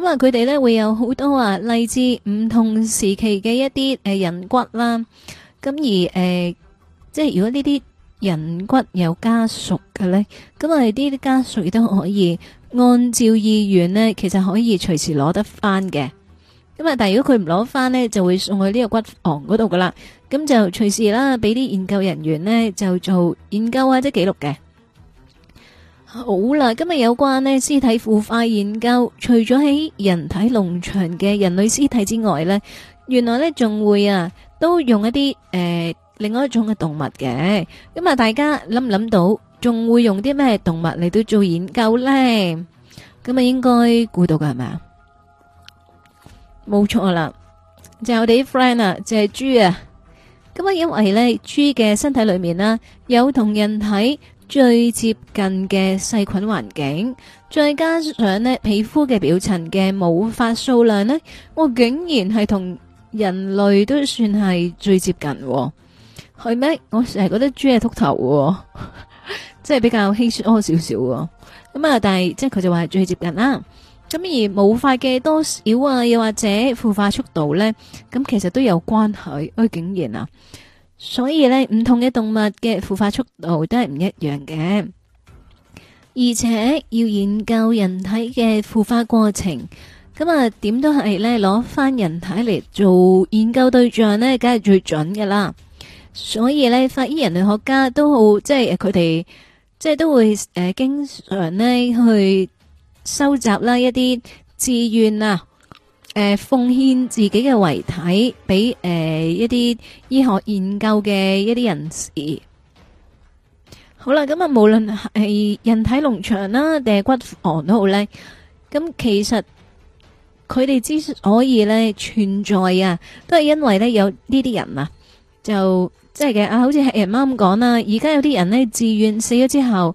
Speaker 1: 咁啊，佢哋咧會有好多啊，嚟自唔同時期嘅一啲誒人骨啦。咁而誒、呃，即係如果呢啲人骨有家屬嘅咧，咁啊啲家屬亦都可以按照意願咧，其實可以隨時攞得翻嘅。咁啊，但係如果佢唔攞翻咧，就會送去呢個骨房嗰度噶啦。咁就隨時啦，俾啲研究人員咧就做研究或者記錄嘅。好啦，今日有關呢屍體腐化研究，除咗喺人體農場嘅人類屍體之外呢，原來呢仲會啊都用一啲誒另外一種嘅動物嘅，咁啊大家諗唔諗到仲會用啲咩動物嚟到做研究呢？咁啊應該估到㗎係咪啊？冇錯啦，就我哋啲 friend 啊，就係豬啊，咁啊因為呢豬嘅身體裏面啦有同人體。最接近嘅細菌環境，再加上咧皮膚嘅表層嘅毛髮數量呢我、哦、竟然係同人類都算係最接近、哦，係咩？我成日覺得豬係禿頭、哦，即 [laughs] 係比較稀疏多少少，咁、嗯、啊！但係即係佢就話係最接近啦。咁而毛髮嘅多少啊，又或者腐化速度呢，咁其實都有關係。哎，竟然啊！所以咧，唔同嘅動物嘅腐化速度都係唔一樣嘅，而且要研究人體嘅腐化過程，咁啊點都係咧攞翻人體嚟做研究對象咧，梗係最準噶啦。所以咧，法醫人類學家都好，即係佢哋即係都會誒、呃、經常咧去收集啦一啲資源啊。誒、呃，奉獻自己嘅遺體俾誒、呃、一啲醫學研究嘅一啲人士。好啦，咁啊，無論係人體農場啦、啊，定係骨房都好咧。咁其實佢哋之所以咧存在啊，都係因為咧有呢啲人啊，就即係嘅啊，好似係人啱講啦，而家有啲人咧自願死咗之後。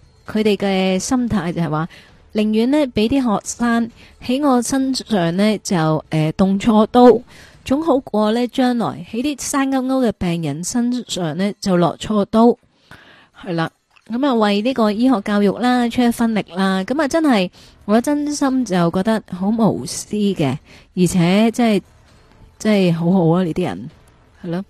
Speaker 1: 佢哋嘅心態就係話，寧願咧俾啲學生喺我身上呢就誒、呃、動錯刀，總好過呢將來喺啲生勾勾嘅病人身上呢就落錯刀。係啦，咁啊為呢個醫學教育啦出一分力啦，咁啊真係我真心就覺得好無私嘅，而且即係即係好好啊呢啲人，係咯。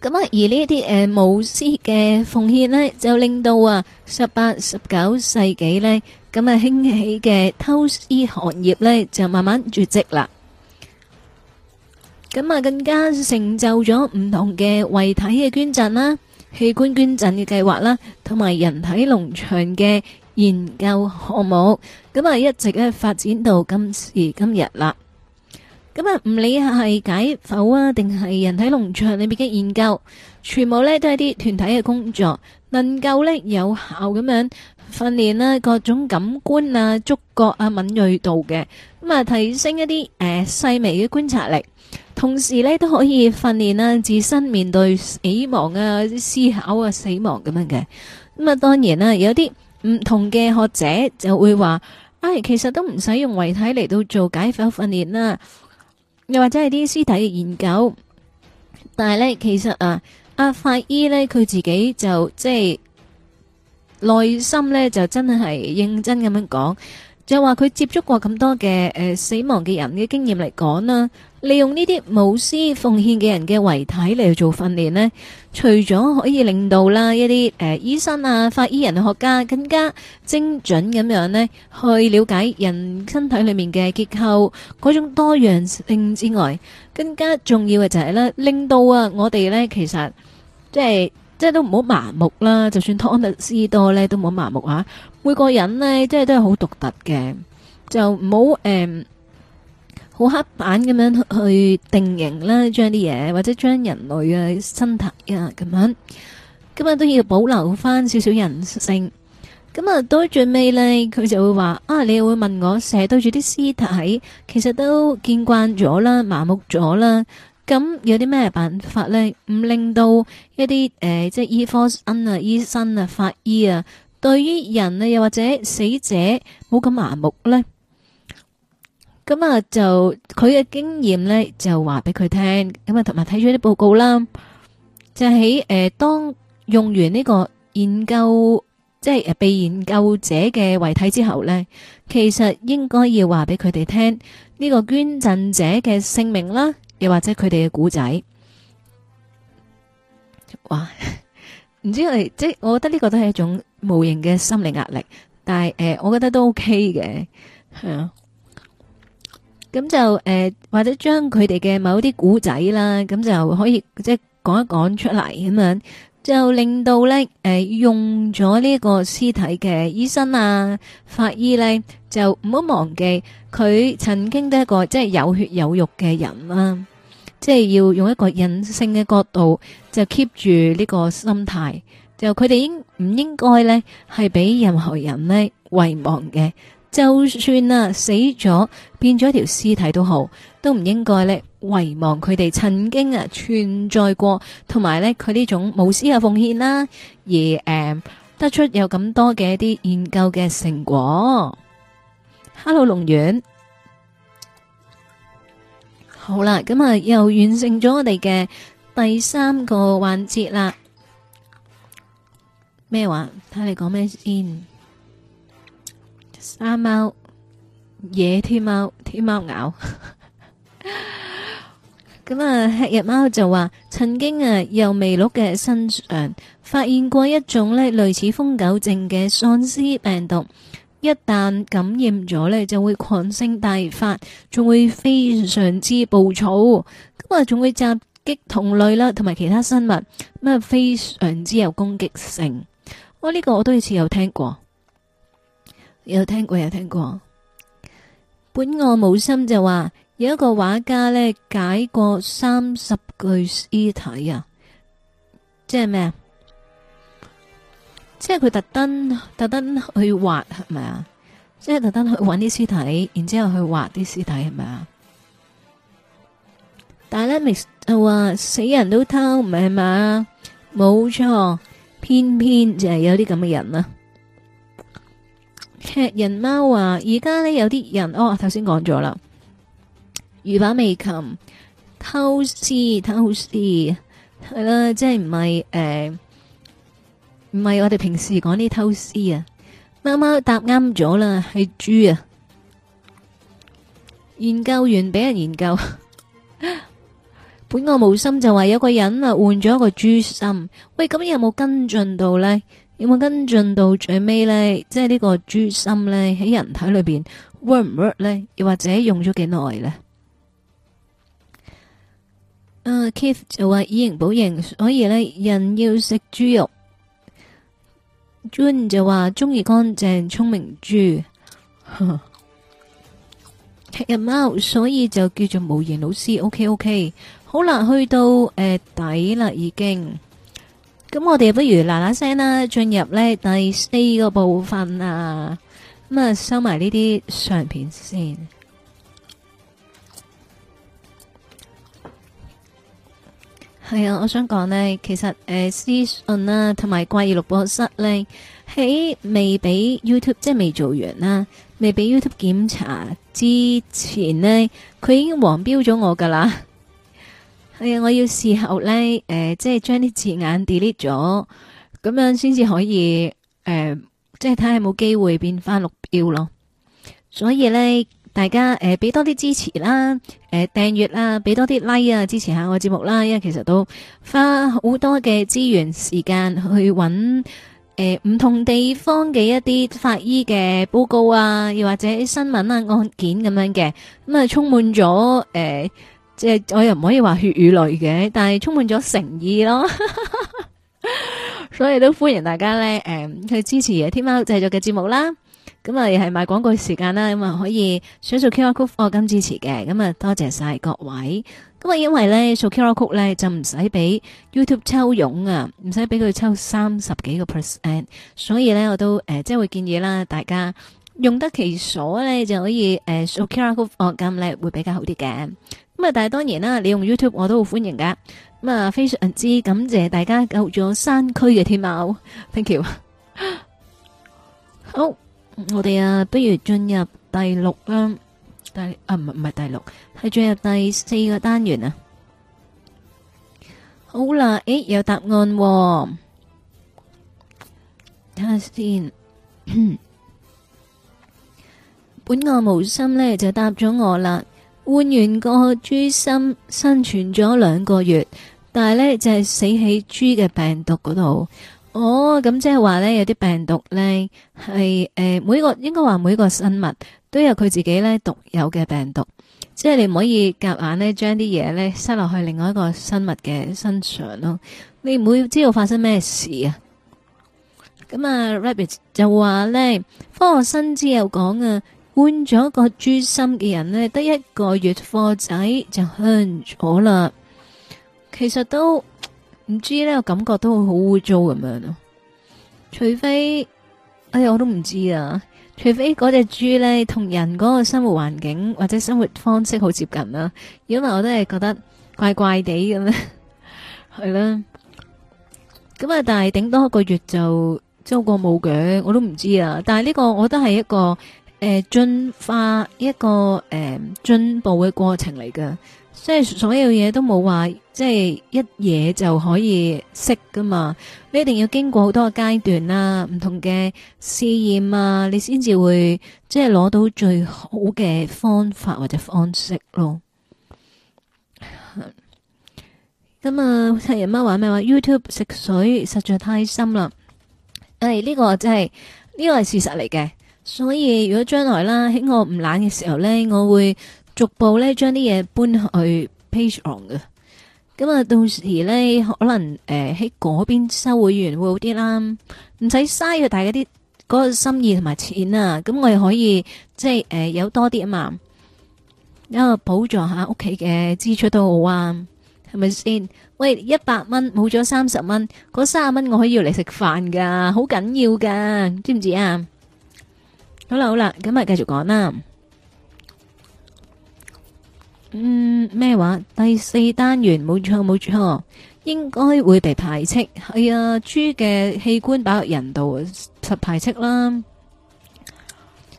Speaker 1: 咁啊，而呢一啲誒無私嘅奉獻呢，就令到啊十八十九世紀呢，咁啊興起嘅偷屍行業呢，就慢慢絕跡啦。咁啊，更加成就咗唔同嘅遺體嘅捐贈啦、器官捐贈嘅計劃啦，同埋人體農場嘅研究項目。咁啊，一直呢發展到今時今日啦。咁啊，唔理係解剖啊，定係人體農場裏面嘅研究，全部呢都係啲團體嘅工作，能夠呢有效咁樣訓練啦各種感官啊、觸覺啊敏銳度嘅，咁啊提升一啲誒細微嘅觀察力，同時呢都可以訓練啊自身面對死亡啊思考啊死亡咁樣嘅。咁啊，當然啦，有啲唔同嘅學者就會話，唉、哎，其實都唔使用遺體嚟到做解剖訓練啦。又或者係啲屍體嘅研究，但係咧，其實啊，阿法醫咧，佢自己就即係內心咧，就真係認真咁樣講。就話佢接觸過咁多嘅誒、呃、死亡嘅人嘅經驗嚟講啦，利用呢啲無私奉獻嘅人嘅遺體嚟做訓練呢，除咗可以令到啦一啲誒、呃、醫生啊、法醫人類學家更加精準咁樣呢去了解人身體裏面嘅結構嗰種多樣性之外，更加重要嘅就係咧令到啊我哋呢其實即係。就是即係都唔好麻木啦，就算湯得斯多咧，都唔好麻木吓、啊。每個人咧，即係都係好獨特嘅，就唔好誒，好、嗯、刻板咁樣去定型啦，將啲嘢或者將人類嘅身體啊咁樣，咁啊都要保留翻少少人性。咁啊，到最尾咧，佢就會話啊，你又會問我成日對住啲屍體，其實都見慣咗啦，麻木咗啦。咁有啲咩辦法咧，唔令到一啲誒，即係醫科生啊、醫生啊、法醫啊，對於人啊，又或者死者冇咁麻木咧？咁啊，就佢嘅經驗咧，就話俾佢聽。咁啊，同埋睇咗啲報告啦，就喺誒，當用完呢個研究，即係誒，被研究者嘅遺體之後咧，其實應該要話俾佢哋聽呢個捐贈者嘅姓名啦。又或者佢哋嘅古仔，哇！唔知佢哋即係，我覺得呢個都係一種無形嘅心理壓力。但係誒、呃，我覺得都 OK 嘅，係啊、嗯。咁就誒、呃，或者將佢哋嘅某啲古仔啦，咁就可以即係講一講出嚟咁樣，就令到咧誒、呃，用咗呢個屍體嘅醫生啊、法醫咧，就唔好忘記佢曾經都係一個即係、就是、有血有肉嘅人啦、啊。即係要用一個人性嘅角度，就 keep 住呢個心態。就佢哋應唔應該呢，係俾任何人呢遺忘嘅？就算啊死咗，變咗條屍體都好，都唔應該呢遺忘佢哋曾經啊存在過，同埋呢佢呢種無私嘅奉獻啦、啊，而誒、嗯、得出有咁多嘅一啲研究嘅成果。Hello，龍院。好啦，咁啊又完成咗我哋嘅第三個環節啦。咩話？睇你講咩先？沙貓野天貓，天貓咬。咁啊，黑日貓就話，曾經啊由麋鹿嘅身上發現過一種咧類似瘋狗症嘅喪屍病毒。一旦感染咗呢就會狂性大發，仲會非常之暴躁。咁啊，仲會襲擊同類啦，同埋其他生物，咁啊非常之有攻擊性。我、哦、呢、呢個我都好似有聽過，有聽過有聽過。本我冇心就話有一個畫家呢解過三十具屍體啊，即係咩？即係佢特登特登去挖係咪啊？即係特登去揾啲屍體，然之後去挖啲屍體係咪啊？但係呢，咪就話死人都偷，唔係嘛？冇錯，偏偏就係有啲咁嘅人啦。 [noise] 人貓話：而家咧有啲人，哦，頭先講咗啦，欲罷未擒，偷屍偷屍，係啦，即係唔係誒？呃唔係我哋平時講啲偷師啊，貓貓答啱咗啦，係豬啊！研究員俾人研究， [laughs] 本我無心就話有個人啊換咗一個豬心，喂，咁有冇跟進到呢？有冇跟進到最尾呢，即係呢個豬心呢，喺人體裏邊 work 唔 work 呢？又或者用咗幾耐呢？啊，Keith 就話以形補形，所以呢，人要食豬肉。June 就話中意乾淨聰明豬，食人貓，所以就叫做無言老師。OK OK，好啦，去到誒、呃、底啦已經，咁我哋不如嗱嗱聲啦，進入咧第四個部分啦，咁啊收埋呢啲相片先。係啊，我想講呢，其實誒，屍訊啦，同埋、啊、怪異錄播室呢，喺未俾 YouTube 即係未做完啦、啊，未俾 YouTube 檢查之前呢，佢已經黃標咗我噶啦。係 [laughs] 啊，我要事後呢，誒、呃，即係將啲字眼 delete 咗，咁樣先至可以，誒、呃，即係睇下有冇機會變翻綠標咯。所以呢。大家誒，俾多啲支持啦，誒訂閱啦，俾多啲 like 啊，支持下我節目啦。因為其實都花好多嘅資源時間去揾誒唔同地方嘅一啲法醫嘅報告啊，又或者新聞啊案件咁樣嘅，咁啊充滿咗誒，即係我又唔可以話血與淚嘅，但係充滿咗誠意咯。所以都歡迎大家咧，誒去支持天喵製作嘅節目啦。咁咪係賣廣告時間啦，咁、嗯、啊可以想做 QR Code 課金支持嘅，咁、嗯、啊多謝晒各位。咁、嗯、啊因為咧做 QR Code 咧就唔使俾 YouTube 抽佣啊，唔使俾佢抽三十幾個 percent，所以咧我都誒、呃、即係會建議啦，大家用得其所咧就可以誒、呃、做 QR Code 課金咧會比較好啲嘅。咁、嗯、啊，但係當然啦，你用 YouTube 我都好歡迎噶。咁、嗯、啊非常之感謝大家救咗山區嘅天貓，Thank you。 [laughs] 好。我哋啊，不如進入第六啦。第啊唔係唔係第六，係進入第四個單元啊。好啦，誒有答案哦，睇下先。 [coughs] 本案無心呢就答咗我啦，換完個豬心生存咗兩個月，但係呢就係、是、死喺豬嘅病毒嗰度。哦，咁、oh, 即係話咧，有啲病毒咧係誒，每個應該話每個生物都有佢自己咧獨有嘅病毒，即係你唔可以夾硬咧將啲嘢咧塞落去另外一個生物嘅身上咯，你唔會知道發生咩事啊。咁啊，Rabbit 就話咧，科學新知有講啊，換咗個豬心嘅人咧，得一個月貨仔就香咗啦。其實都。唔知呢，我感覺都好污糟咁樣咯。除非，哎呀，我都唔知啊。除非嗰隻豬呢，同人嗰個生活環境或者生活方式好接近啦。如果唔係，我都係覺得怪怪地咁咧，係啦。咁啊，但係頂多一個月就周過冇嘅，我都唔知啊。但係呢個我都係一個誒進化一個誒進步嘅過程嚟嘅。即係所有嘢都冇話，即係一嘢就可以識㗎嘛？你一定要經過好多個階段啦、啊，唔同嘅試驗啊，你先至會即係攞到最好嘅方法或者方式咯。咁、嗯、啊，人爺媽話咩話？YouTube 食水實在太深啦。誒、哎，呢、這個真係呢、這個係事實嚟嘅。所以如果將來啦，喺我唔懶嘅時候呢，我會。逐步咧將啲嘢搬去 Patreon 嘅，咁啊到時咧可能誒喺嗰邊收會員會好啲啦，唔使嘥咗大家啲嗰個心意同埋錢啊，咁我哋可以即係誒有多啲啊嘛，因為補助下屋企嘅支出都好啊，係咪先？喂，一百蚊冇咗三十蚊，嗰三十蚊我可以要嚟食飯噶，好緊要噶，知唔知啊？好啦好啦，咁繼續講啦。嗯，咩話？第四單元冇錯冇錯，應該會被排斥。係啊，豬嘅器官把入人度實排斥啦。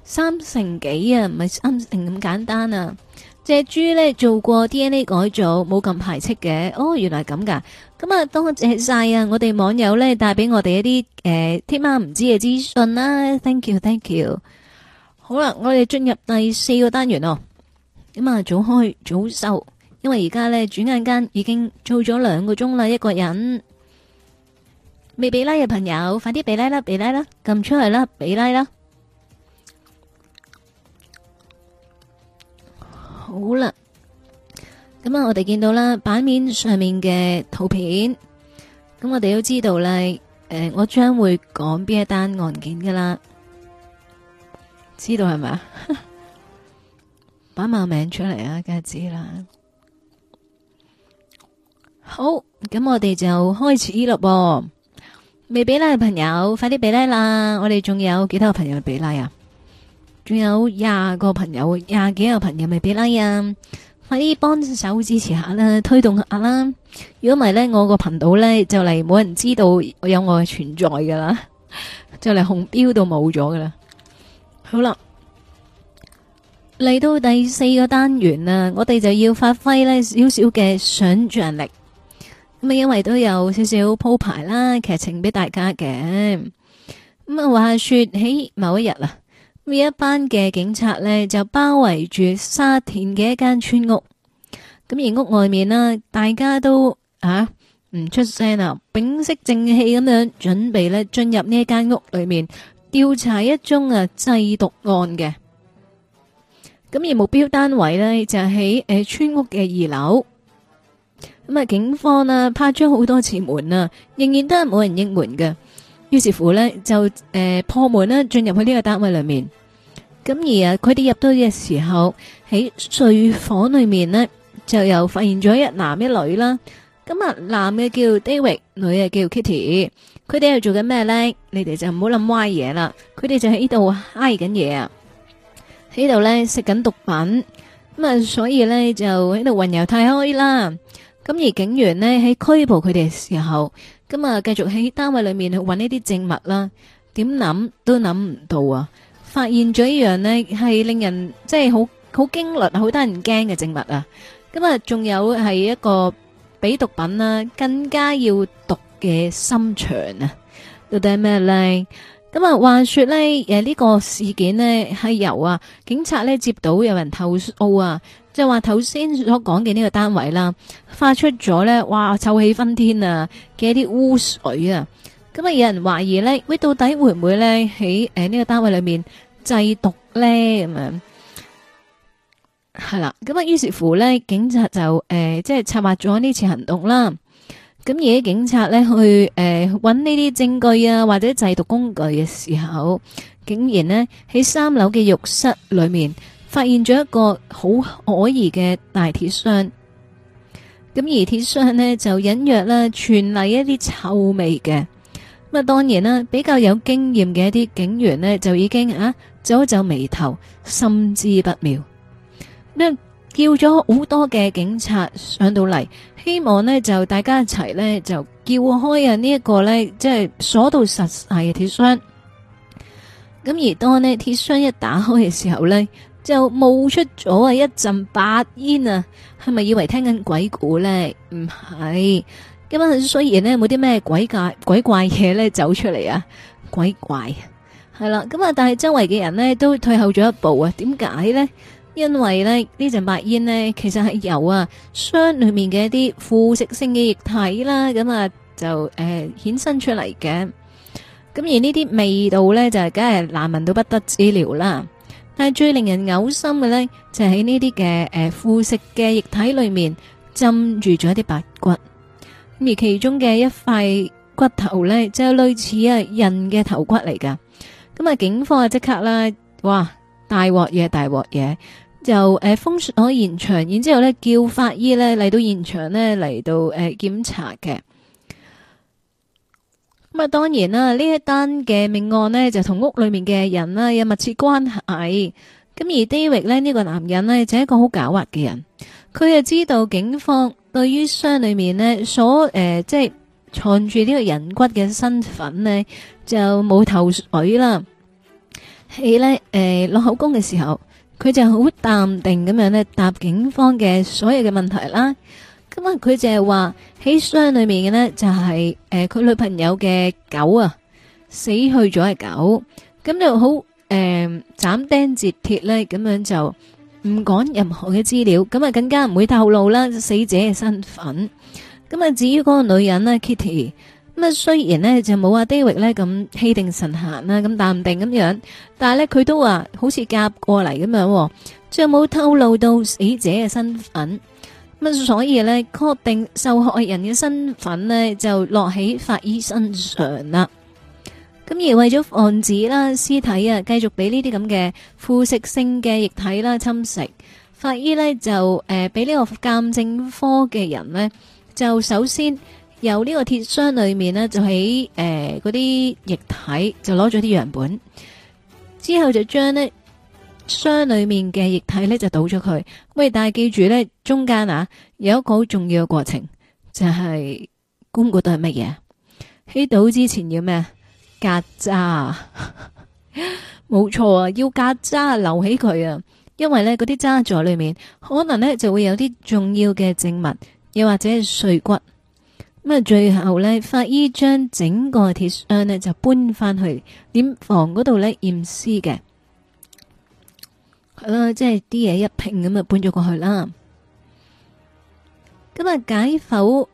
Speaker 1: 三成幾啊，唔係三成咁簡單啊。隻豬呢做過 DNA 改造，冇咁排斥嘅。哦，原來咁噶。咁、嗯、啊，多謝晒啊！我哋網友呢，帶俾我哋一啲誒，天喵唔知嘅資訊啦。Thank you，Thank you。好啦，我哋進入第四個單元哦。咁啊，早開早收，因為而家呢，轉眼間已經做咗兩個鐘啦，一個人未俾拉嘅朋友，快啲俾拉啦，俾拉 like 啦，撳出去啦，俾拉 like 啦，好啦。咁啊，我哋見到啦，版面上面嘅圖片，咁我哋都知道啦。誒，呃，我將會講邊一單案件噶啦，知道係咪啊？ [laughs] 打埋名出嚟啊！梗係知啦，好，咁我哋就開始嘞噃，未俾拉嘅朋友，快啲俾拉啦！我哋仲有幾多、多個朋友未俾拉啊？仲有廿個朋友，廿幾個朋友未俾拉啊？快啲幫手支持一下啦，推動一下啦！如果唔係呢，我個頻道呢，就嚟冇人知道我有我嘅存在噶啦，就嚟紅標都冇咗噶啦。好啦。嚟到第四個單元啊，我哋就要發揮呢少少嘅想象力咁啊因為都有少少鋪排啦，劇情俾大家嘅。咁啊，話說喺某一日啊，呢一班嘅警察呢就包圍住沙田嘅一間村屋，咁而屋外面啦，大家都吓唔、啊、出聲啊，屏息靜氣咁樣準備呢進入呢間屋裏面調查一宗啊製毒案嘅。咁而目標單位咧就喺、是、誒、呃、村屋嘅二樓，咁啊警方呢拍咗好多次門啊，仍然都係冇人應門嘅。於是乎呢，就誒、呃、破門啦，進入去呢個單位裏面。咁而啊，佢哋入到嘅時候喺睡房裏面呢，就又發現咗一男一女啦。咁啊男嘅叫 David，女嘅叫 Kitty。佢哋又做緊咩呢？你哋就唔好諗歪嘢啦。佢哋就喺呢度嗨緊緊嘢啊！喺度咧食緊毒品，咁啊所以咧就喺度雲遊太虛啦。咁而警員咧喺拘捕佢哋嘅時候，咁啊繼續喺單位裏面去揾呢啲證物啦。點諗都諗唔到啊！發現咗一樣咧係令人即係好好驚訝，好得人驚嘅證物啊！咁啊仲有係一個比毒品啦更加要毒嘅心腸啊！到底係咩咧？咁啊，話說咧，誒呢個事件呢，係由啊警察呢接到有人投訴啊，就話頭先所講嘅呢個單位啦，發出咗呢，「哇臭氣熏天啊嘅一啲污水啊」，咁啊有人懷疑呢，喂到底會唔會呢喺誒呢個單位裏面製毒呢？咁樣，係啦，咁啊於是乎呢，警察就誒即係策劃咗呢次行動啦。咁而啲警察呢去誒揾呢啲證據啊，或者製毒工具嘅時候，竟然呢喺三樓嘅浴室裏面發現咗一個好可疑嘅大鐵箱。咁而鐵箱呢就隱約咧傳嚟一啲臭味嘅。咁啊，當然啦、啊，比較有經驗嘅一啲警員呢，就已經啊皺一皺眉頭，心知不妙呢，叫咗好多嘅警察上到嚟。希望呢，就大家一齊呢，就撬開啊呢一個呢，即係鎖到實晒嘅鐵箱，咁而當呢，鐵箱一打開嘅時候呢，就冒出咗啊一陣白煙啊，係咪以為聽緊鬼故呢？唔係，咁啊所以呢，冇啲咩鬼怪鬼怪嘢呢走出嚟啊，鬼怪係啦，咁啊但係周圍嘅人呢，都退後咗一步啊，點解呢？因為呢呢陣白煙呢，其實係由啊箱裏面嘅一啲腐蝕性嘅液體啦，咁啊就誒衍生出嚟嘅。咁而呢啲味道呢，就係梗係難聞到不得之了啦。但係最令人嘔心嘅呢，就喺呢啲嘅誒腐蝕嘅液體裏面浸住咗一啲白骨。咁而其中嘅一塊骨頭呢，就係類似啊人嘅頭骨嚟噶。咁、嗯、啊警方啊即刻啦，哇大鑊嘢大鑊嘢！就誒封鎖咗現場，然之後呢叫法醫呢嚟到現場呢嚟到誒檢查嘅。咁啊，當然啦，呢一單嘅命案呢就同屋裏面嘅人啦有密切關係。咁而 David 咧呢個男人呢就係一個好狡猾嘅人，佢就知道警方對於箱裏面呢所誒即係藏住呢個人骨嘅身份呢就冇頭緒啦。喺呢誒落口供嘅時候。佢就好淡定咁樣咧答警方嘅所有嘅問題啦。咁啊，佢就係話喺箱裏面嘅呢，就係誒佢女朋友嘅狗啊，死去咗嘅狗。咁就好誒斬釘截鐵咧咁樣就唔講任何嘅資料，咁啊更加唔會透露啦死者嘅身份。咁啊至於嗰個女人呢，Kitty。咁雖然呢就冇阿 David 呢咁氣定神閑啦，咁淡定咁樣，但係呢，佢都話好似夾過嚟咁樣，即係冇透露到死者嘅身份。咁所以呢，確定受害人嘅身份呢就落喺法醫身上啦。咁而為咗防止啦屍體啊繼續俾呢啲咁嘅腐蝕性嘅液體啦侵蝕，法醫呢就誒俾呢個鑑證科嘅人呢，就首先。由呢個鐵箱裏面，、呃、呢，箱裏面呢，就喺誒嗰啲液體就攞咗啲樣本之後，就將呢箱裏面嘅液體咧就倒咗佢。喂，但係記住咧，中間啊有一個好重要嘅過程就係、是、觀察到係乜嘢，喺倒之前要咩？隔渣冇 [laughs] 錯啊，要隔渣留起佢啊，因為咧嗰啲渣在裏面可能咧就會有啲重要嘅證物，又或者係碎骨。咁啊，最後呢，法醫將整個鐵箱呢就搬翻去殮房嗰度呢驗屍嘅，係啦，即係啲嘢一拼，咁啊搬咗過去啦。咁啊解剖，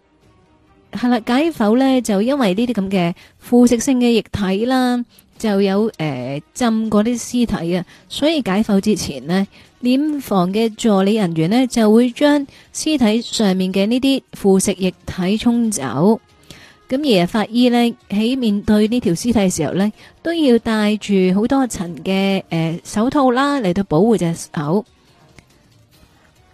Speaker 1: 係啦解剖，呢就因為呢啲咁嘅腐蝕性嘅液體啦，就有誒、呃、浸過啲屍體啊，所以解剖之前呢。殮房嘅助理人員呢，就會將屍體上面嘅呢啲腐蝕液體沖走，咁而法醫呢，喺面對呢條屍體嘅時候呢，都要戴住好多層嘅誒手套啦，嚟到保護隻手。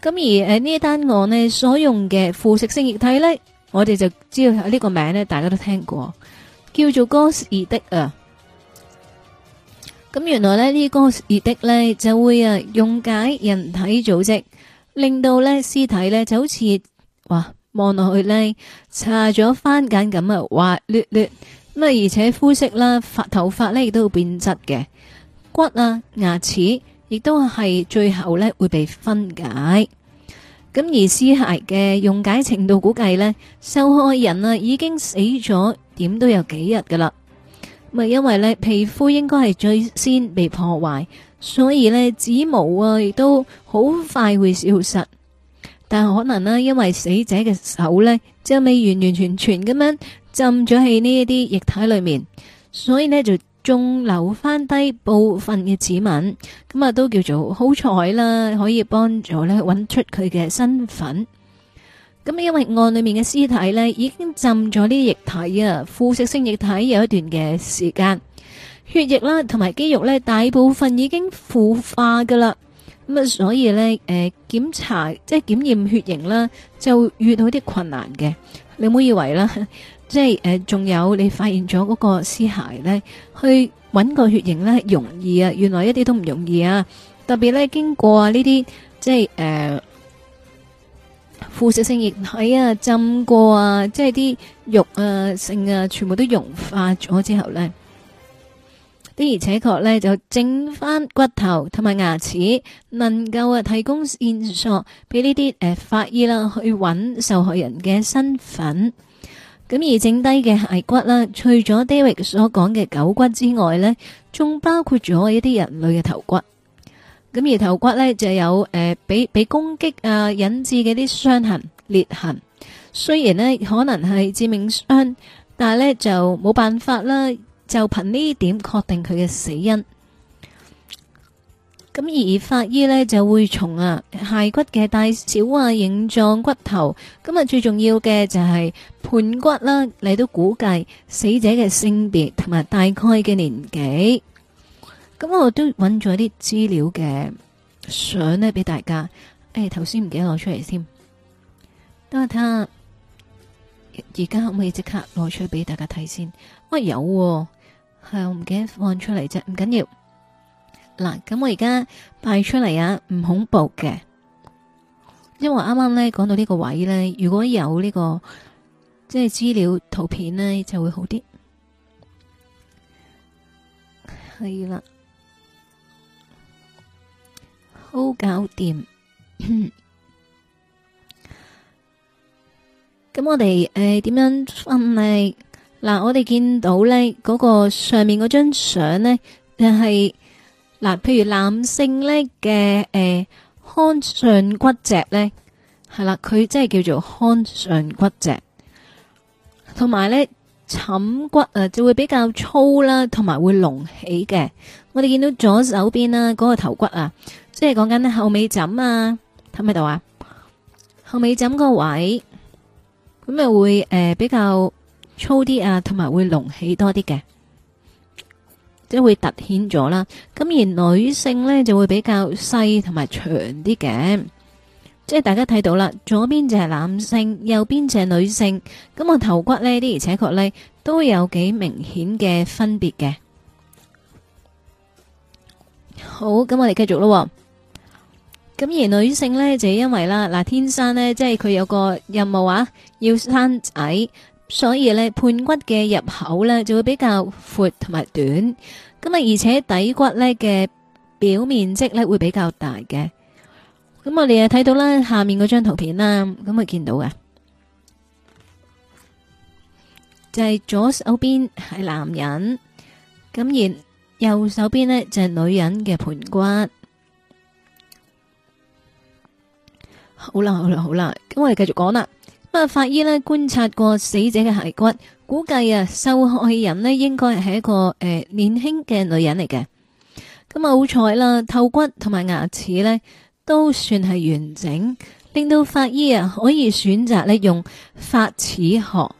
Speaker 1: 咁而誒呢一單案呢，所用嘅腐蝕性液體呢，我哋就知道呢個名呢大家都聽過，叫做哥士的啊。咁原來咧呢個熱的咧，就會啊溶解人體組織，令到咧屍體咧就好似哇望落去咧搽咗番梘咁啊，滑捋捋咁啊，而且膚色啦發頭髮咧亦都會變質嘅，骨啊牙齒亦都係最後咧會被分解。咁而屍骸嘅溶解程度估計咧，受害人啊已經死咗，點都有幾日㗎喇。咪因為咧皮膚應該係最先被破壞，所以咧指模啊亦都好快會消失。但係可能呢，因為死者嘅手呢，就未完完全全咁樣浸咗喺呢一啲液體裏面，所以呢就仲留翻低部分嘅指紋咁啊，都叫做好彩啦，可以幫助呢揾出佢嘅身份。咁因為案裏面嘅屍體呢已經浸咗啲液體啊，腐蝕性液體有一段嘅時間，血液啦同埋肌肉呢大部分已經腐化噶啦，咁啊所以呢誒、呃、檢查即係檢驗血型啦，就遇到啲困難嘅。你唔好以為啦，即係誒仲有你發現咗嗰個屍骸呢，去揾個血型呢容易啊？原來一啲都唔容易啊！特別呢經過啊呢啲即係誒。呃腐蝕性液體啊，浸過啊，即係啲肉啊、性啊，全部都融化咗之後呢，的而且確呢，就剩翻骨頭同埋牙齒，能夠啊提供線索俾呢啲誒法醫啦去揾受害人嘅身份。咁而剩低嘅骸骨啦，除咗 David 所講嘅狗骨之外呢，仲包括咗一啲人類嘅頭骨。咁而頭骨呢就有誒，俾、呃、俾攻擊啊引致嘅啲傷痕裂痕，雖然呢可能係致命傷，但係呢就冇辦法啦，就憑呢點確定佢嘅死因。咁而法醫呢就會從啊，骸骨嘅大小啊、形狀、骨頭，咁啊最重要嘅就係盆骨啦，嚟都估計死者嘅性別同埋大概嘅年紀。咁我都揾咗啲資料嘅相咧，俾大家。誒、哎，頭先唔記得攞出嚟先。等我睇下。而家可唔可以即刻攞出嚟俾大家睇先、哎哦？我有，係我唔記得放出嚟啫。唔緊要。嗱，咁我而家擺出嚟啊，唔恐怖嘅。因為啱啱咧講到呢個位咧，如果有呢、呢個即係資料圖片咧，就會好啲。係啦。都搞掂咁、 [laughs] 呃，我哋誒點樣分呢？嗱？我哋見到呢嗰，那個上面嗰張相呢，就係嗱，譬如男性呢嘅誒，呃，看上骨脊呢，係啦，佢即係叫做看上骨脊，同埋呢，枕骨啊，呃，就會比較粗啦，同埋會隆起嘅。我哋見到左手邊啦，嗰，那個頭骨啊。即係講緊咧後尾枕啊，睇唔睇到啊？後尾枕個位咁咪會誒比較粗啲啊，同埋會隆起多啲嘅，即係會突顯咗啦。咁而女性咧就會比較細同埋長啲嘅，即係大家睇到啦，左邊就係男性，右邊就係女性。咁我頭骨咧啲而且確咧都有幾明顯嘅分別嘅。好，咁我哋繼續咯。咁而女性呢，就因為啦，嗱天生呢，即係佢有個任務啊，要生仔，所以呢，盆骨嘅入口呢就會比較闊同埋短，咁啊而且底骨呢嘅表面積呢會比較大嘅。咁我哋又睇到啦，下面嗰張圖片啦，咁啊見到嘅，就係左手邊係男人，咁而右手邊呢，就係女人嘅盆骨。好啦，好啦，好啦，咁我哋繼續講啦。咁啊，法醫咧觀察過死者嘅骸骨，估計啊受害人呢應該係一個誒、呃、年輕嘅女人嚟嘅。咁啊，好彩啦，頭骨同埋牙齒咧都算係完整，令到法醫啊可以選擇咧用法齒學。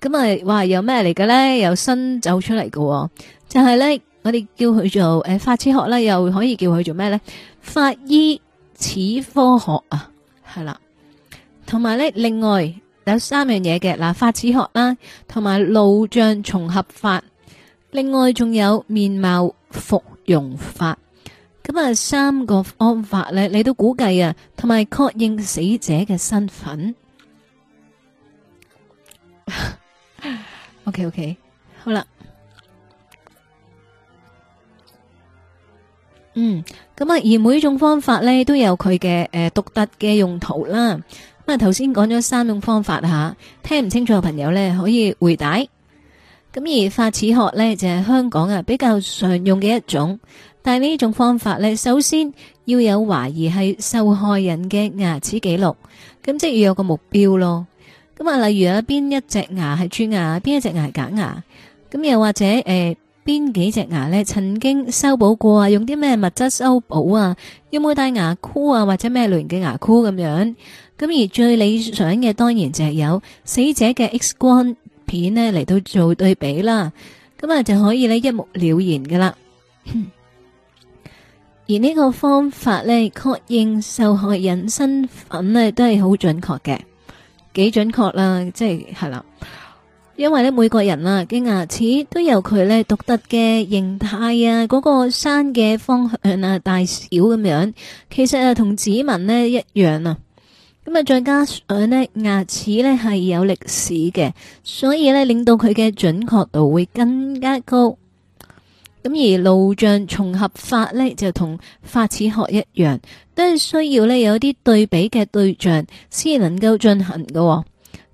Speaker 1: 咁啊，哇，有咩嚟嘅咧？又新走出嚟嘅，哦，就係、是、咧我哋叫佢做誒、呃、法齒學啦，又可以叫佢做咩咧？法醫齒科學啊！係啦，同埋咧，另外有三樣嘢嘅，嗱，法齒學啦，同埋顱像重合法，另外仲有面貌復容法，咁啊三個方法咧，你都估計啊，同埋確認死者嘅身份。OK，OK，好啦，嗯。咁啊，而每一種方法呢都有佢嘅誒獨特嘅用途啦。咁啊，頭先講咗三種方法吓，聽唔清楚嘅朋友呢可以回帶。咁而法齒學呢，就係香港啊比較常用嘅一種，但係呢種方法呢，首先要有懷疑係受害人嘅牙齒記錄，咁即係要有個目標咯。咁啊，例如啊，邊一隻牙係蛀牙，邊一隻牙係假牙，咁又或者誒。呃邊幾隻牙呢曾經修補過啊？用啲咩物質修補啊？有冇戴牙箍啊？或者咩類型嘅牙箍咁樣？咁而最理想嘅當然就係有死者嘅 X 光片呢嚟到做對比啦，咁啊就可以咧一目了然噶啦。 [laughs] 而呢個方法呢確認受害人身份呢都係好準確嘅，幾準確啦，即係係啦。因為咧每個人啊，嘅牙齒都有佢咧獨特嘅形態啊，嗰、那個山嘅方向啊、大小咁樣，其實啊同指紋呢一樣啊，咁啊再加上呢牙齒咧係有歷史嘅，所以咧令到佢嘅準確度會更加高。咁而顱像重合法咧，就同法齒學一樣，都係需要咧有啲對比嘅對象，先能夠進行㗎喎。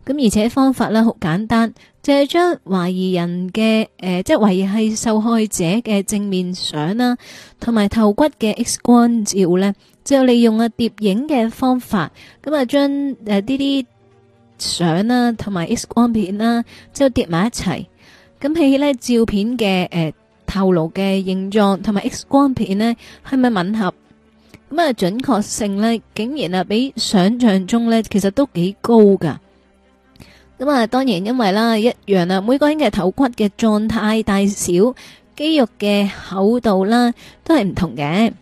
Speaker 1: 咁而且方法咧好簡單，就係將懷疑人嘅誒，即係懷疑係受害者嘅正面相啦，同埋頭骨嘅 X 光照咧，就利用啊疊影嘅方法咁啊，將誒呢啲相啦同埋 X 光片啦，之後疊埋一齊咁，比起咧照片嘅誒頭顱嘅形狀同埋 X 光片咧係咪吻合咁啊？準確性咧竟然啊比想象中咧其實都幾高噶。咁啊，當然因為啦，一樣啦，每個人嘅頭骨嘅狀態大小、肌肉嘅厚度啦，都係唔同嘅。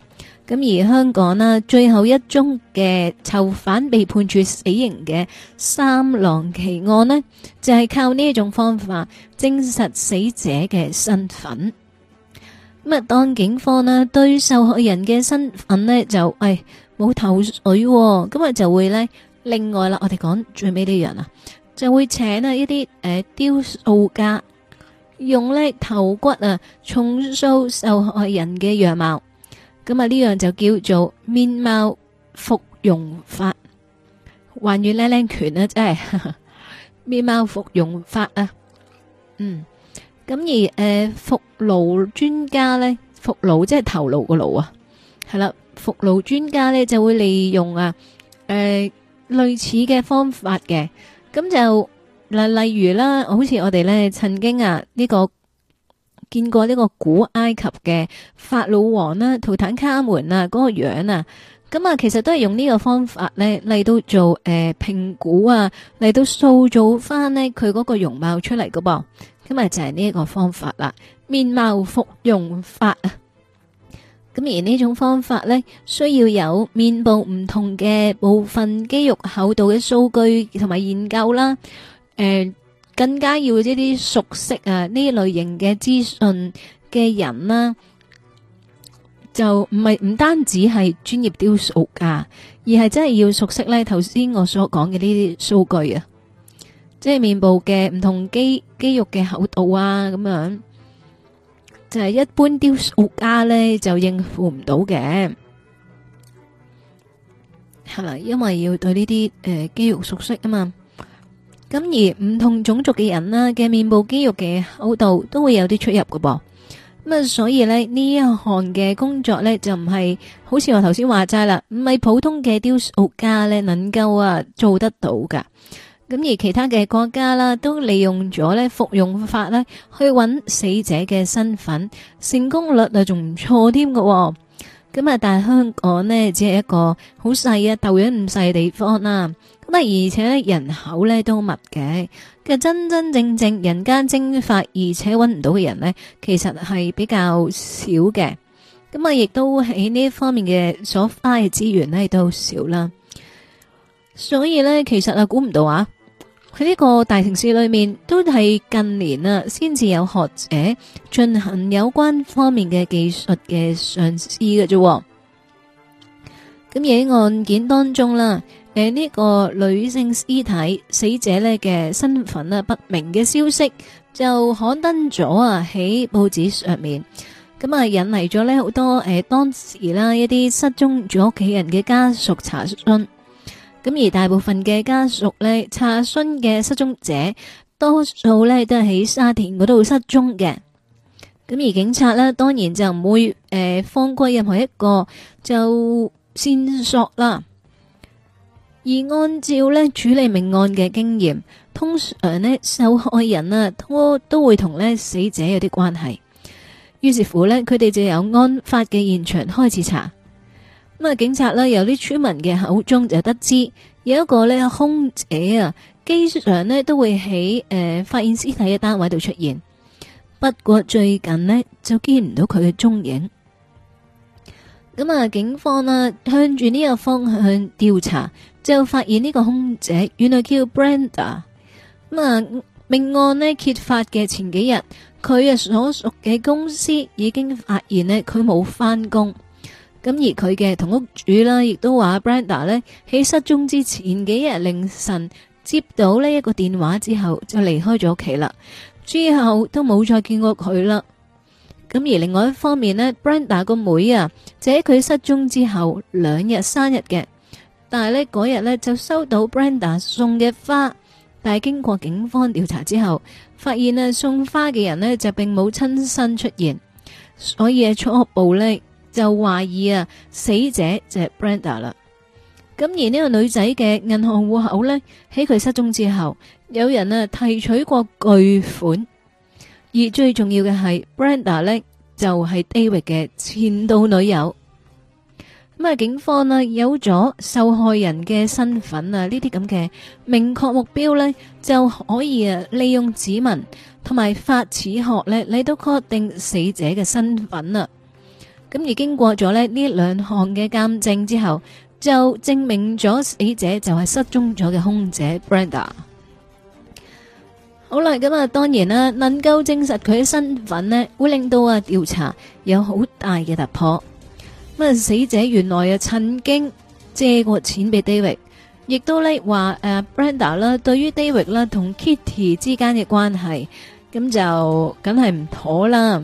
Speaker 1: 咁而香港啦，最後一宗嘅囚犯被判處死刑嘅三狼奇案呢，就係、是、靠呢一種方法證實死者嘅身份。咁啊，當警方啦對受害人嘅身份呢就誒冇、哎、頭緒，咁啊就會呢另外啦，我哋講最尾呢樣啊。就會請啊一啲誒、呃、雕塑家用咧頭骨啊重塑受害人嘅樣貌，咁啊呢樣就叫做面貌復原法，還原靚靚拳啊，真係面貌復原法啊。嗯，咁而誒復顱專家咧，復顱即係頭顱個顱啊，係啦。復顱專家咧就會利用啊誒、呃、類似嘅方法嘅。咁就嗱，例如啦，好似我哋咧，曾經啊呢、這個見過呢個古埃及嘅法老王啦、啊，圖坦卡門啊，嗰、那個樣啊，咁啊，其實都係用呢個方法咧嚟到做誒，評、呃、估啊，嚟到塑造翻呢佢嗰個容貌出嚟噶噃，咁啊就係呢一個方法啦，面貌復原法。咁而呢種方法咧，需要有面部唔同嘅部分肌肉厚度嘅數據同埋研究啦。誒，更加要一啲熟悉啊呢類型嘅資訊嘅人啦，就唔係唔單止係專業雕塑家，而係真係要熟悉咧頭先我所講嘅呢啲數據啊，即係面部嘅唔同肌肌肉嘅厚度啊咁樣。就係一般雕塑家咧就應付唔到嘅，係啦，因為要對呢啲誒肌肉熟悉啊嘛。咁而唔同種族嘅人啦嘅面部肌肉嘅厚度都會有啲出入嘅噃。咁啊，所以咧呢一項嘅工作咧就唔係好似我頭先話齋啦，唔係普通嘅雕塑家咧能夠啊做得到噶。咁而其他嘅國家啦，都利用咗呢復容法呢去揾死者嘅身份，成功率啊仲唔錯添嘅。咁啊，但係香港呢只係一個好細啊豆樣咁細地方啦。咁啊，而且人口呢都密嘅，嘅真真正正人間蒸發而且揾唔到嘅人呢，其實係比較少嘅。咁啊，亦都喺呢方面嘅所花嘅資源呢都少啦。所以呢，其實啊，估唔到啊。佢呢個大城市裏面都係近年啊，先至有學者進行有關方面嘅技術嘅嘗試嘅啫。咁而喺案件當中啦，誒、呃、呢、這個女性屍體死者咧嘅身份啊不明嘅消息就刊登咗啊喺報紙上面，咁啊引嚟咗咧好多誒、呃、當時啦一啲失蹤住屋企人嘅家屬查詢。咁而大部分嘅家屬咧，查詢嘅失蹤者，多數咧都係喺沙田嗰度失蹤嘅。咁而警察咧，當然就唔會誒放過任何一個就線索啦。而按照咧處理命案嘅經驗，通常咧受害人啊，多都會同咧死者有啲關係。於是乎咧，佢哋就由案發嘅現場開始查。咁啊，警察咧，由啲村民嘅口中就得知，有一個咧空姐啊，經常咧都會喺誒、呃、發現屍體嘅單位度出現。不過最近咧就見唔到佢嘅蹤影。咁、嗯、啊，警方啊向住呢個方向調查，就發現呢個空姐原來叫 Brenda、嗯。咁啊，命案咧揭發嘅前幾日，佢啊所屬嘅公司已經發現咧佢冇翻工。咁而佢嘅同屋主啦，亦都話 Brenda 呢喺失蹤之前幾日凌晨接到呢一個電話之後，就離開咗屋企啦，之後都冇再見過佢啦。咁而另外一方面呢，Brenda 個妹啊，就喺佢失蹤之後兩日生日嘅，但係嗰日呢就收到 Brenda 送嘅花，但係經過警方調查之後，發現呢送花嘅人呢就並冇親身出現，所以初步呢。就懷疑啊，死者就係 Brenda 啦。咁而呢個女仔嘅銀行戶口呢，喺佢失蹤之後，有人啊提取過巨款。而最重要嘅係，Brenda 呢就係 David 嘅前度女友。咁啊，警方啊有咗受害人嘅身份啊，呢啲咁嘅明確目標呢，就可以啊利用指紋同埋法齒學呢，你都確定死者嘅身份啊。咁而經過咗咧呢兩項嘅鑑證之後，就證明咗死者就係失蹤咗嘅空姐 Brenda。好啦，咁啊，當然啦，能夠證實佢嘅身份咧，會令到啊調查有好大嘅突破。死者原來啊曾經借過錢俾 David，亦都咧話誒 Brenda 啦，對於 David 啦同 Kitty 之間嘅關係，咁就梗係唔妥啦。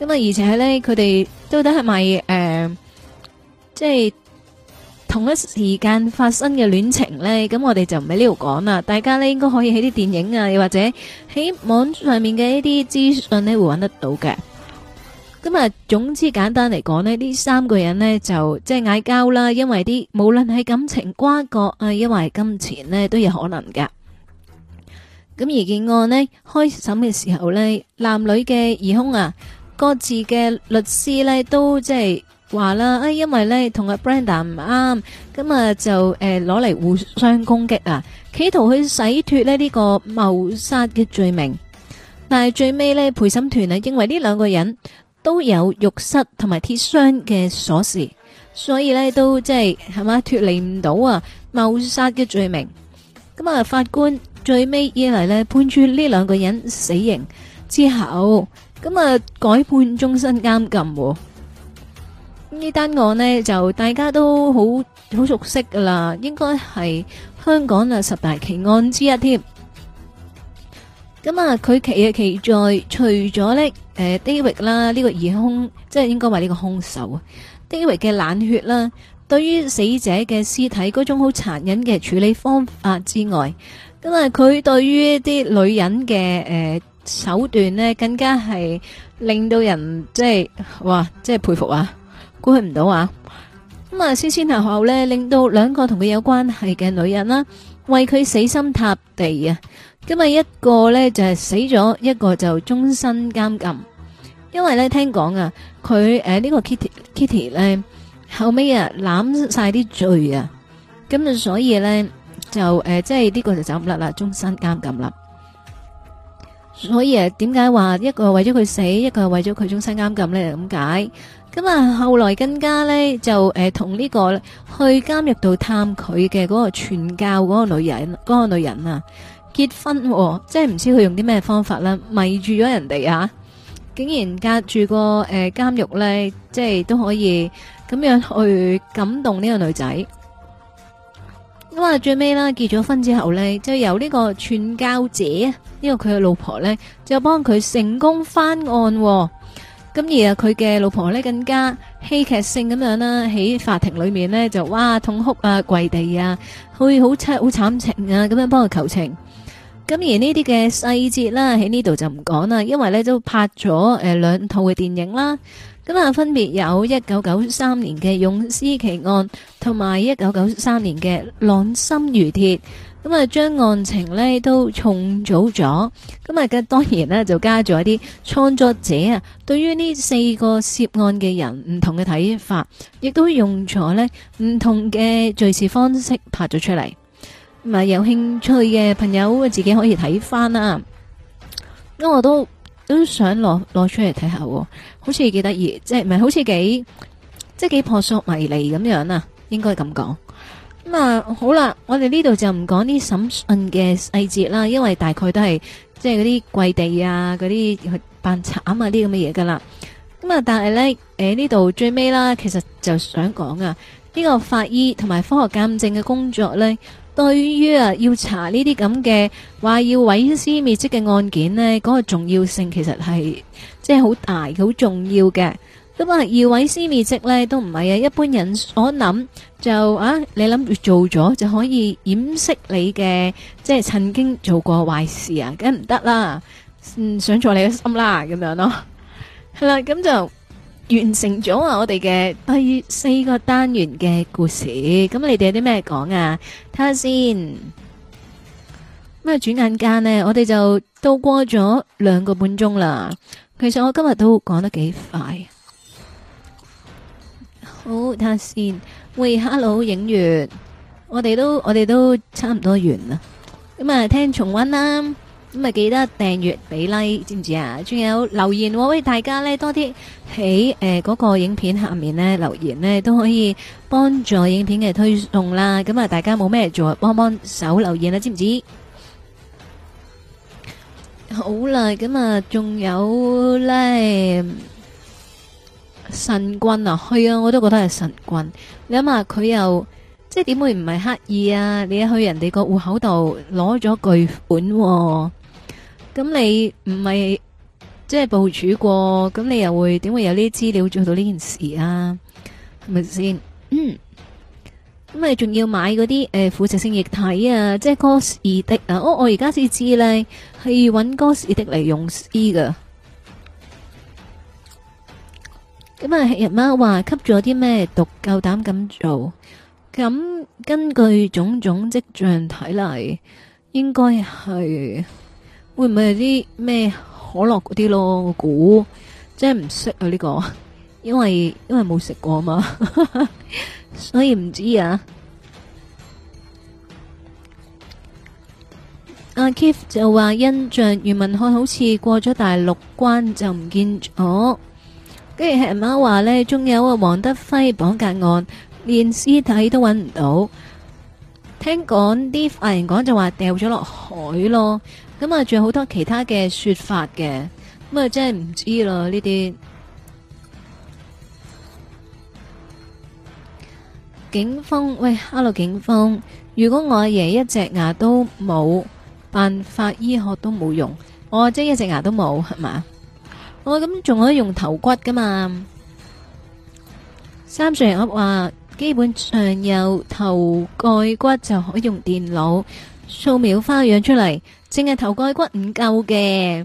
Speaker 1: 咁啊！而且呢佢哋到底係咪誒，即、呃、係、就是、同一時間發生嘅戀情呢？咁我哋就唔喺呢度講啦。大家呢應該可以喺啲電影啊，又或者喺網上面嘅一啲資訊呢會揾得到嘅。咁啊，總之簡單嚟講呢呢三個人呢就即係嗌交啦，因為啲無論係感情瓜葛啊，因為係金錢呢，都有可能㗎。咁而件案呢，開審嘅時候呢，男女嘅疑凶啊！各自嘅律師咧都即係話啦，誒、啊，因為咧同阿 Brenda 唔啱，咁啊就誒攞嚟互相攻擊啊，企圖去洗脱呢呢個謀殺嘅罪名。但係最尾咧陪審團啊認為呢兩個人都有浴室同埋鐵箱嘅鎖匙，所以咧都即係係嘛脫離唔到啊謀殺嘅罪名。咁啊法官最尾以嚟咧判處呢兩個人死刑之後。咁啊，改判終身監禁。呢單案呢，就大家都好好熟悉噶啦，應該係香港嘅十大奇案之一添。咁啊，佢奇嘅奇在，除咗咧，誒，David 啦，呢個疑兇，即係應該話呢個兇手，David 嘅冷血啦，對於死者嘅屍體嗰種好殘忍嘅處理方法之外，咁啊，佢對於一啲女人嘅誒。手段咧，更加係令到人即係哇，即係佩服啊，估佢唔到啊！咁啊，先先後後咧，令到兩個同佢有關係嘅女人啦，為佢死心塌地啊！咁啊，一個咧就係死咗，一個就終身監禁。因為咧，聽講啊，佢誒呢個 Kitty Kitty 咧後尾啊攬晒啲罪啊，咁就所以咧就誒即係呢個就走唔甩啦，終身監禁啦。可以誒、啊，點解話一個為咗佢死，一個係為咗佢終生監禁咧？咁解咁啊？後來更加咧就誒，同、呃、呢個去監獄度探佢嘅嗰個傳教嗰個女人，嗰、嗰個女人啊結婚、哦，即係唔知佢用啲咩方法啦，迷住咗人哋啊！竟然隔住個誒監獄咧，即係都可以咁樣去感動呢個女仔。咁啊，最尾啦，結咗婚之後呢，就由呢個串交者呢、呢個佢嘅老婆呢，就幫佢成功翻案。咁而啊，佢嘅老婆呢，更加戲劇性咁樣啦，喺法庭裏面呢，就哇痛哭啊，跪地啊，好淒好慘情啊，咁樣幫佢求情。咁而呢啲嘅細節啦，喺呢度就唔講啦，因為呢都拍咗誒兩套嘅電影啦。咁啊，分別有一九九三年嘅溶屍奇案，同埋一九九三年嘅郎心如鐵。咁啊，將案情呢都重組咗。咁啊，嘅當然呢，就加咗一啲創作者啊，對於呢四個涉案嘅人唔同嘅睇法，亦都用咗呢唔同嘅敘事方式拍咗出嚟。咁啊，有興趣嘅朋友自己可以睇翻啊。咁我都。都想攞攞出嚟睇下喎，好似幾得意，即係唔係？好似幾即係幾撲朔迷離咁樣啊？應該咁講。咁、嗯、啊好啦，我哋呢度就唔講啲審訊嘅細節啦，因為大概都係即係嗰啲跪地啊、嗰啲扮慘啊啲咁嘅嘢噶啦。咁啊、嗯，但係咧，誒呢度最尾啦，其實就想講啊，呢、呢個法醫同埋科學鑑證嘅工作咧。對於啊要查呢啲咁嘅話要毀屍滅跡嘅案件呢，嗰、嗰個重要性其實係即係好大、好重要嘅。咁啊，要毀屍滅跡呢，都唔係啊，一般人所諗就啊，你諗住做咗就可以掩飾你嘅即係曾經做過壞事啊，梗唔得啦，嗯，傷咗你嘅心啦，咁樣咯、啊，係啦，咁就。完成咗啊！我哋嘅第四個單元嘅故事，咁你哋有啲咩講啊？睇下先。咁啊，轉眼間呢，我哋就都過咗兩個半鐘啦。其實我今日都講得幾快。好，睇下先。喂，Hello，影月，我哋都我哋都差唔多完啦。咁啊，聽重溫啦。咁記得訂閱、俾 like，知唔知啊？仲有留言、哦，喂，大家呢多啲喺誒嗰個影片下面呢留言呢，都可以幫助影片嘅推送啦。咁啊，大家冇咩做，幫幫手留言啦，知唔知？好啦，咁、嗯、啊，仲有呢神棍啊，係啊，我都覺得係神棍。你諗下，佢又即係點會唔係刻意啊？你一去人哋個戶口度攞咗巨款、哦。咁你唔係即係部署過，咁你又會點會有啲資料做到呢件事啊？係咪先？嗯，咁你仲要買嗰啲誒腐蝕性液體啊，即係哥士的啊！哦、我我而家先知咧，係要搵哥士的嚟用 C 噶。咁啊，日媽話吸咗啲咩毒，夠膽咁做？咁根據種種跡象睇嚟，應該係。會唔會係啲咩可樂嗰啲咯？我估真係唔識啊呢、這個，因為因為冇食過啊嘛呵呵，所以唔知啊。阿、啊、K 就話印象余文漢好似過咗大陸關就唔見咗，跟住吃貓話呢，仲有啊王德輝綁架案，連屍體都搵唔到，聽講啲發人講就話掉咗落海咯。咁啊，仲有好多其他嘅說法嘅，咁啊真係唔知咯呢啲。警方，喂，hello，警方，如果我阿爺一隻牙都冇，辦法，醫學都冇用，我阿姐一隻牙都冇，係嘛？我咁仲可以用頭骨㗎嘛？三歲人話，基本上有頭蓋骨就可以用電腦掃描花樣出嚟。淨係頭蓋骨唔夠嘅，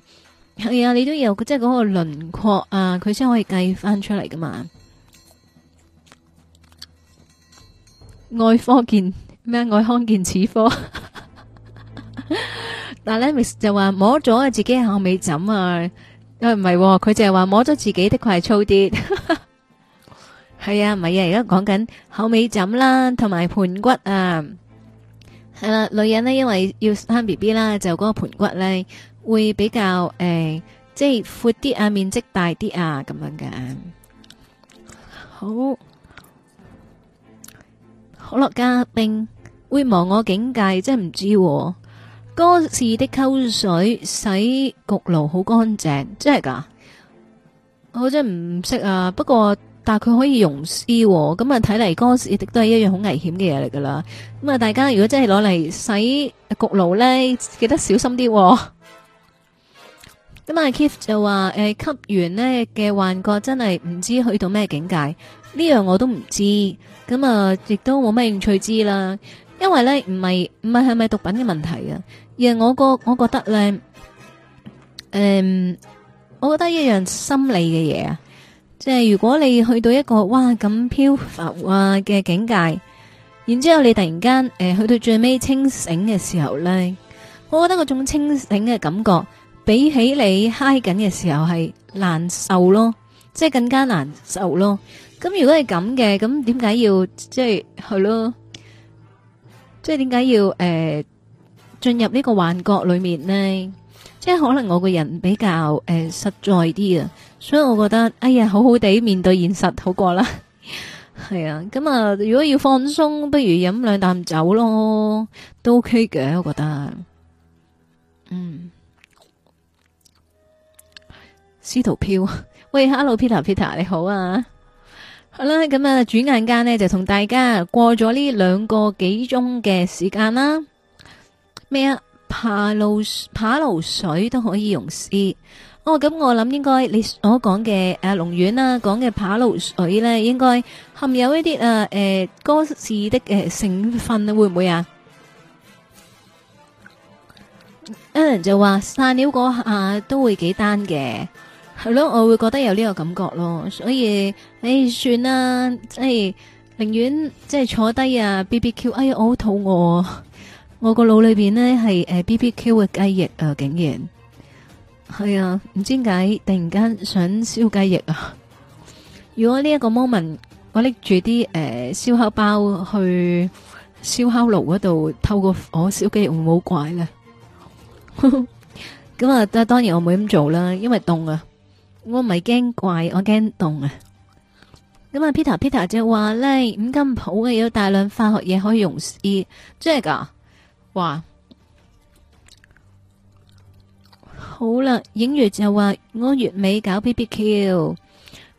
Speaker 1: 係、哎、啊，你都要即係嗰個輪廓啊，佢先可以計翻出嚟噶嘛。外科見咩？外康見此科，但係 a i e s, [laughs] 就話摸咗自己後尾枕啊，誒唔係，佢、哦、就係話摸咗自己的確係粗啲。係 [laughs] 啊，唔係啊，而家講緊後尾枕啦、啊，同埋盆骨啊。Uh, 女人呢，因為要生 B B 啦，就嗰個盆骨咧會比較誒、呃，即係闊啲啊，面積大啲啊，咁樣嘅。好，可樂嘉賓會忘我境界，真係唔知道、啊。歌詞的溝水洗焗爐好乾淨，真係噶。我真唔識啊，不過。但係佢可以溶屍喎，哦。咁啊睇嚟，乾屍亦都係一樣好危險嘅嘢嚟噶啦。咁啊，大家如果真係攞嚟洗焗爐咧，記得小心啲，哦。咁啊，Keith 就話：誒、呃，吸完呢嘅幻覺真係唔知去到咩境界，呢樣我都唔知。咁啊，亦都冇咩興趣知啦。因為咧唔係唔係係咪毒品嘅問題啊？而係我個我覺得咧，誒、嗯，我覺得一樣心理嘅嘢啊。即係如果你去到一個哇咁漂浮啊嘅境界，然之後你突然間誒去到最尾清醒嘅時候咧，我覺得嗰種清醒嘅感覺比起你嗨緊嘅時候係難受咯，即係更加難受咯。咁如果係咁嘅，咁點解要即係去咯？即係點解要誒進、呃、入呢個幻覺裏面呢？即係可能我個人比較誒、欸、實在啲啊，所以我覺得哎呀好好地面對現實好過啦，係啊。咁啊，如果要放鬆，不如飲兩啖酒咯，都 OK 嘅，我覺得。嗯，司徒飄， [laughs] 喂，Hello，Peter，Peter，Peter，你好啊，好啦，咁、嗯、啊，轉眼間呢，就同大家過咗呢兩個幾鐘嘅時間啦，咩啊？爬露爬露水都可以用絲哦，咁、嗯、我諗應該你所講嘅誒龍丸啦、啊，講嘅爬露水咧，應該含有一啲誒誒歌詞的誒成分啊，呃呃、分會唔會啊？有人就話散料嗰下都會幾單嘅，係、嗯、咯，我會覺得有呢個感覺咯，所以你、哎、算啦、哎，即係寧願即係坐低啊，BBQ，哎呀，我好肚餓、啊。我個腦裏邊呢係誒 B B Q 嘅雞翼誒，竟然係啊，唔知解突然間想燒雞翼啊！如果呢一個 moment 我拎住啲誒燒烤包去燒烤爐嗰度透過火燒雞翼會唔會好怪咧？咁啊，當然我唔會咁做啦，因為凍啊！我唔係驚怪，我驚凍啊！咁啊，Peter Peter 就話咧五金鋪嘅有大量化學嘢可以用，真係噶。哇，好啦，影月就話我月尾搞 B B Q，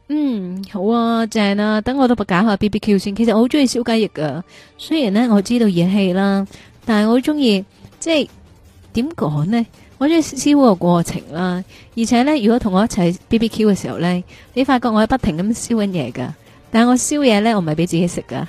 Speaker 1: 嗯，好啊，正啊，等我都不搞下 B B Q 先。其實我好中意燒雞翼噶，雖然呢，我知道熱氣啦，但係我好中意，即係點講呢？我中意燒個過程啦，而且呢，如果同我一齊 B B Q 嘅時候呢，你發覺我喺不停咁燒緊嘢噶，但係我燒嘢呢，我唔係俾自己食噶。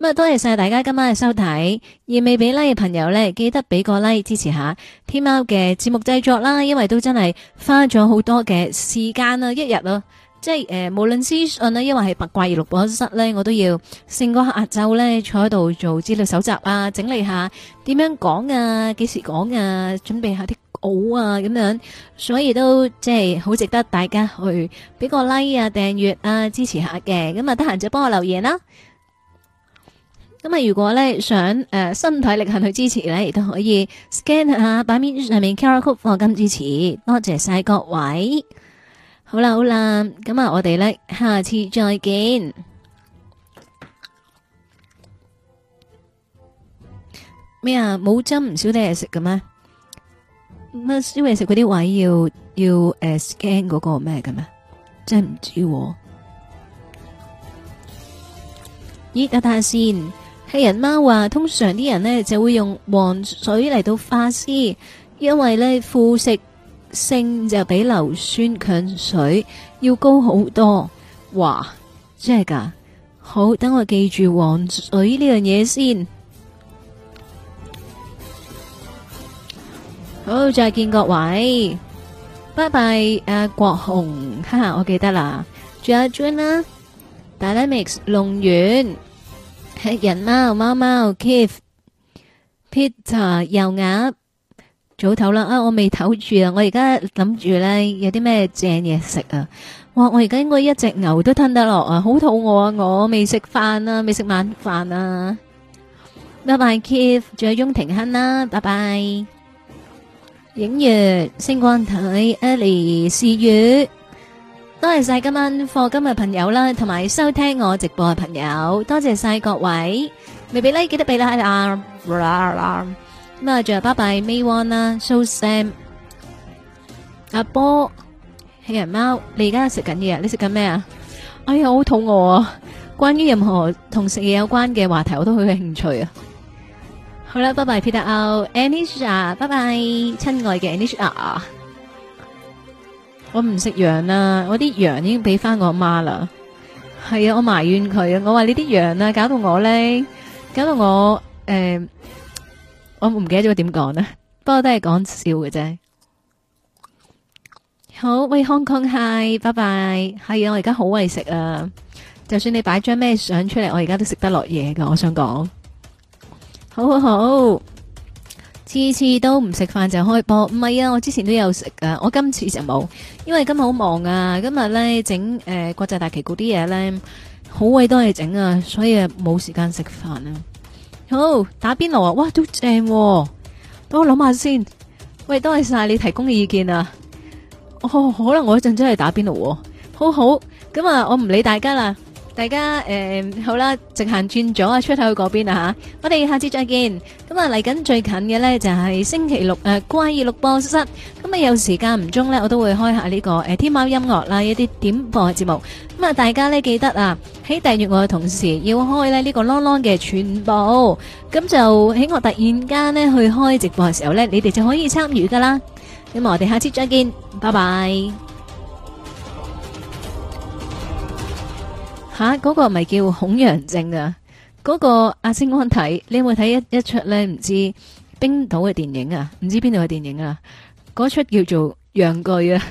Speaker 1: 咁啊，多謝晒大家今晚嘅收睇，而未俾 like 嘅朋友呢，記得俾個 like 支持下天喵嘅節目製作啦，因為都真係花咗好多嘅時間啦，一日咯，即係誒、呃，無論資訊呢，因為係八卦而錄播室呢，我都要成個下晝呢，坐喺度做資料搜集啊，整理下點樣講啊，幾時講啊，準備下啲稿啊咁樣，所以都即係好值得大家去俾個 like 啊，訂閱啊，支持下嘅，咁啊，得閒就幫我留言啦。咁啊！如果咧想誒、呃、身體力行去支持咧，亦都可以 scan 下版面上面 QR code 黃金支持。多謝晒各位，好啦好啦，咁啊，我哋咧下次再見。咩啊？冇針唔少得嘢食嘅咩？乜少嘢食？佢啲位要要誒 scan 嗰個咩嘅咩？真係唔知喎。依家睇先。等等黑人貓話：通常啲人呢就會用黃水嚟到化屍，因為呢腐蝕性就比硫酸強，水要高好多。哇，真係噶！好，等我記住黃水呢樣嘢先。好，再見各位，拜拜。阿、啊、國雄，哈哈，我記得啦。住阿 Joan 啦 Dynamic 龍源。人貓貓貓，Keith，Peter，油鴨，早唞啦啊！我未唞住啊，我而家諗住咧有啲咩正嘢食啊！哇！我而家應該一隻牛都吞得落啊！好肚餓啊！我未食飯啊，未食晚飯啊！拜拜，Keith，仲有翁亭亨啦，拜拜。影月星光睇，Ellie，四月。多謝晒今晚課金嘅朋友啦，同埋收聽我直播嘅朋友，多謝晒各位。咪咪咧記得俾啦啦啦啦咁啊，仲有拜拜 May One 啦，So Sam，阿波喜人貓，你而家食緊嘢？你食緊咩啊？哎呀，我好肚餓。關於任何同食嘢有關嘅話題，我都好有興趣啊。好啦，拜拜 Peter，Anisha，拜拜，親愛嘅 Anisha。我唔食羊啊！我啲羊已經俾翻我阿媽啦。係啊，我埋怨佢啊！我話呢啲羊啊，搞到我咧，搞到我誒、呃，我唔記得咗點講啦。不過都係講笑嘅啫。好，喂，Hong Kong Hi，拜拜。係啊，我而家好為食啊！就算你擺張咩相出嚟，我而家都食得落嘢噶。我想講，好好好。次次都唔食飯就開播，唔係啊！我之前都有食㗎。我今次就冇，因為今日好忙啊。今日咧整誒國際大旗嗰啲嘢咧，好鬼多嘢整啊，所以冇時間食飯啊。好，打邊爐啊！哇，都正，哦，等我諗下先。喂，多謝晒你提供嘅意見啊。可，哦、可能我一陣真係打邊爐，哦，好好咁啊！我唔理大家啦。大家誒好啦，直行轉左啊，出口去嗰邊啊吓，我哋下次再見。咁啊嚟緊最近嘅咧就係星期六誒怪異錄播室。咁啊有時間唔中咧，我都會開下呢個誒天貓音樂啦，一啲點播節目。咁啊大家咧記得啊喺訂閱我嘅同時要開咧呢個 long long 嘅全部。咁就喺我突然間咧去開直播嘅時候咧，你哋就可以參與㗎啦。咁我哋下次再見，拜拜。吓，嗰個咪叫恐羊症噶，嗰個阿星安睇，你有冇睇一一出咧？唔知冰島嘅電影啊，唔知邊度嘅電影啊，嗰出叫做羊懼啊，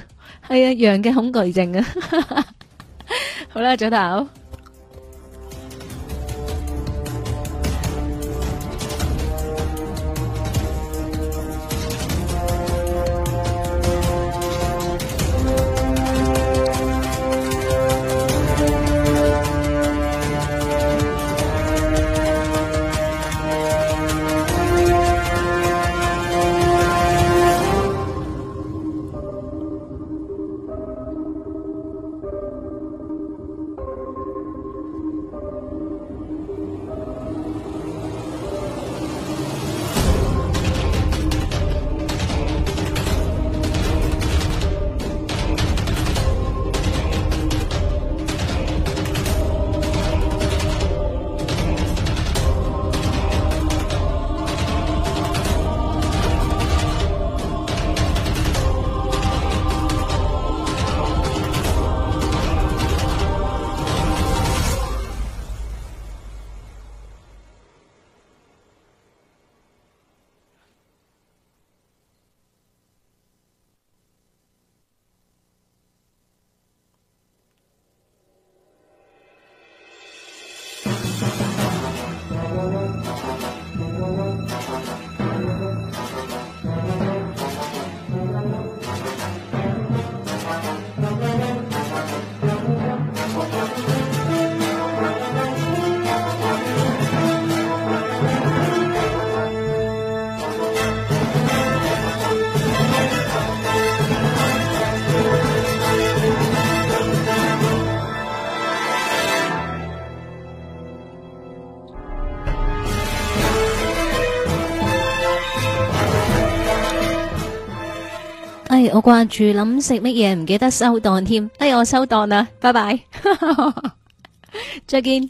Speaker 1: 係啊，羊嘅恐懼症啊，好啦，早唞。我掛住諗食乜嘢，唔記得收檔添。哎呀，我收檔啦，拜拜，再見。